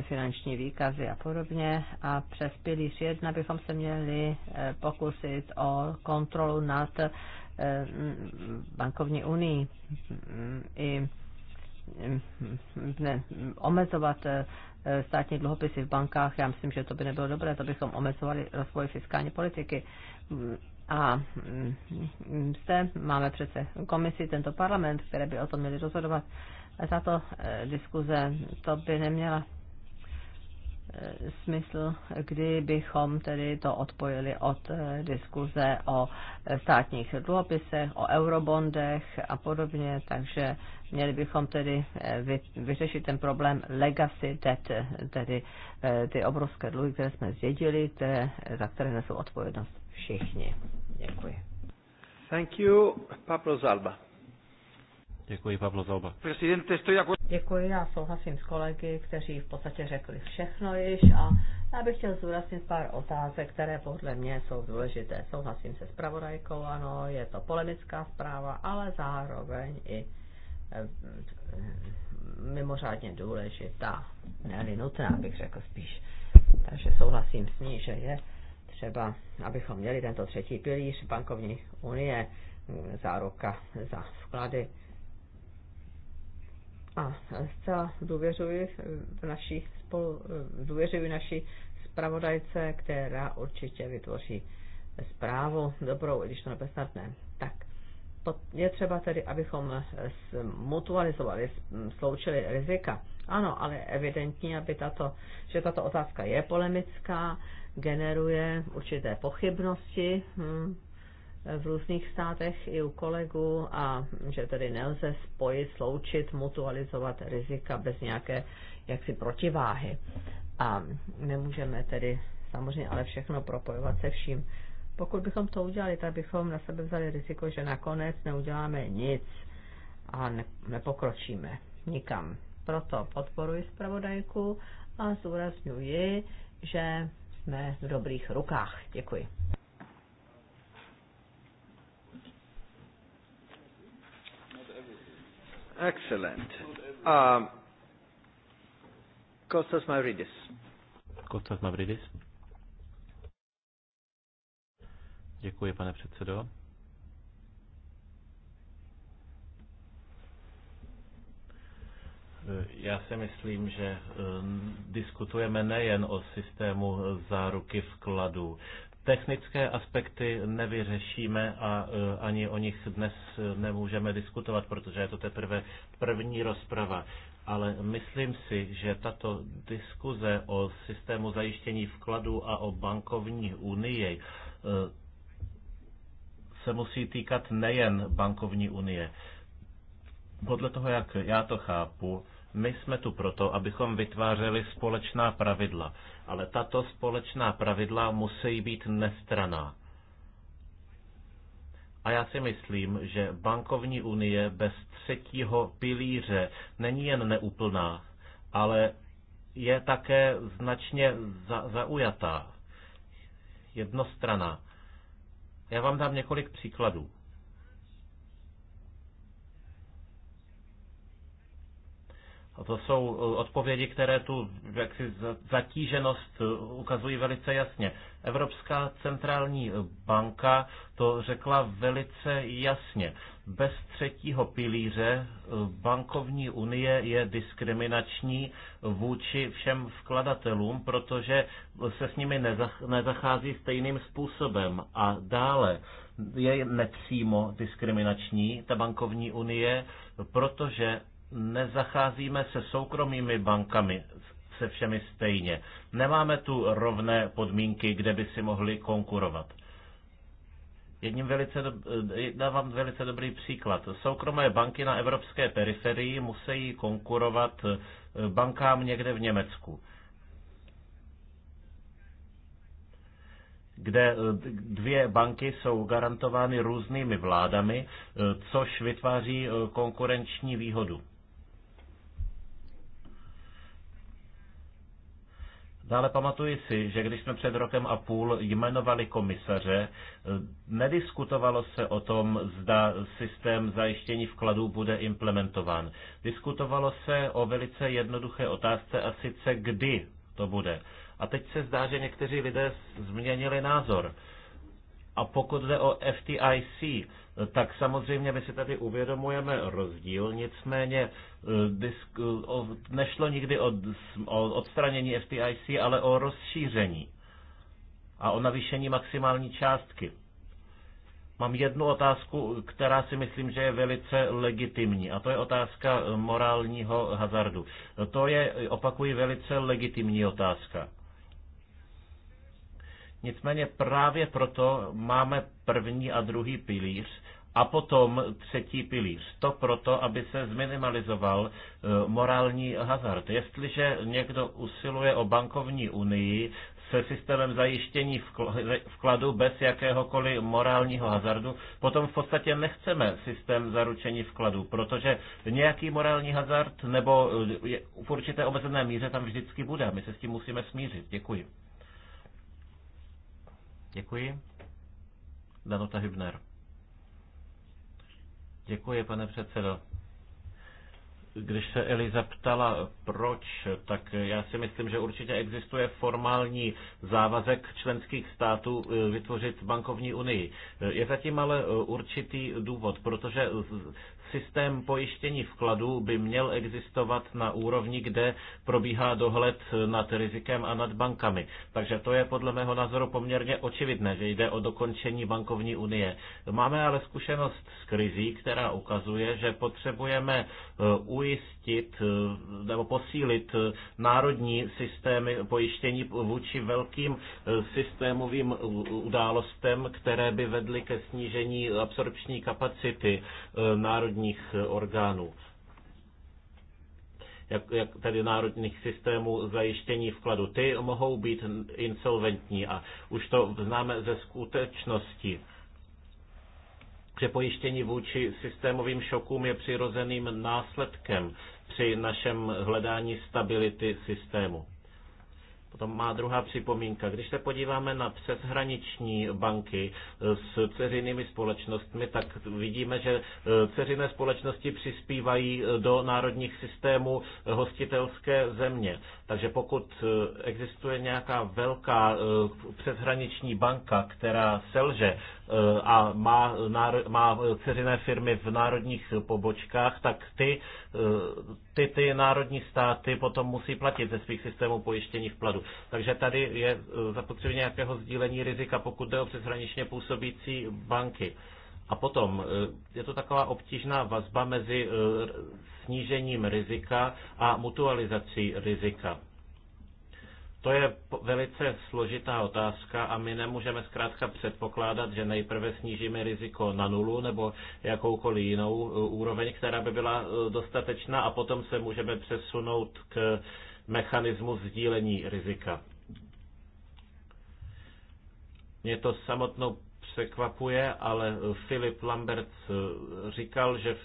finanční výkazy a podobně. A přes pilíř 1 bychom se měli eh, pokusit o kontrolu nad eh, bankovní unii mm, i mm, ne, omezovat eh, státní dluhopisy v bankách. Já myslím, že to by nebylo dobré, to bychom omezovali rozvoj fiskální politiky. Mm, a mm, zde máme přece komisi, tento parlament, které by o tom měli rozhodovat. A tato eh, diskuze, to by neměla eh, smysl, kdybychom tedy to odpojili od eh, diskuze o státních dluhopisech, o eurobondech a podobně, takže měli bychom tedy vyřešit ten problém legacy debt, tedy ty obrovské dluhy, které jsme zdědili, které, za které nesou odpovědnost všichni. Děkuji. Thank you, Pablo Zalba. Děkuji, Pablo Zalba. Děkuji, já souhlasím s kolegy, kteří v podstatě řekli všechno již a já bych chtěl zúraznit pár otázek, které podle mě jsou důležité. Souhlasím se spravodajkou, ano, je to polemická zpráva, ale zároveň i eh, mimořádně důležitá, ne nutná, bych řekl spíš. Takže souhlasím s ní, že je třeba, abychom měli tento třetí pilíř bankovní unie, záruka za vklady. A zcela důvěřuji v naší, spolu, důvěřuji naší zpravodajce, která určitě vytvoří zprávu dobrou, když to nebesnadné. Tak, je třeba tedy, abychom mutualizovali, sloučili rizika. Ano, ale evidentní, aby tato, že tato otázka je polemická, generuje určité pochybnosti hm, v různých státech i u kolegů a že tedy nelze spojit, sloučit, mutualizovat rizika bez nějaké jaksi protiváhy. A nemůžeme tedy samozřejmě ale všechno propojovat se vším. Pokud bychom to udělali, tak bychom na sebe vzali riziko, že nakonec neuděláme nic a nepokročíme nikam. Proto podporuji zpravodajku a zúraznuju, že jsme v dobrých rukách. Děkuji. Excellent. Um, Kostas Mavridis. Kostas Mavridis. Děkuji, pane předsedo. Já si myslím, že eh, diskutujeme nejen o systému eh, záruky vkladů. Technické aspekty nevyřešíme a eh, ani o nich dnes nemůžeme diskutovat, protože je to teprve první rozprava ale myslím si, že tato diskuze o systému zajištění vkladů a o bankovní unii se musí týkat nejen bankovní unie. Podle toho, jak já to chápu, my jsme tu proto, abychom vytvářeli společná pravidla, ale tato společná pravidla musí být nestraná. A já si myslím, že bankovní unie bez třetího pilíře není jen neúplná, ale je také značně za, zaujatá, jednostraná. Já vám dám několik příkladů. To jsou e, odpovědi, které tu jaksi zatíženost e, ukazují velice jasně. Evropská centrální e, banka to řekla velice jasně. Bez třetího pilíře bankovní unie je diskriminační vůči všem vkladatelům, protože se s nimi nezachází stejným způsobem. A dále je nepřímo diskriminační ta bankovní unie, protože nezacházíme se soukromými bankami se všemi stejně. Nemáme tu rovné podmínky, kde by si mohli konkurovat. Jedním velice do, dávám velice dobrý příklad. Soukromé banky na evropské periferii musí konkurovat eh, bankám někde v Německu. kde eh, dvě banky jsou garantovány různými vládami, eh, což vytváří konkurenční výhodu. Dále pamatuji si, že když jsme před rokem a půl jmenovali komisaře, eh, nediskutovalo se o tom, zda systém zajištění vkladů bude implementován. Diskutovalo se o velice jednoduché otázce a sice kdy to bude. A teď se zdá, že někteří lidé změnili názor. A pokud jde o FTIC, tak samozřejmě my si tady uvědomujeme rozdíl, nicméně eh, disk, eh, o, nešlo nikdy o, o odstranění FTIC, ale o rozšíření a o navýšení maximální částky. Mám jednu otázku, která si myslím, že je velice legitimní, a to je otázka morálního hazardu. To je, opakuji, velice legitimní otázka. Nicméně právě proto máme první a druhý pilíř a potom třetí pilíř. To proto, aby se zminimalizoval e, morální hazard. Jestliže někdo usiluje o bankovní unii se systémem zajištění e, vkladu bez jakéhokoliv morálního hazardu, potom v podstatě nechceme systém zaručení vkladu, protože nějaký morální hazard nebo e, v určité omezené míře tam vždycky bude. My se s tím musíme smířit. Děkuji. Děkuji. Danuta Hübner. Děkuji, pane předsedo. Když se Eliza ptala, proč, tak já si myslím, že určitě existuje formální závazek členských států eh, vytvořit bankovní unii. Eh, je zatím ale eh, určitý důvod, protože systém pojištění vkladů by měl existovat na úrovni, kde probíhá dohled nad rizikem a nad bankami. Takže to je podle mého názoru poměrně očividné, že jde o dokončení bankovní unie. Máme ale zkušenost s krizí, která ukazuje, že potřebujeme e, ujistit e, nebo posílit e, národní systémy pojištění vůči velkým systémovým událostem, které by vedly ke snížení absorpční kapacity národní národních eh, orgánů jak, jak tedy národních systémů zajištění vkladu. Ty mohou být insolventní a už to známe ze skutečnosti. že pojištění vůči systémovým šokům je přirozeným následkem při našem hledání stability systému. Potom má druhá připomínka. Když se podíváme na přeshraniční banky s ceřinými společnostmi, tak vidíme, že e, ceřiné společnosti přispívají e, do národních systémů hostitelské země. Takže pokud e, existuje nějaká velká přeshraniční banka, která selže a má, má ceřiné firmy v národních pobočkách, tak ty ty, ty národní státy potom musí platit ze svých systémů pojištění vkladu. Takže tady je eh, zapotřebí nějakého sdílení rizika, pokud jde o přeshraničně působící banky. A potom eh, je to taková obtížná vazba mezi eh, snížením rizika a mutualizací rizika. To je velice složitá otázka a my nemůžeme zkrátka předpokládat, že nejprve snížíme riziko na nulu nebo jakoukoliv jinou e, úroveň, která by byla e, dostatečná a potom se můžeme přesunout k mechanismu sdílení rizika. Mě to samotnou překvapuje, ale Filip e, Lambert říkal, že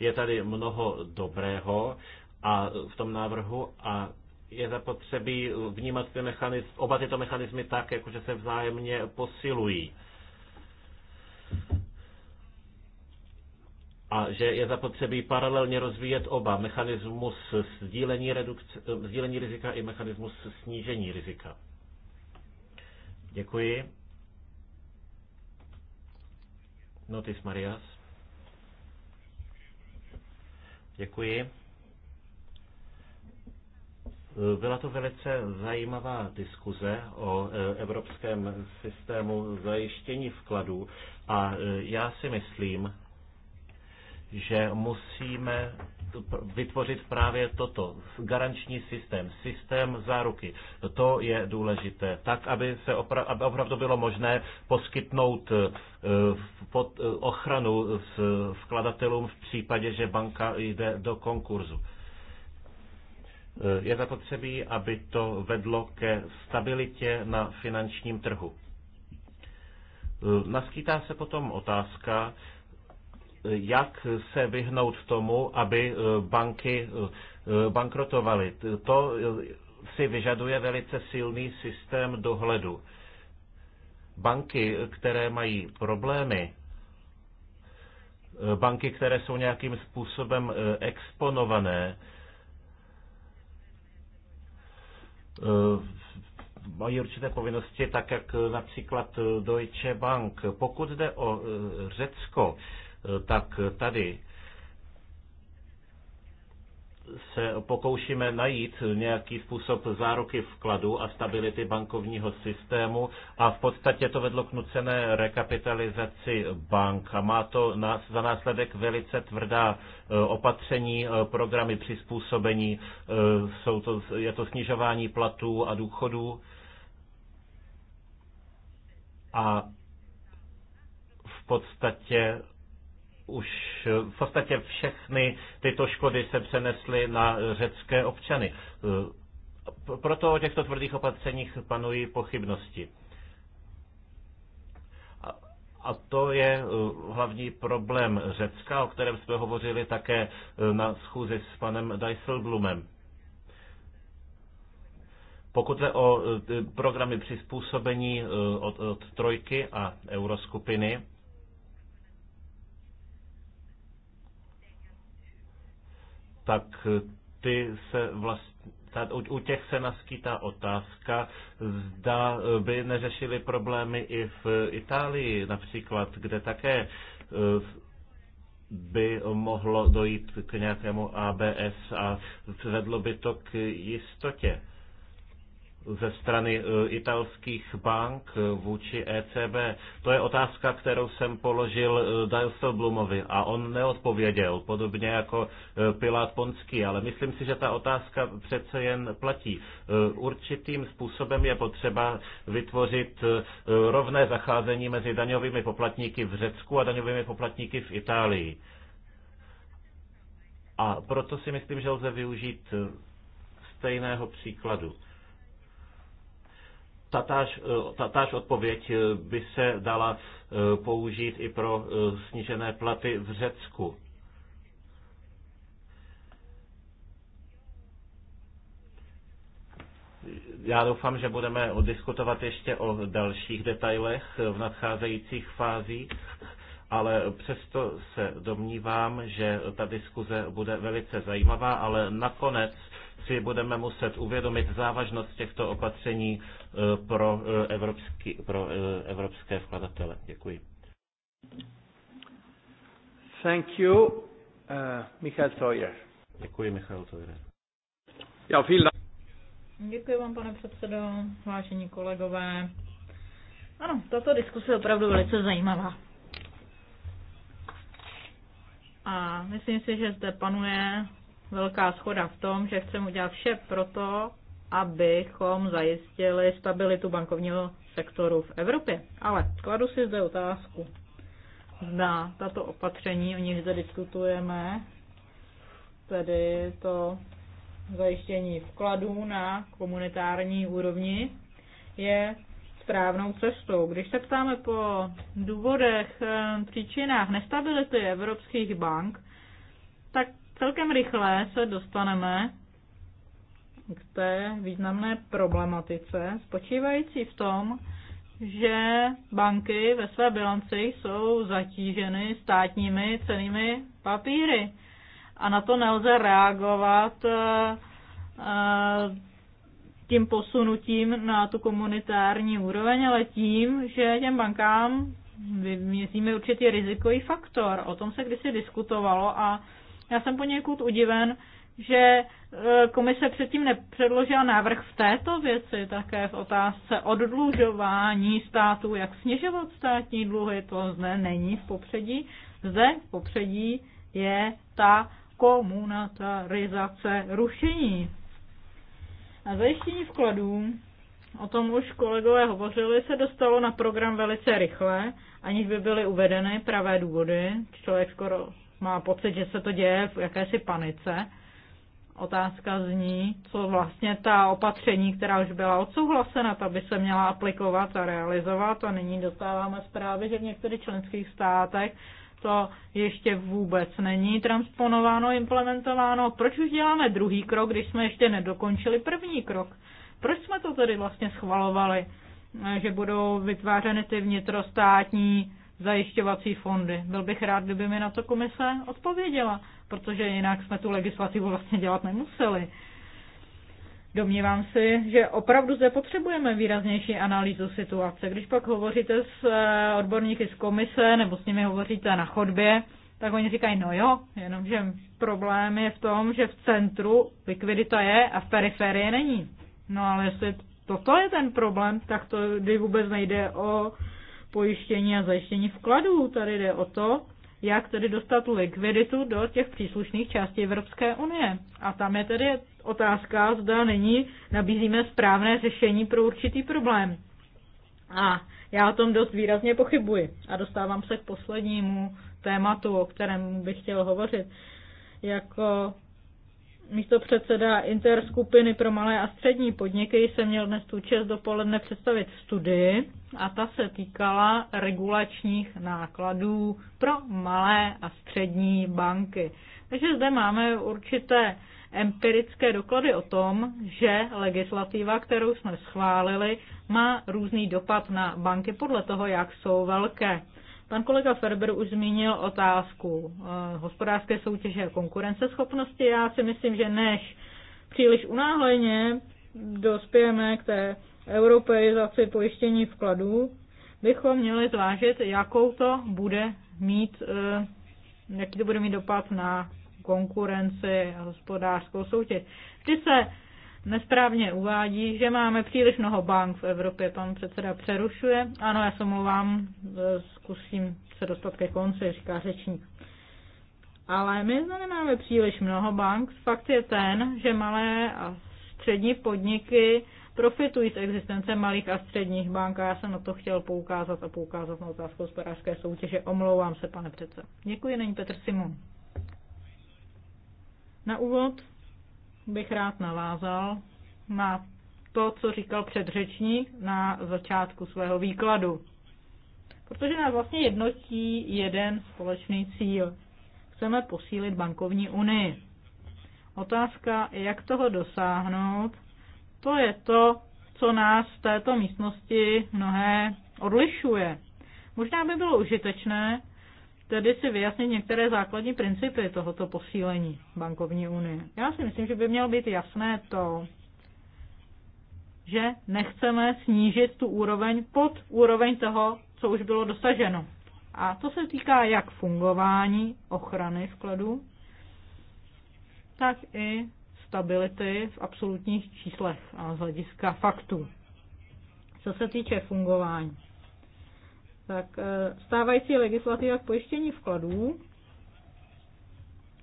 je tady mnoho dobrého a v tom návrhu a je zapotřebí vnímat ty mechanizmy, oba tyto mechanismy tak, jakože se vzájemně posilují. A že je zapotřebí paralelně rozvíjet oba, mechanismus sdílení, redukce, sdílení rizika i mechanismus snížení rizika. Děkuji. Notis Marias. Děkuji. Byla to velice zajímavá diskuze o e, evropském systému zajištění vkladů a e, já si myslím, že musíme vytvořit právě toto, garanční systém, systém záruky. To je důležité, tak, aby se opra- aby opravdu bylo možné poskytnout e, pod ochranu s vkladatelům v případě, že banka jde do konkurzu. Eh, je zapotřebí, aby to vedlo ke stabilitě na finančním trhu. Eh, naskýtá se potom otázka, eh, jak se vyhnout tomu, aby banky bankrotovaly. To si vyžaduje velice silný systém dohledu. Banky, které mají problémy, banky, které jsou nějakým způsobem exponované Eh, mají určité povinnosti, tak jak eh, například eh, Deutsche Bank. Pokud jde o Řecko, tak tady se pokoušíme najít nějaký způsob záruky vkladu a stability bankovního systému a v podstatě to vedlo k nucené rekapitalizaci bank a má to za následek velice tvrdá e, opatření, e, programy přizpůsobení, e, jsou to, je to snižování platů a důchodů a v podstatě už v podstatě všechny tyto škody se přenesly na řecké občany. Proto o těchto tvrdých opatřeních panují pochybnosti. A to je e, hlavní problém Řecka, o kterém jsme hovořili také e, na schůzi s panem Dijsselblumem. Pokud jde o e, programy přizpůsobení od, od trojky a euroskupiny, tak eh, ty se vlastně u těch se naskýtá otázka, zda eh, by neřešili problémy i v Itálii například, kde také eh, by mohlo dojít k nějakému ABS a vedlo by to k jistotě ze strany e, italských bank e, vůči ECB? To je otázka, kterou jsem položil e, Dijsselblumovi a on neodpověděl, podobně jako Pilát Ponský, ale myslím si, že ta otázka přece jen platí. Určitým způsobem je potřeba vytvořit rovné zacházení mezi daňovými poplatníky v Řecku a daňovými poplatníky v Itálii. A proto si myslím, že lze využít stejného příkladu. Tatáž, eh, tatáž odpověď eh, by se dala eh, použít i pro snížené platy v Řecku. Já doufám, že budeme diskutovat ještě o dalších detailech v nadcházejících fázích, ale přesto se domnívám, že ta diskuze bude velice zajímavá, ale nakonec si budeme muset uvědomit závažnost těchto opatření eh, pro, eh, evropský, pro eh, evropské vkladatele. Děkuji. Thank you, uh, Michal Toyer. Děkuji, Michal Toyer. Ja, vielen Děkuji vám, pane předsedo, vážení kolegové. Ano, tato diskuse je opravdu velice zajímavá. A myslím si, že zde panuje velká schoda v tom, že chceme udělat vše pro to, abychom zajistili stabilitu bankovního sektoru v Evropě. Ale kladu si zde otázku. Zda tato opatření, o nich zde diskutujeme, tedy to zajištění vkladů na komunitární úrovni, je správnou cestou. Když se ptáme po důvodech, eh, příčinách nestability evropských bank, celkem rychle se dostaneme k té významné problematice, spočívající v tom, že banky ve své bilanci jsou zatíženy státními cenými papíry. A na to nelze reagovat eh, eh, tím posunutím na tu komunitární úroveň, ale tím, že těm bankám vyměříme určitý rizikový faktor. O tom se kdysi diskutovalo a já jsem poněkud udiven, že e, komise předtím nepředložila návrh v této věci, také v otázce oddlužování států, jak snižovat státní dluhy, to zde není v popředí. Zde v popředí je ta komunatarizace rušení. A zajištění vkladů, o tom už kolegové hovořili, se dostalo na program velice rychle, aniž by byly uvedeny pravé důvody. Člověk skoro má pocit, že se to děje v jakési panice. Otázka zní, co vlastně ta opatření, která už byla odsouhlasena, ta by se měla aplikovat a realizovat a nyní dostáváme zprávy, že v některých členských státech to ještě vůbec není transponováno, implementováno. Proč už děláme druhý krok, když jsme ještě nedokončili první krok? Proč jsme to tedy vlastně schvalovali, že budou vytvářeny ty vnitrostátní zajišťovací fondy. Byl bych rád, kdyby mi na to komise odpověděla, protože jinak jsme tu legislativu vlastně dělat nemuseli. Domnívám si, že opravdu zde potřebujeme výraznější analýzu situace. Když pak hovoříte s eh, odborníky z komise nebo s nimi hovoříte na chodbě, tak oni říkají, no jo, jenomže problém je v tom, že v centru likvidita je a v periferii není. No ale jestli toto je ten problém, tak to kdy vůbec nejde o pojištění a zajištění vkladů. Tady jde o to, jak tedy dostat likviditu do těch příslušných částí Evropské unie. A tam je tedy otázka, zda není nabízíme správné řešení pro určitý problém. A já o tom dost výrazně pochybuji. A dostávám se k poslednímu tématu, o kterém bych chtěl hovořit. Jako místo předseda interskupiny pro malé a střední podniky jsem měl dnes tu čest dopoledne představit studii a ta se týkala regulačních nákladů pro malé a střední banky. Takže zde máme určité empirické doklady o tom, že legislativa, kterou jsme schválili, má různý dopad na banky podle toho, jak jsou velké. Pan kolega Ferber už zmínil otázku eh, hospodářské soutěže a konkurenceschopnosti. Já si myslím, že než příliš unáhleně dospějeme k té europeizaci pojištění vkladů, bychom měli zvážit, jakou to bude mít, eh, jaký to bude mít dopad na konkurenci a hospodářskou soutěž. Vždy se nesprávně uvádí, že máme příliš mnoho bank v Evropě. Pan předseda přerušuje. Ano, já se omlouvám, eh, zkusím se dostat ke konci, říká řečník. Ale my zde nemáme příliš mnoho bank. Fakt je ten, že malé a střední podniky profitují z existence malých a středních bank a já jsem na to chtěl poukázat a poukázat na otázku hospodářské soutěže. Omlouvám se, pane přece. Děkuji, není Petr Simon. Na úvod bych rád navázal na to, co říkal předřečník na začátku svého výkladu protože nás vlastně jednotí jeden společný cíl. Chceme posílit bankovní unii. Otázka, jak toho dosáhnout, to je to, co nás v této místnosti mnohé odlišuje. Možná by bylo užitečné tedy si vyjasnit některé základní principy tohoto posílení bankovní unie. Já si myslím, že by mělo být jasné to, že nechceme snížit tu úroveň pod úroveň toho, co už bylo dosaženo. A to se týká jak fungování ochrany vkladů, tak i stability v absolutních číslech a z hlediska faktů. Co se týče fungování, tak eh, stávající legislativa k pojištění vkladů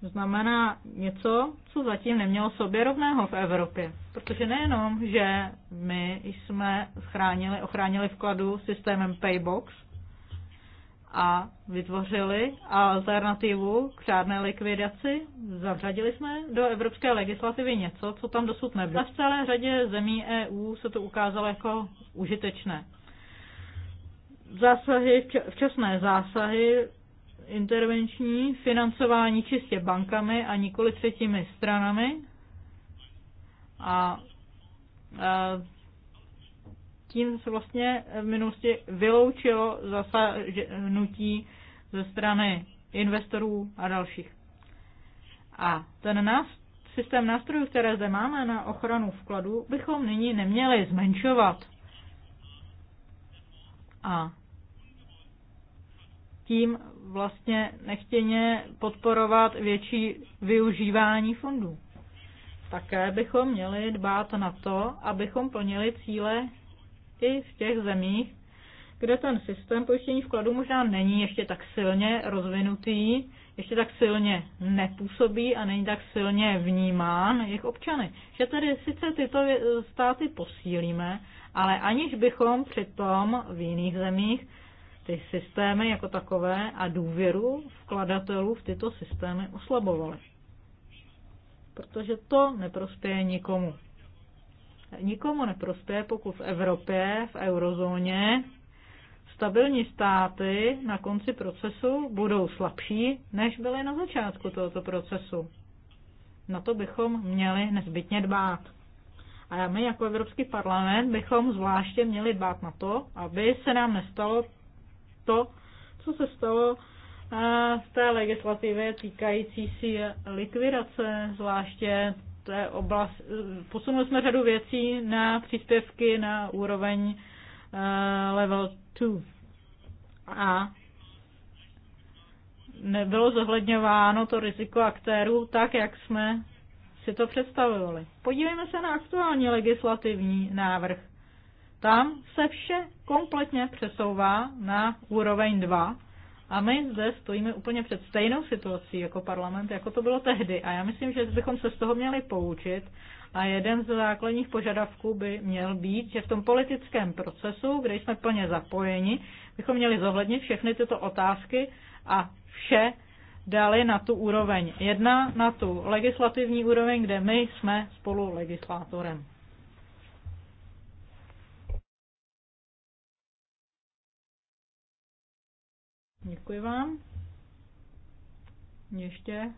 znamená něco, co zatím nemělo sobě rovného v Evropě. Protože nejenom, že my jsme chránili, ochránili vkladu systémem Paybox a vytvořili alternativu k řádné likvidaci, zařadili jsme do evropské legislativy něco, co tam dosud nebylo. A v celé řadě zemí EU se to ukázalo jako užitečné. Zásahy, včasné zásahy intervenční financování čistě bankami a nikoli třetími stranami. A tím se vlastně v minulosti vyloučilo zasahnutí ze strany investorů a dalších. A ten nás, systém nástrojů, které zde máme na ochranu vkladu, bychom nyní neměli zmenšovat. A tím vlastně nechtěně podporovat větší využívání fondů. Také bychom měli dbát na to, abychom plnili cíle i v těch zemích, kde ten systém pojištění vkladu možná není ještě tak silně rozvinutý, ještě tak silně nepůsobí a není tak silně vnímán jejich občany. Že tedy sice tyto státy posílíme, ale aniž bychom přitom v jiných zemích ty systémy jako takové a důvěru vkladatelů v tyto systémy oslabovaly. Protože to neprospěje nikomu. Nikomu neprospěje, pokud v Evropě, v eurozóně, stabilní státy na konci procesu budou slabší, než byly na začátku tohoto procesu. Na to bychom měli nezbytně dbát. A my jako Evropský parlament bychom zvláště měli dbát na to, aby se nám nestalo to, co se stalo eh, v té legislativě týkající si likvidace, zvláště té oblast. Posunuli jsme řadu věcí na příspěvky na úroveň eh, level 2. A nebylo zohledňováno to riziko aktérů tak, jak jsme si to představovali. Podívejme se na aktuální legislativní návrh. Tam se vše kompletně přesouvá na úroveň 2. A my zde stojíme úplně před stejnou situací jako parlament, jako to bylo tehdy. A já myslím, že bychom se z toho měli poučit. A jeden z základních požadavků by měl být, že v tom politickém procesu, kde jsme plně zapojeni, bychom měli zohlednit všechny tyto otázky a vše dali na tu úroveň jedna, na tu legislativní úroveň, kde my jsme spolu legislátorem. Děkuji vám. Ještě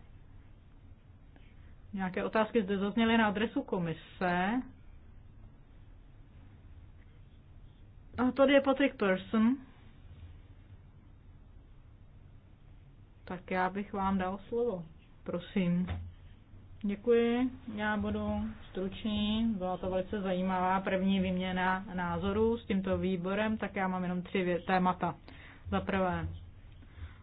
nějaké otázky zde zazněly na adresu komise. A tady je Patrick Person. Tak já bych vám dal slovo. Prosím. Děkuji, já budu stručný. Byla to velice zajímavá první výměna názorů s tímto výborem, tak já mám jenom tři témata. Za prvé,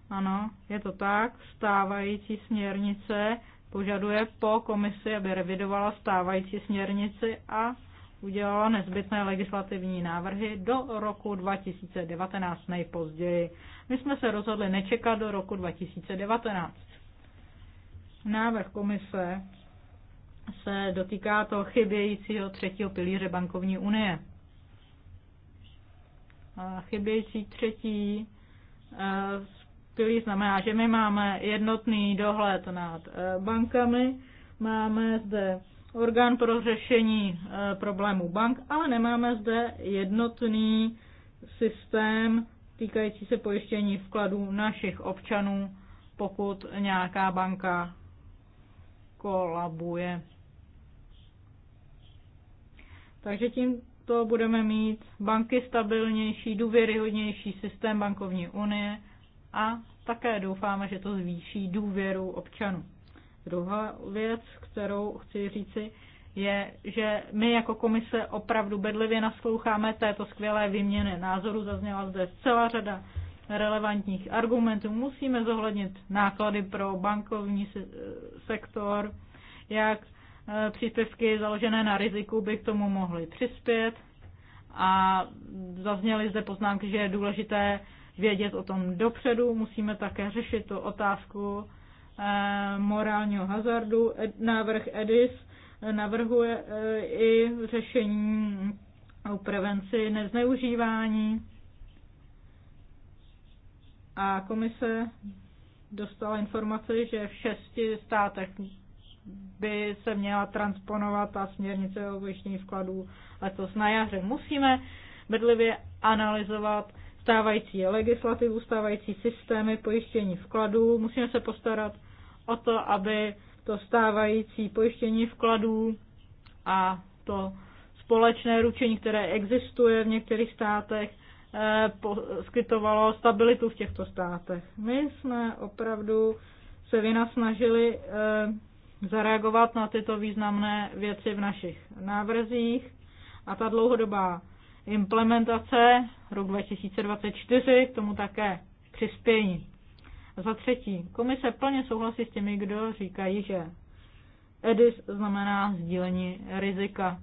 ano, je to tak. Stávající směrnice požaduje po komisi, aby revidovala stávající směrnici a udělala nezbytné legislativní návrhy do roku 2019 nejpozději. My jsme se rozhodli nečekat do roku 2019. Návrh komise se dotýká toho chybějícího třetího pilíře bankovní unie. A chybějící třetí eh, pilíř znamená, že my máme jednotný dohled nad eh, bankami, máme zde orgán pro řešení eh, problémů bank, ale nemáme zde jednotný systém týkající se pojištění vkladů našich občanů, pokud nějaká banka kolabuje. Takže tímto budeme mít banky stabilnější, důvěryhodnější systém bankovní unie a také doufáme, že to zvýší důvěru občanů. Druhá věc, kterou chci říci, je, že my jako komise opravdu bedlivě nasloucháme této skvělé výměny názorů. Zazněla zde celá řada relevantních argumentů. Musíme zohlednit náklady pro bankovní sektor, jak eh, příspěvky založené na riziku by k tomu mohly přispět. A zazněly zde poznámky, že je důležité vědět o tom dopředu, musíme také řešit tu otázku eh, morálního hazardu. Návrh EDIS eh, navrhuje eh, i řešení o prevenci nezneužívání a komise dostala informaci, že v šesti státech by se měla transponovat ta směrnice o pojištění vkladů letos na jaře. Musíme bedlivě analyzovat stávající legislativu, stávající systémy pojištění vkladů. Musíme se postarat o to, aby to stávající pojištění vkladů a to společné ručení, které existuje v některých státech, eh, poskytovalo stabilitu v těchto státech. My jsme opravdu se vynasnažili eh, zareagovat na tyto významné věci v našich návrzích a ta dlouhodobá implementace rok 2024 k tomu také přispění. Za třetí, komise plně souhlasí s těmi, kdo říkají, že EDIS znamená sdílení rizika.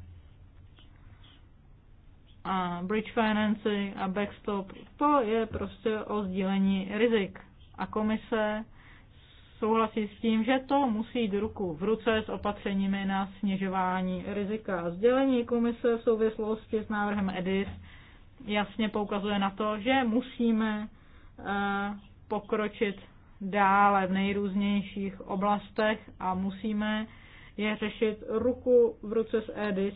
A bridge financing a backstop, to je prostě o sdílení rizik. A komise souhlasí s tím, že to musí jít ruku v ruce s opatřeními na snižování rizika. Sdělení komise v souvislosti s návrhem EDIS jasně poukazuje na to, že musíme eh, pokročit dále v nejrůznějších oblastech a musíme je řešit ruku v ruce s EDIS,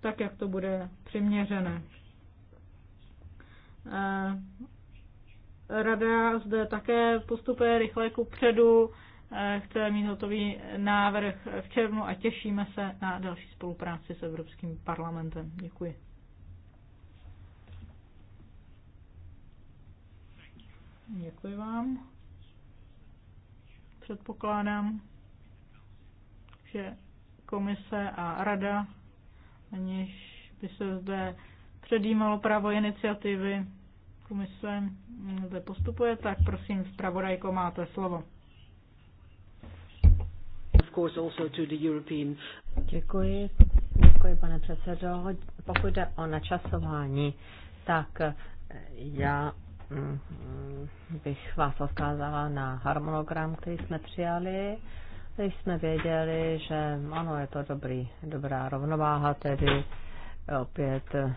tak jak to bude přiměřené. Eh, Rada zde také postupuje rychle ku předu, eh, chceme mít hotový návrh v červnu a těšíme se na další spolupráci s Evropským parlamentem. Děkuji. Děkuji vám. Předpokládám, že komise a rada, aniž by se zde předjímalo právo iniciativy, komise mm, zde postupuje, tak prosím, zpravodajko, máte slovo. Děkuji, děkuji pane předsedo. Pokud jde o načasování, tak eh, já mm, bych vás odkázala na harmonogram, který jsme přijali. Když jsme věděli, že ano, je to dobrý, dobrá rovnováha, tedy opět eh,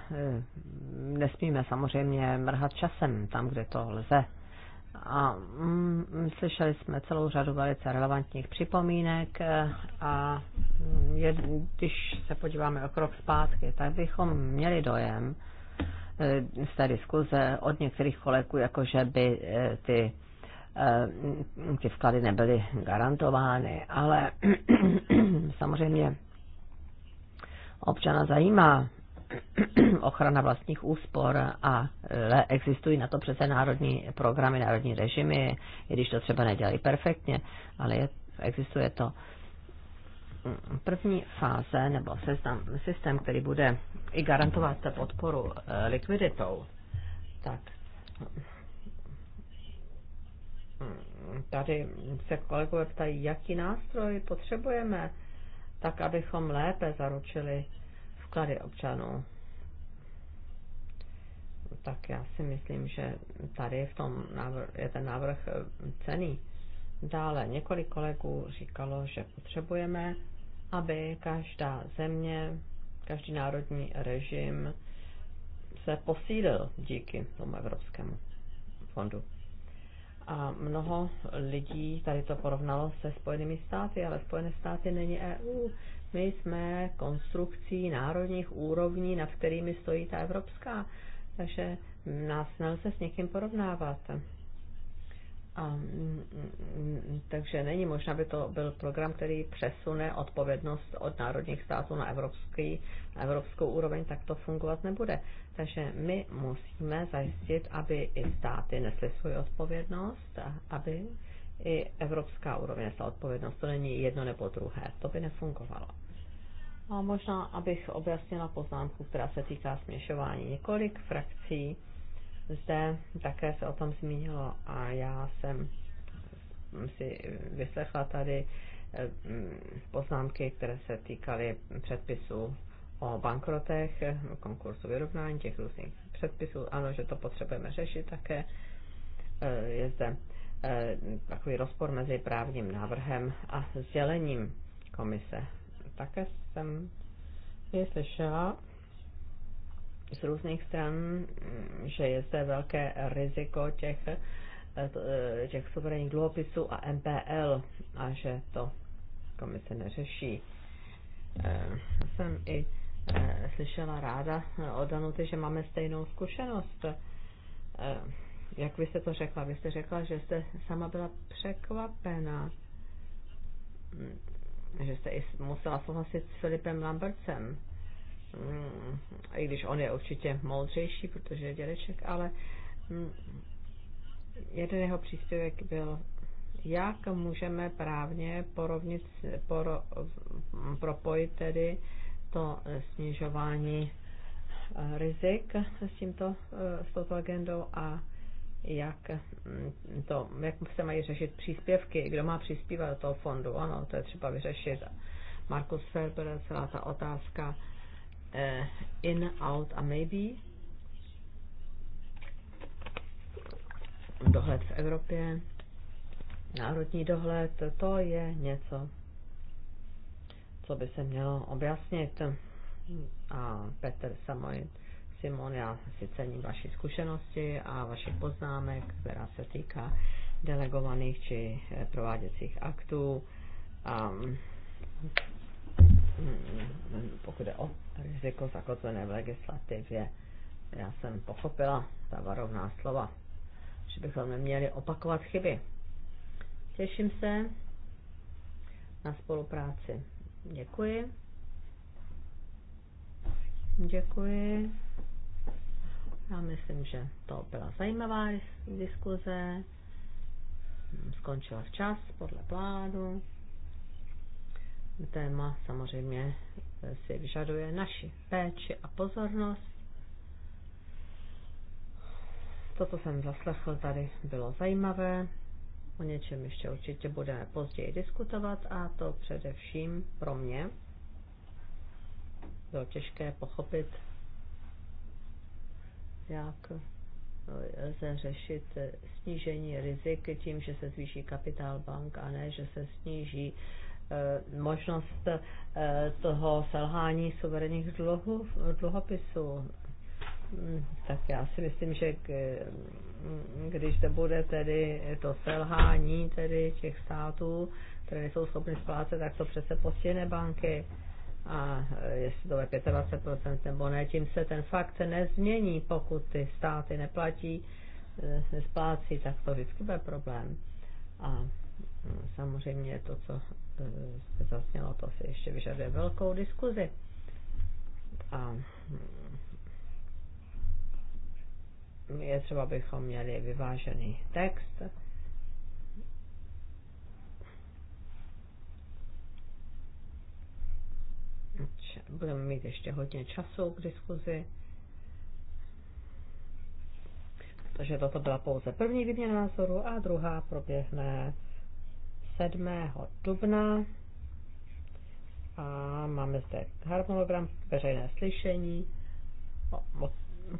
nesmíme samozřejmě mrhat časem tam, kde to lze. A mm, slyšeli jsme celou řadu velice relevantních připomínek eh, a mm, je, když se podíváme o krok zpátky, tak bychom měli dojem eh, z té diskuze od některých kolegů, jakože by ty, ty vklady nebyly garantovány, ale samozřejmě občana zajímá, ochrana vlastních úspor a e, existují na to přece národní programy, národní režimy, i když to třeba nedělají perfektně, ale je, existuje to. První fáze nebo seznam, systém, který bude i garantovat podporu e, likviditou, tak tady se kolegové ptají, jaký nástroj potřebujeme, tak abychom lépe zaručili podklady občanů. Tak já si myslím, že tady v tom návrh, je ten návrh eh, cený. Dále několik kolegů říkalo, že potřebujeme, aby každá země, každý národní režim se posílil díky tomu Evropskému fondu. A mnoho lidí tady to porovnalo se Spojenými státy, ale Spojené státy není EU my jsme konstrukcí národních úrovní, nad kterými stojí ta evropská, takže nás nelze s někým porovnávat. A, mm, mm, mm, takže není možná, aby to byl program, který přesune odpovědnost od národních států na, evropský, na evropskou úroveň, tak to fungovat nebude. Takže my musíme zajistit, aby i státy nesly svoji odpovědnost, aby i evropská úroveň nesla odpovědnost. To není jedno nebo druhé. To by nefungovalo. A možná, abych objasnila poznámku, která se týká směšování. Několik frakcí zde také se o tom zmínilo a já jsem si vyslechla tady eh, poznámky, které se týkaly předpisů o bankrotech, konkursu vyrovnání těch různých předpisů. Ano, že to potřebujeme řešit také. Eh, je zde eh, takový rozpor mezi právním návrhem a sdělením komise také jsem je slyšela z různých stran, že je zde velké riziko těch, eh, těch suverénních dluhopisů a MPL a že to komise neřeší. Já eh, jsem i eh, slyšela ráda od Danuty, že máme stejnou zkušenost. Jak vy jste to řekla? Vy jste řekla, že jste sama byla překvapena že jste i musela souhlasit s Filipem Lambertsem, mm, i když on je určitě moudřejší, protože je dědeček, ale mm, jeden jeho příspěvek byl, jak můžeme právně porovnit, poro, propojit tedy to snižování eh, rizik s, tímto, eh, s touto agendou a jak, mm, to, jak se mají řešit příspěvky, kdo má přispívat do toho fondu. Ano, to je třeba vyřešit. Markus Ferber, celá ta otázka eh, in, out a maybe. Dohled v Evropě, národní dohled, to je něco, co by se mělo objasnit. A Petr Samoin Simon, já si cením vaší zkušenosti a vašich poznámek, která se týká delegovaných či eh, prováděcích aktů. Um, pokud je o riziko zakotvené v legislativě, já jsem pochopila ta varovná slova, že bychom neměli opakovat chyby. Těším se na spolupráci. Děkuji. Děkuji. Já myslím, že to byla zajímavá diskuze. Skončila včas podle plánu. Téma samozřejmě eh, si vyžaduje naši péči a pozornost. To, co jsem zaslechl tady, bylo zajímavé. O něčem ještě určitě bude později diskutovat a to především pro mě bylo těžké pochopit jak eh, lze řešit eh, snížení rizik tím, že se zvýší kapitál bank a ne, že se sníží eh, možnost toho selhání suverénních dluhopisů. Hmm, tak já si myslím, že mm, když to bude tedy to selhání tedy těch států, které nejsou schopny splácet, tak to přece postihne banky a jestli to je 25% nebo ne, tím se ten fakt nezmění, pokud ty státy neplatí, eh, nesplácí, tak to vždycky bude problém. A hm, samozřejmě to, co eh, jste zasnělo, to si ještě vyžaduje velkou diskuzi. A hm, je třeba, abychom měli vyvážený text, budeme mít ještě hodně času k diskuzi, protože toto byla pouze první výměna názoru a druhá proběhne 7. dubna. A máme zde harmonogram veřejné slyšení, o, o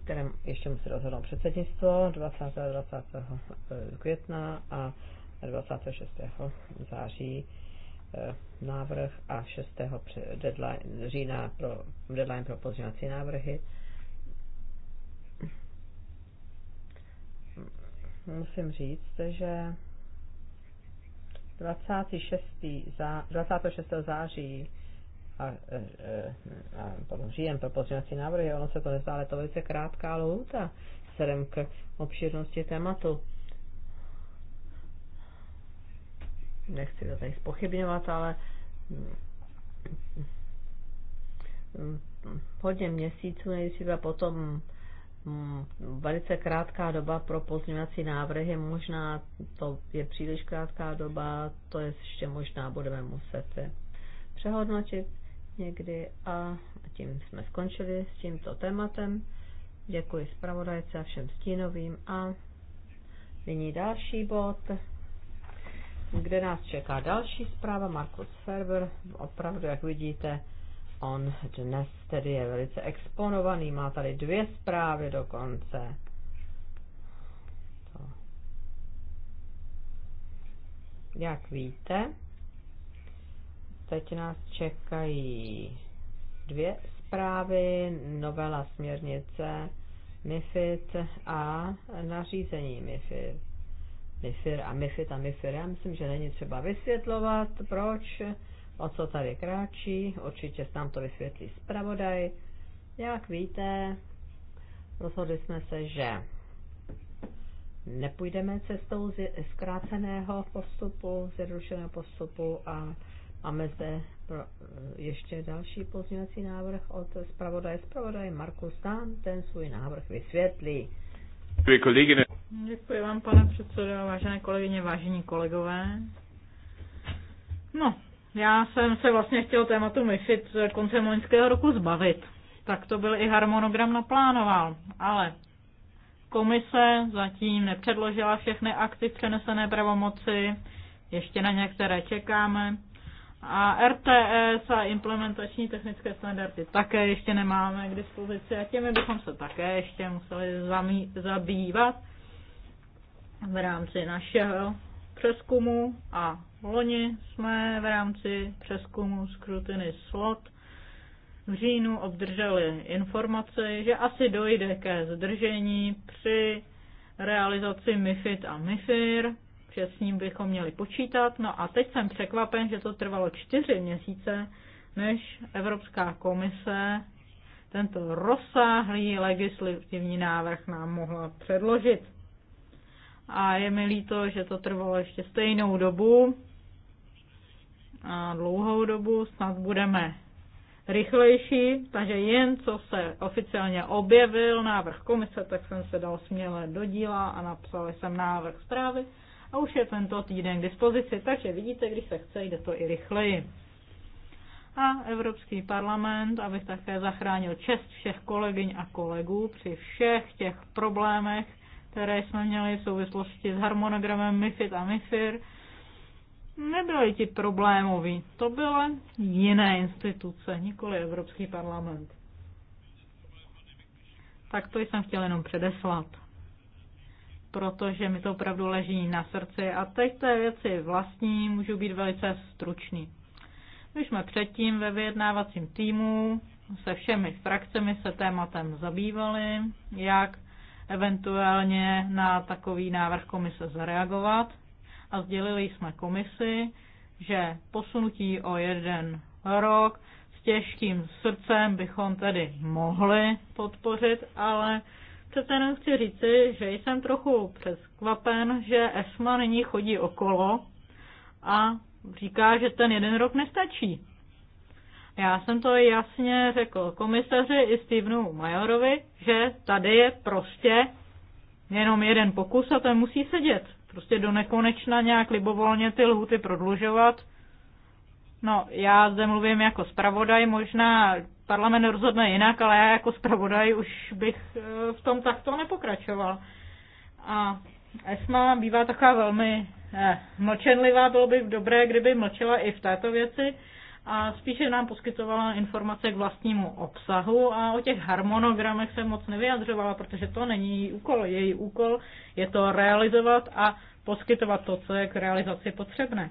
kterém ještě musí rozhodnout předsednictvo 20. 20. května a 26. září Eh, návrh a 6. Deadline, října pro deadline pro pozměňovací návrhy. Musím říct, že 26. Zá, 26. září a, a, eh, eh, a potom říjem pro pozměňovací návrhy, ono se to nezdá, ale to velice krátká lhůta vzhledem k obširnosti tématu. nechci to tady spochybňovat, ale mm, mm, hodně měsíců nejdříve potom mm, velice krátká doba pro pozměňovací návrhy, možná to je příliš krátká doba, to je ještě možná budeme muset přehodnotit někdy a tím jsme skončili s tímto tématem. Děkuji zpravodajce a všem stínovým a nyní další bod kde nás čeká další zpráva, Markus Ferber. Opravdu, jak vidíte, on dnes tedy je velice exponovaný, má tady dvě zprávy dokonce. To. Jak víte, teď nás čekají dvě zprávy, novela směrnice MIFID a nařízení MIFID MIFIR a MIFID a MIFIR. Já myslím, že není třeba vysvětlovat, proč, o co tady kráčí. Určitě nám to vysvětlí zpravodaj. Jak víte, rozhodli jsme se, že nepůjdeme cestou zkráceného postupu, zjednodušeného postupu a máme zde pro, ještě další pozměňovací návrh od zpravodaje. Zpravodaj Markus Tan ten svůj návrh vysvětlí. Děkuji vám, pane předsedo, vážené kolegyně, vážení kolegové. No, já jsem se vlastně chtěl tématu MIFID koncem loňského roku zbavit. Tak to byl i harmonogram naplánoval, ale komise zatím nepředložila všechny akty přenesené pravomoci, ještě na některé čekáme. A RTS e a implementační technické standardy také ještě nemáme k dispozici a těmi bychom se také ještě museli zabývat v rámci našeho přeskumu a loni jsme v rámci přeskumu skrutiny slot v říjnu obdrželi informace, že asi dojde ke zdržení při realizaci MIFID a MIFIR že s ním bychom měli počítat. No a teď jsem překvapen, že to trvalo čtyři měsíce, než Evropská komise tento rozsáhlý legislativní návrh nám mohla předložit. A je mi líto, že to trvalo ještě stejnou dobu, a dlouhou dobu, snad budeme rychlejší, takže jen co se oficiálně objevil návrh komise, tak jsem se dal směle do díla a napsal jsem návrh zprávy a už je tento týden k dispozici, takže vidíte, když se chce, jde to i rychleji. A Evropský parlament, abych také zachránil čest všech kolegyň a kolegů při všech těch problémech, které jsme měli v souvislosti s harmonogramem MIFID a MIFIR, nebyly ti problémoví. To byly jiné instituce, nikoli Evropský parlament. Tak to jsem chtěl jenom předeslat protože mi to opravdu leží na srdci a teď té věci vlastní můžu být velice stručný. My jsme předtím ve vyjednávacím týmu se všemi frakcemi se tématem zabývali, jak eventuálně na takový návrh komise zareagovat a sdělili jsme komisi, že posunutí o jeden rok s těžkým srdcem bychom tedy mohli podpořit, ale Přece jenom chci říci, že jsem trochu přeskvapen, že ESMA nyní chodí okolo a říká, že ten jeden rok nestačí. Já jsem to jasně řekl komisaři i Stevenu Majorovi, že tady je prostě jenom jeden pokus a ten musí sedět. Prostě do nekonečna nějak libovolně ty lhuty prodlužovat. No, já zde mluvím jako zpravodaj, možná parlament rozhodne jinak, ale já jako zpravodaj už bych eh, v tom takto nepokračoval. A ESMA bývá taková velmi eh, mlčenlivá, bylo by dobré, kdyby mlčela i v této věci a spíše nám poskytovala informace k vlastnímu obsahu a o těch harmonogramech se moc nevyjadřovala, protože to není její úkol. Její úkol je to realizovat a poskytovat to, co je k realizaci potřebné.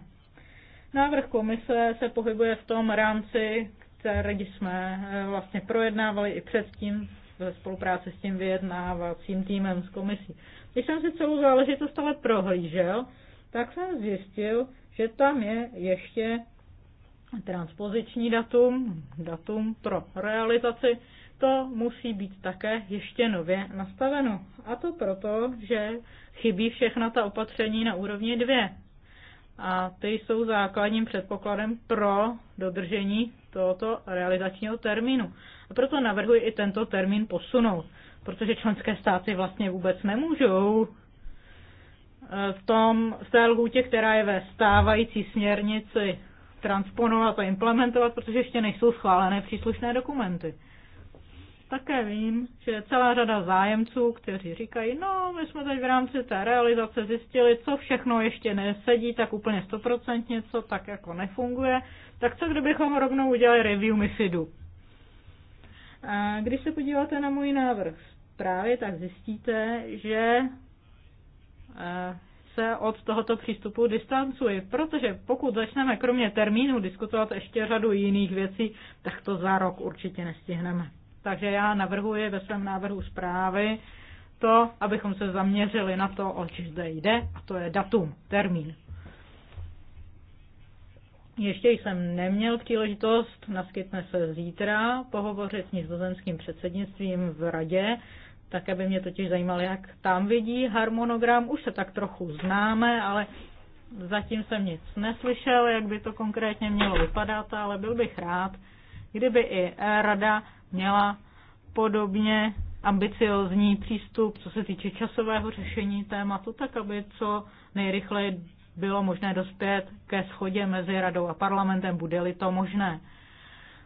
Návrh komise se pohybuje v tom rámci, rádi jsme eh, vlastně projednávali i předtím ve spolupráci s tím vyjednávacím týmem z komisí. Když jsem si celou záležitost ale prohlížel, tak jsem zjistil, že tam je ještě transpoziční datum, datum pro realizaci, to musí být také ještě nově nastaveno. A to proto, že chybí všechna ta opatření na úrovni 2. A ty jsou základním předpokladem pro dodržení tohoto realizačního termínu. A proto navrhuji i tento termín posunout, protože členské státy vlastně vůbec nemůžou eh, v, tom, v té lhůtě, která je ve stávající směrnici, transponovat a implementovat, protože ještě nejsou schválené příslušné dokumenty. Také vím, že je celá řada zájemců, kteří říkají, no, my jsme teď v rámci té realizace zjistili, co všechno ještě nesedí tak úplně stoprocentně, co tak jako nefunguje tak co kdybychom rovnou udělali review MIFIDu? A když se podíváte na můj návrh zprávy, tak zjistíte, že eh, se od tohoto přístupu distancuji, protože pokud začneme kromě termínu diskutovat ještě řadu jiných věcí, tak to za rok určitě nestihneme. Takže já navrhuji ve svém návrhu zprávy to, abychom se zaměřili na to, o čem zde jde, a to je datum, termín. Ještě jsem neměl příležitost, naskytne se zítra, pohovořit s nizozemským předsednictvím v radě, tak aby mě totiž zajímalo, jak tam vidí harmonogram. Už se tak trochu známe, ale zatím jsem nic neslyšel, jak by to konkrétně mělo vypadat, ale byl bych rád, kdyby i rada měla podobně ambiciozní přístup, co se týče časového řešení tématu, tak aby co nejrychleji bylo možné dospět ke schodě mezi radou a parlamentem, bude-li to možné.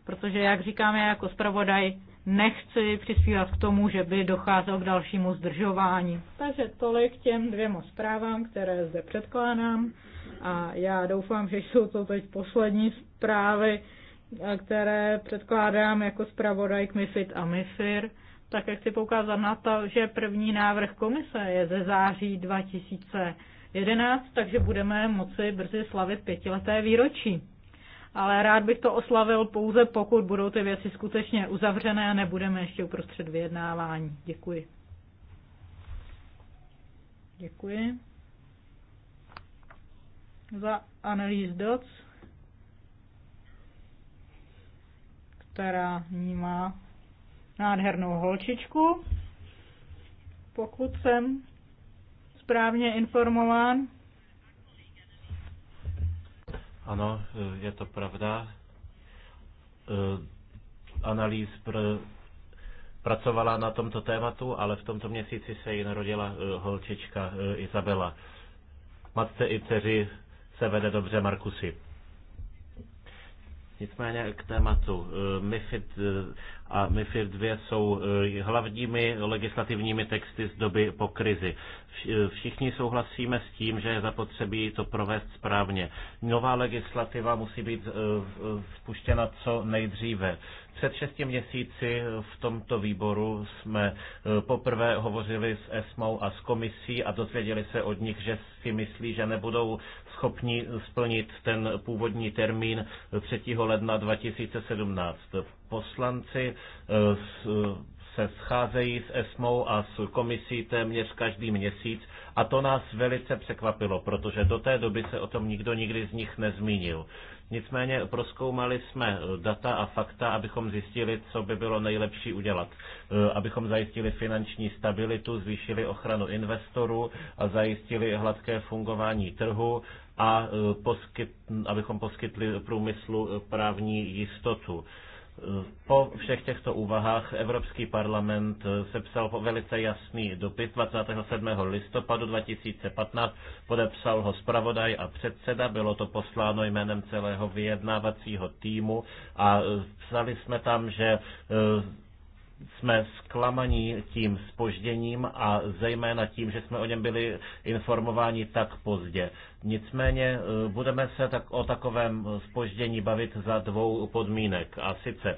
Protože, jak říkám, já jako zpravodaj nechci přispívat k tomu, že by docházelo k dalšímu zdržování. Takže tolik těm dvěma zprávám, které zde předkládám. A já doufám, že jsou to teď poslední zprávy, které předkládám jako zpravodaj k MIFID a MIFIR. Také chci poukázat na to, že první návrh komise je ze září 2000 11, takže budeme moci brzy slavit pětileté výročí. Ale rád bych to oslavil pouze, pokud budou ty věci skutečně uzavřené a nebudeme ještě uprostřed vyjednávání. Děkuji. Děkuji. Za Annelies Doc, která ní má nádhernou holčičku, pokud jsem správně informován? Ano, je to pravda. E, analýz pr- pracovala na tomto tématu, ale v tomto měsíci se jí narodila e, holčička e, Izabela. Matce i dceři se vede dobře Markusy. Nicméně k tématu. Eh, MIFID eh, a MIFID 2 jsou eh, hlavními legislativními texty z doby po krizi. Všichni souhlasíme s tím, že je zapotřebí to provést správně. Nová legislativa musí být spuštěna co nejdříve. Před šesti měsíci v tomto výboru jsme poprvé hovořili s ESMO a s komisí a dozvěděli se od nich, že si myslí, že nebudou schopni splnit ten původní termín 3. ledna 2017. Poslanci eh, se scházejí s ESMO a s komisí téměř každý měsíc a to nás velice překvapilo, protože do té doby se o tom nikdo nikdy z nich nezmínil. Nicméně proskoumali jsme eh, data a fakta, abychom zjistili, co by bylo nejlepší udělat. Eh, abychom zajistili finanční stabilitu, zvýšili ochranu investorů a zajistili hladké fungování trhu a e, poskyt, abychom poskytli průmyslu e, právní jistotu. E, po všech těchto úvahách Evropský parlament sepsal velice jasný dopis 27. listopadu 2015, podepsal ho zpravodaj a předseda, bylo to posláno jménem celého vyjednávacího týmu a psali jsme tam, že jsme zklamaní tím spožděním a zejména tím, že jsme o něm byli informováni tak pozdě. Nicméně eh, budeme se tak o takovém spoždění bavit za dvou podmínek. A sice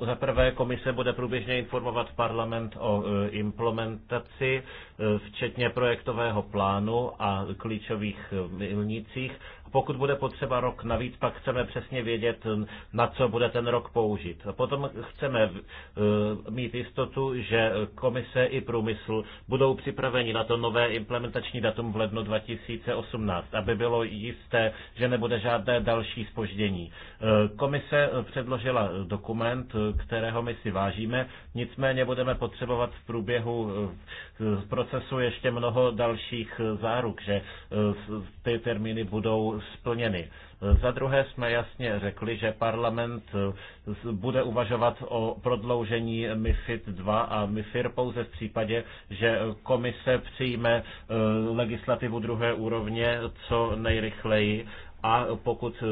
eh, za prvé komise bude průběžně informovat parlament o eh, implementaci, včetně projektového plánu a klíčových milnicích pokud bude potřeba rok navíc, pak chceme přesně vědět, na co bude ten rok použit. Potom chceme mít jistotu, že komise i průmysl budou připraveni na to nové implementační datum v lednu 2018 aby bylo jisté, že nebude žádné další spoždění. E, komise e, předložila dokument, e, kterého my si vážíme, nicméně budeme potřebovat v průběhu procesu ještě mnoho dalších záruk, že ty termíny budou splněny. Za druhé jsme jasně řekli, že parlament eh, bude uvažovat o prodloužení MIFID 2 a MIFIR pouze v případě, že komise přijme eh, legislativu druhé úrovně co nejrychleji a pokud eh,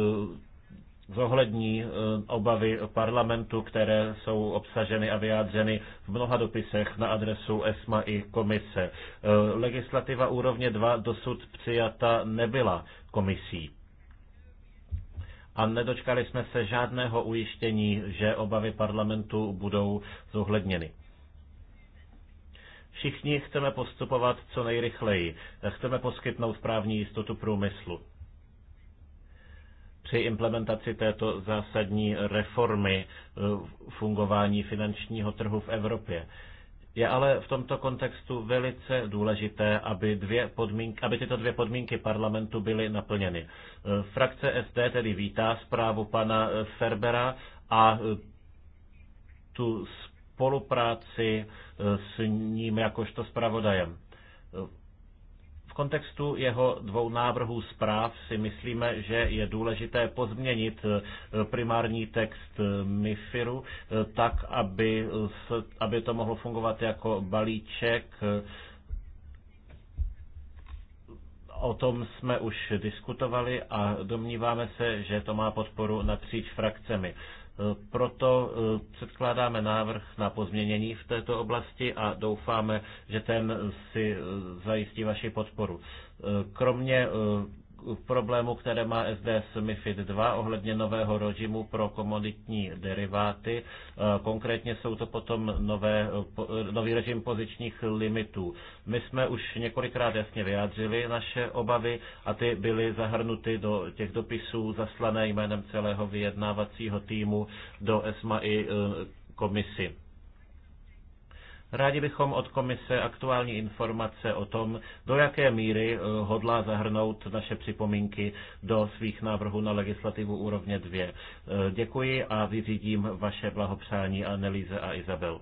zohlední obavy parlamentu, které jsou obsaženy a vyjádřeny v mnoha dopisech na adresu ESMA i komise. Legislativa úrovně 2 dosud přijata nebyla komisí a nedočkali jsme se žádného ujištění, že obavy parlamentu budou zohledněny. Všichni chceme postupovat co nejrychleji. Chceme poskytnout právní jistotu průmyslu. Při implementaci této zásadní reformy eh, fungování finančního trhu v Evropě je ale v tomto kontextu velice důležité, aby, dvě podmínky, aby tyto dvě podmínky parlamentu byly naplněny. Eh, frakce SD tedy vítá zprávu pana eh, Ferbera a eh, tu spolupráci s ním jakožto zpravodajem kontextu jeho dvou návrhů zpráv si myslíme, že je důležité pozměnit eh, primární text eh, MIFIRu eh, tak, aby, aby to mohlo fungovat jako balíček O tom jsme už diskutovali a domníváme se, že to má podporu napříč frakcemi. Proto eh, předkládáme návrh na pozměnění v této oblasti a doufáme, že ten si eh, zajistí vaši podporu. Eh, kromě problému, které má SDS MIFID 2 ohledně nového režimu pro komoditní deriváty. E, konkrétně jsou to potom nové, e, e, nový režim pozičních limitů. My jsme už několikrát jasně vyjádřili naše obavy a ty byly zahrnuty do těch dopisů zaslané jménem celého vyjednávacího týmu do ESMA i komisi. Rádi bychom od komise aktuální informace o tom, do jaké míry eh, hodlá zahrnout naše připomínky do svých návrhů na legislativu úrovně 2. Eh, děkuji a vyřídím vaše blahopřání Annelíze a Izabel.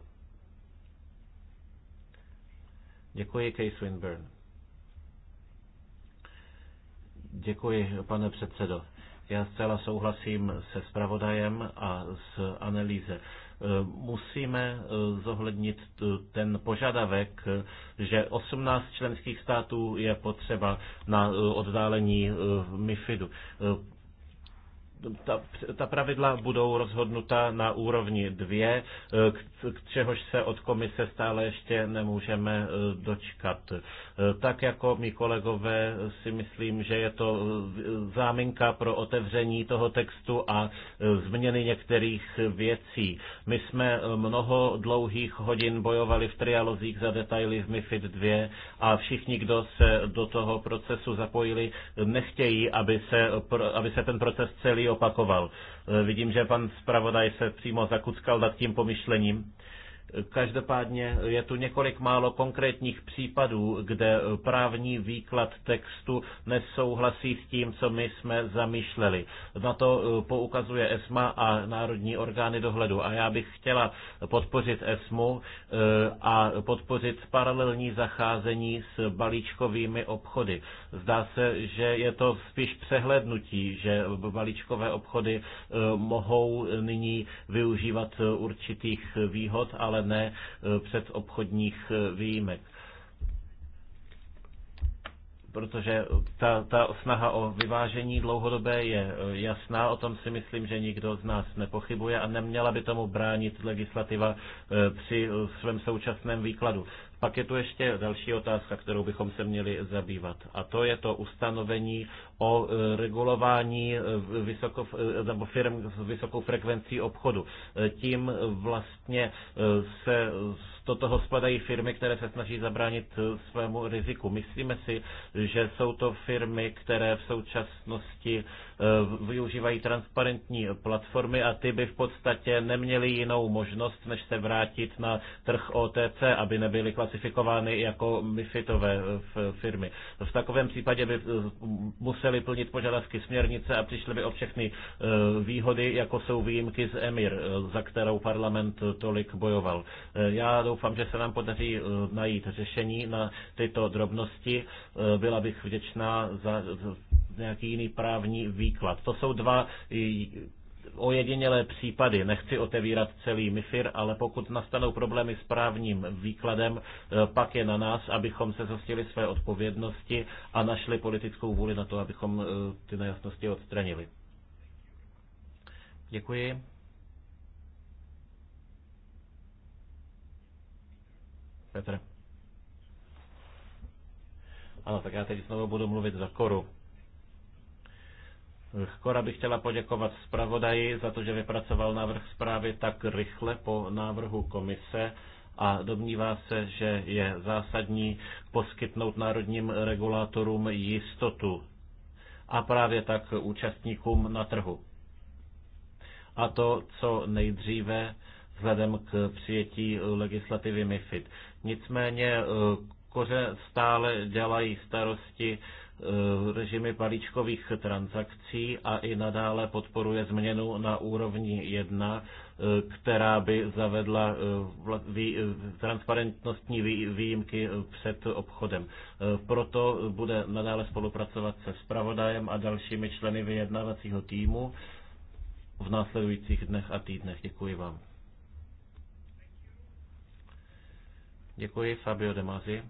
Děkuji, Kay Swinburne. Děkuji, pane předsedo. Já zcela souhlasím se spravodajem a s analýze. Eh, musíme eh, zohlednit ten požadavek, eh, že 18 členských států je potřeba na oddálení MIFIDu ta, ta pravidla budou rozhodnuta na úrovni dvě, k, k čehož se od komise stále ještě nemůžeme e, dočkat. E, tak jako mi kolegové si myslím, že je to e, záminka pro otevření toho textu a změny některých věcí. My jsme mnoho dlouhých hodin bojovali v trialozích za detaily v MIFID 2 a všichni, kdo se do toho procesu zapojili, nechtějí, aby se, aby se ten proces celý opakoval. E, vidím, že pan zpravodaj se přímo zakuckal nad tím pomyšlením. Každopádně je tu několik málo konkrétních případů, kde právní výklad textu nesouhlasí s tím, co my jsme zamýšleli. Na to eh, poukazuje ESMA a národní orgány dohledu. A já bych chtěla podpořit ESMu eh, a podpořit paralelní zacházení s balíčkovými obchody. Zdá se, že je to spíš přehlednutí, že balíčkové obchody eh, mohou nyní využívat určitých výhod, ale ale ne eh, před obchodních eh, výjimek protože ta, ta snaha o vyvážení dlouhodobé je eh, jasná, o tom si myslím, že nikdo z nás nepochybuje a neměla by tomu bránit legislativa při svém současném výkladu. Pak je tu ještě další otázka, kterou bychom se měli zabývat. A to je to ustanovení o e, regulování e, vysoko, e, nebo firm s vysokou frekvencí obchodu. Tím vlastně se do toho spadají firmy, které se snaží zabránit eh, svému riziku. Myslíme si, že jsou to firmy, které v současnosti eh, využívají transparentní platformy a ty by v podstatě neměly jinou možnost, než se vrátit na trh OTC, aby nebyly klasifikovány jako MIFITové eh, firmy. V takovém případě by museli plnit požadavky směrnice a přišli by o všechny výhody, jako jsou výjimky z EMIR, za kterou parlament tolik bojoval. Já doufám, doufám, že se nám podaří eh, najít řešení na tyto drobnosti. Eh, byla bych vděčná za nějaký jiný právní výklad. To jsou dva ojedinělé případy. Nechci otevírat celý MIFIR, ale pokud nastanou problémy s právním výkladem, eh, pak je na nás, abychom se zastili své odpovědnosti a našli politickou vůli na to, abychom ty nejasnosti odstranili. Děkuji. Petr. Ano, tak já teď znovu budu mluvit za Koru. Kora bych chtěla poděkovat zpravodaji za to, že vypracoval návrh zprávy tak rychle po návrhu komise a domnívá se, že je zásadní poskytnout národním regulátorům jistotu a právě tak účastníkům na trhu. A to, co nejdříve vzhledem k přijetí legislativy MIFID. Nicméně eh, koře stále dělají starosti eh, režimy palíčkových transakcí a i nadále podporuje změnu na úrovni 1, eh, která by zavedla transparentnostní výjimky před obchodem. Proto bude nadále spolupracovat se spravodajem a dalšími členy vyjednávacího týmu v následujících dnech a týdnech. Děkuji vám. Děkuji, Fabio De Masi.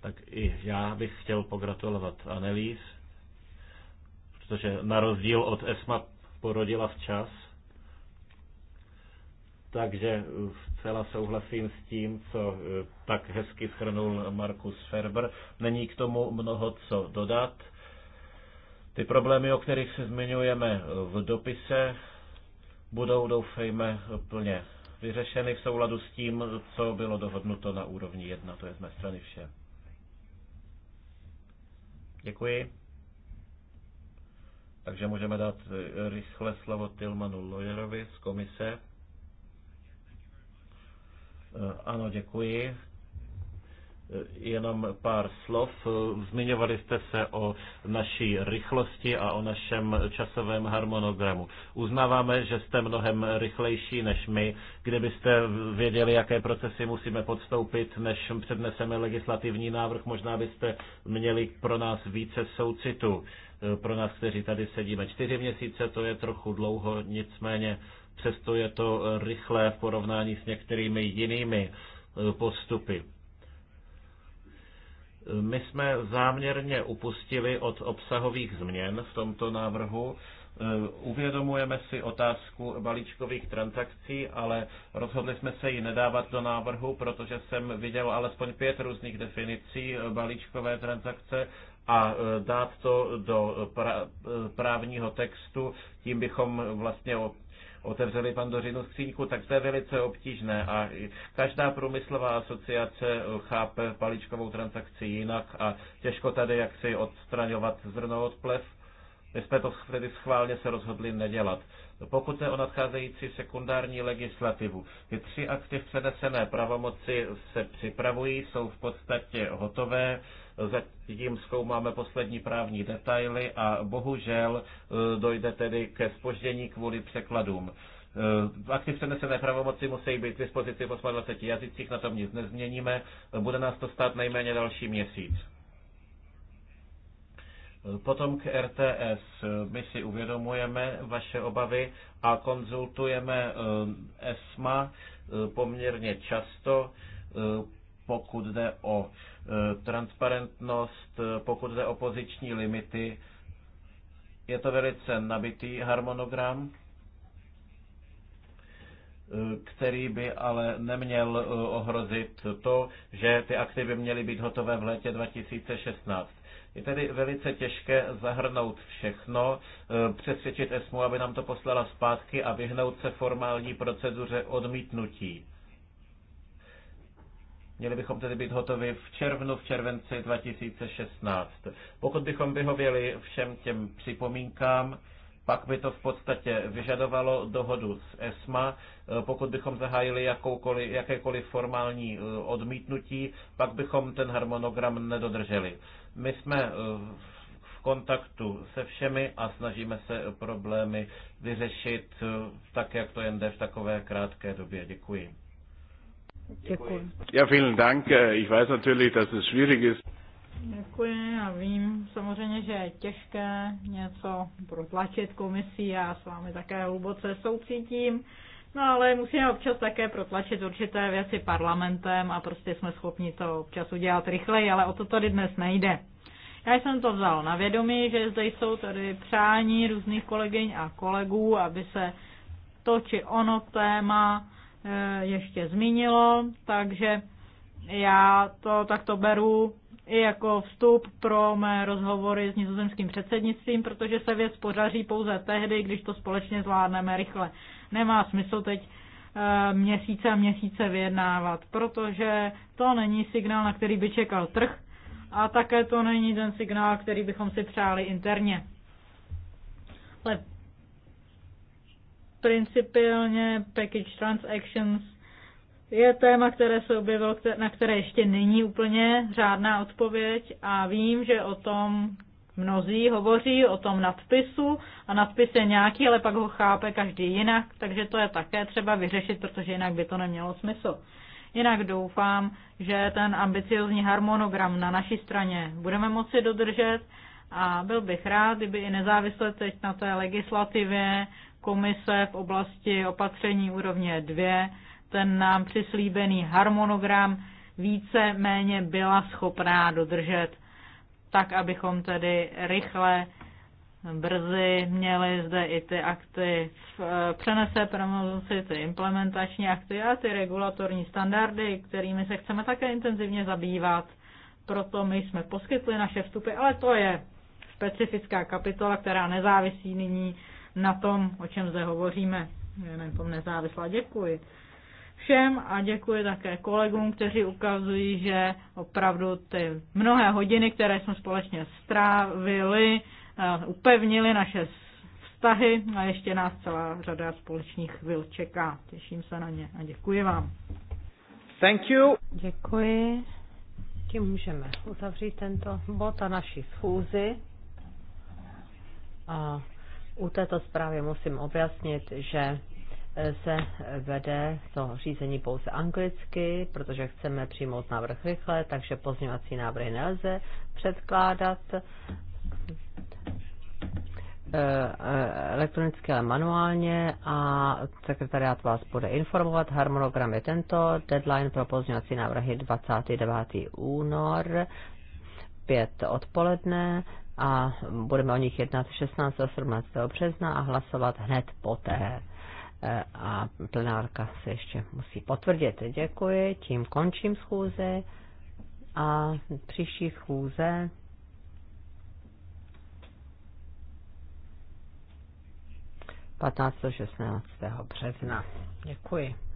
Tak i já bych chtěl pogratulovat Annelies, protože na rozdíl od ESMA porodila včas. Takže eh, zcela souhlasím s tím, co eh, tak hezky schrnul Markus Ferber. Není k tomu mnoho co dodat. Ty problémy, o kterých se zmiňujeme v dopise, budou, doufejme, plně vyřešeny v souladu s tím, co bylo dohodnuto na úrovni 1. To je z mé strany vše. Děkuji. Takže můžeme dát eh, rychle slovo Tilmanu Lojerovi z komise. Eh, ano, děkuji. Eh, jenom pár slov. Zmiňovali jste se o naší rychlosti a o našem časovém harmonogramu. Uznáváme, že jste mnohem rychlejší než my. Kdybyste věděli, jaké procesy musíme podstoupit, než předneseme legislativní návrh, možná byste měli pro nás více soucitu. Eh, pro nás, kteří tady sedíme čtyři měsíce, to je trochu dlouho, nicméně přesto je to rychlé v porovnání s některými jinými eh, postupy my jsme záměrně upustili od obsahových změn v tomto návrhu. Eh, uvědomujeme si otázku balíčkových transakcí, ale rozhodli jsme se ji nedávat do návrhu, protože jsem viděl alespoň pět různých definicí balíčkové transakce a eh, dát to do eh, právního textu, tím bychom vlastně otevřeli pandořinu skříňku, tak to je velice obtížné a každá průmyslová asociace chápe paličkovou transakci jinak a těžko tady jaksi odstraňovat zrno od plev my jsme to tedy schválně se rozhodli nedělat. Pokud je o nadcházející sekundární legislativu, ty tři akty v přenesené pravomoci se připravují, jsou v podstatě hotové, zatím zkoumáme poslední právní detaily a bohužel e, dojde tedy ke spoždění kvůli překladům. E, akty přenesené pravomoci musí být k dispozici v 28 jazycích, na tom nic nezměníme, bude nás to stát nejméně další měsíc. Potom k RTS. My si uvědomujeme vaše obavy a konzultujeme eh, ESMA eh, poměrně často, eh, pokud jde o transparentnost, pokud jde o poziční limity. Je to velice nabitý harmonogram, který by ale neměl ohrozit to, že ty aktivy měly být hotové v létě 2016 je tedy velice těžké zahrnout všechno, eh, přesvědčit ESMU, aby nám to poslala zpátky a vyhnout se formální proceduře odmítnutí. Měli bychom tedy být hotovi v červnu, v červenci 2016. Pokud bychom vyhověli všem těm připomínkám, pak by to v podstatě vyžadovalo dohodu s ESMA. Eh, pokud bychom zahájili jakékoliv formální eh, odmítnutí, pak bychom ten harmonogram nedodrželi. My jsme eh, v kontaktu se všemi a snažíme se problémy vyřešit tak, jak to jen jde v takové krátké době. Děkuji. Děkuji. Ja, vielen Dank. Äh, ich weiß natürlich, dass es schwierig ist. Děkuji, já vím samozřejmě, že je těžké něco protlačit komisí, já s vámi také hluboce soucítím, no ale musíme občas také protlačit určité věci parlamentem a prostě jsme schopni to občas udělat rychleji, ale o to tady dnes nejde. Já jsem to vzal na vědomí, že zde jsou tady přání různých kolegyň a kolegů, aby se to či ono téma eh, ještě zmínilo, takže já to takto beru i jako vstup pro mé rozhovory s nizozemským předsednictvím, protože se věc podaří pouze tehdy, když to společně zvládneme rychle. Nemá smysl teď eh, měsíce a měsíce vyjednávat, protože to není signál, na který by čekal trh a také to není ten signál, který bychom si přáli interně. Ale principiálně package transactions je téma, které se objevilo, na které ještě není úplně řádná odpověď a vím, že o tom mnozí hovoří, o tom nadpisu a nadpis je nějaký, ale pak ho chápe každý jinak, takže to je také třeba vyřešit, protože jinak by to nemělo smysl. Jinak doufám, že ten ambiciozní harmonogram na naší straně budeme moci dodržet a byl bych rád, kdyby i nezávisle teď na té legislativě komise v oblasti opatření úrovně 2 ten nám přislíbený harmonogram více méně byla schopná dodržet, tak abychom tedy rychle brzy měli zde i ty akty v eh, přenese pravomoci, ty implementační akty a ty regulatorní standardy, kterými se chceme také intenzivně zabývat. Proto my jsme poskytli naše vstupy, ale to je specifická kapitola, která nezávisí nyní na tom, o čem zde hovoříme. Jenom tom nezávislá. Děkuji všem a děkuji také kolegům, kteří ukazují, že opravdu ty mnohé hodiny, které jsme společně strávili, eh, upevnili naše vztahy a ještě nás celá řada společných chvil čeká. Těším se na ně a děkuji vám. Thank you. Děkuji. Tím můžeme uzavřít tento bod a naši schůzi. A u této zprávy musím objasnit, že se vede to řízení pouze anglicky, protože chceme přijmout návrh rychle, takže pozměňovací návrhy nelze předkládat e, e, elektronicky, ale manuálně a sekretariát vás bude informovat. Harmonogram je tento, deadline pro pozměňovací návrhy 29. únor, 5 odpoledne a budeme o nich jednat 16. a 17. března a hlasovat hned poté. Eh, a plenárka se ještě musí potvrdit. Děkuji, tím končím schůze a příští schůze patnáctého 16. března. Děkuji.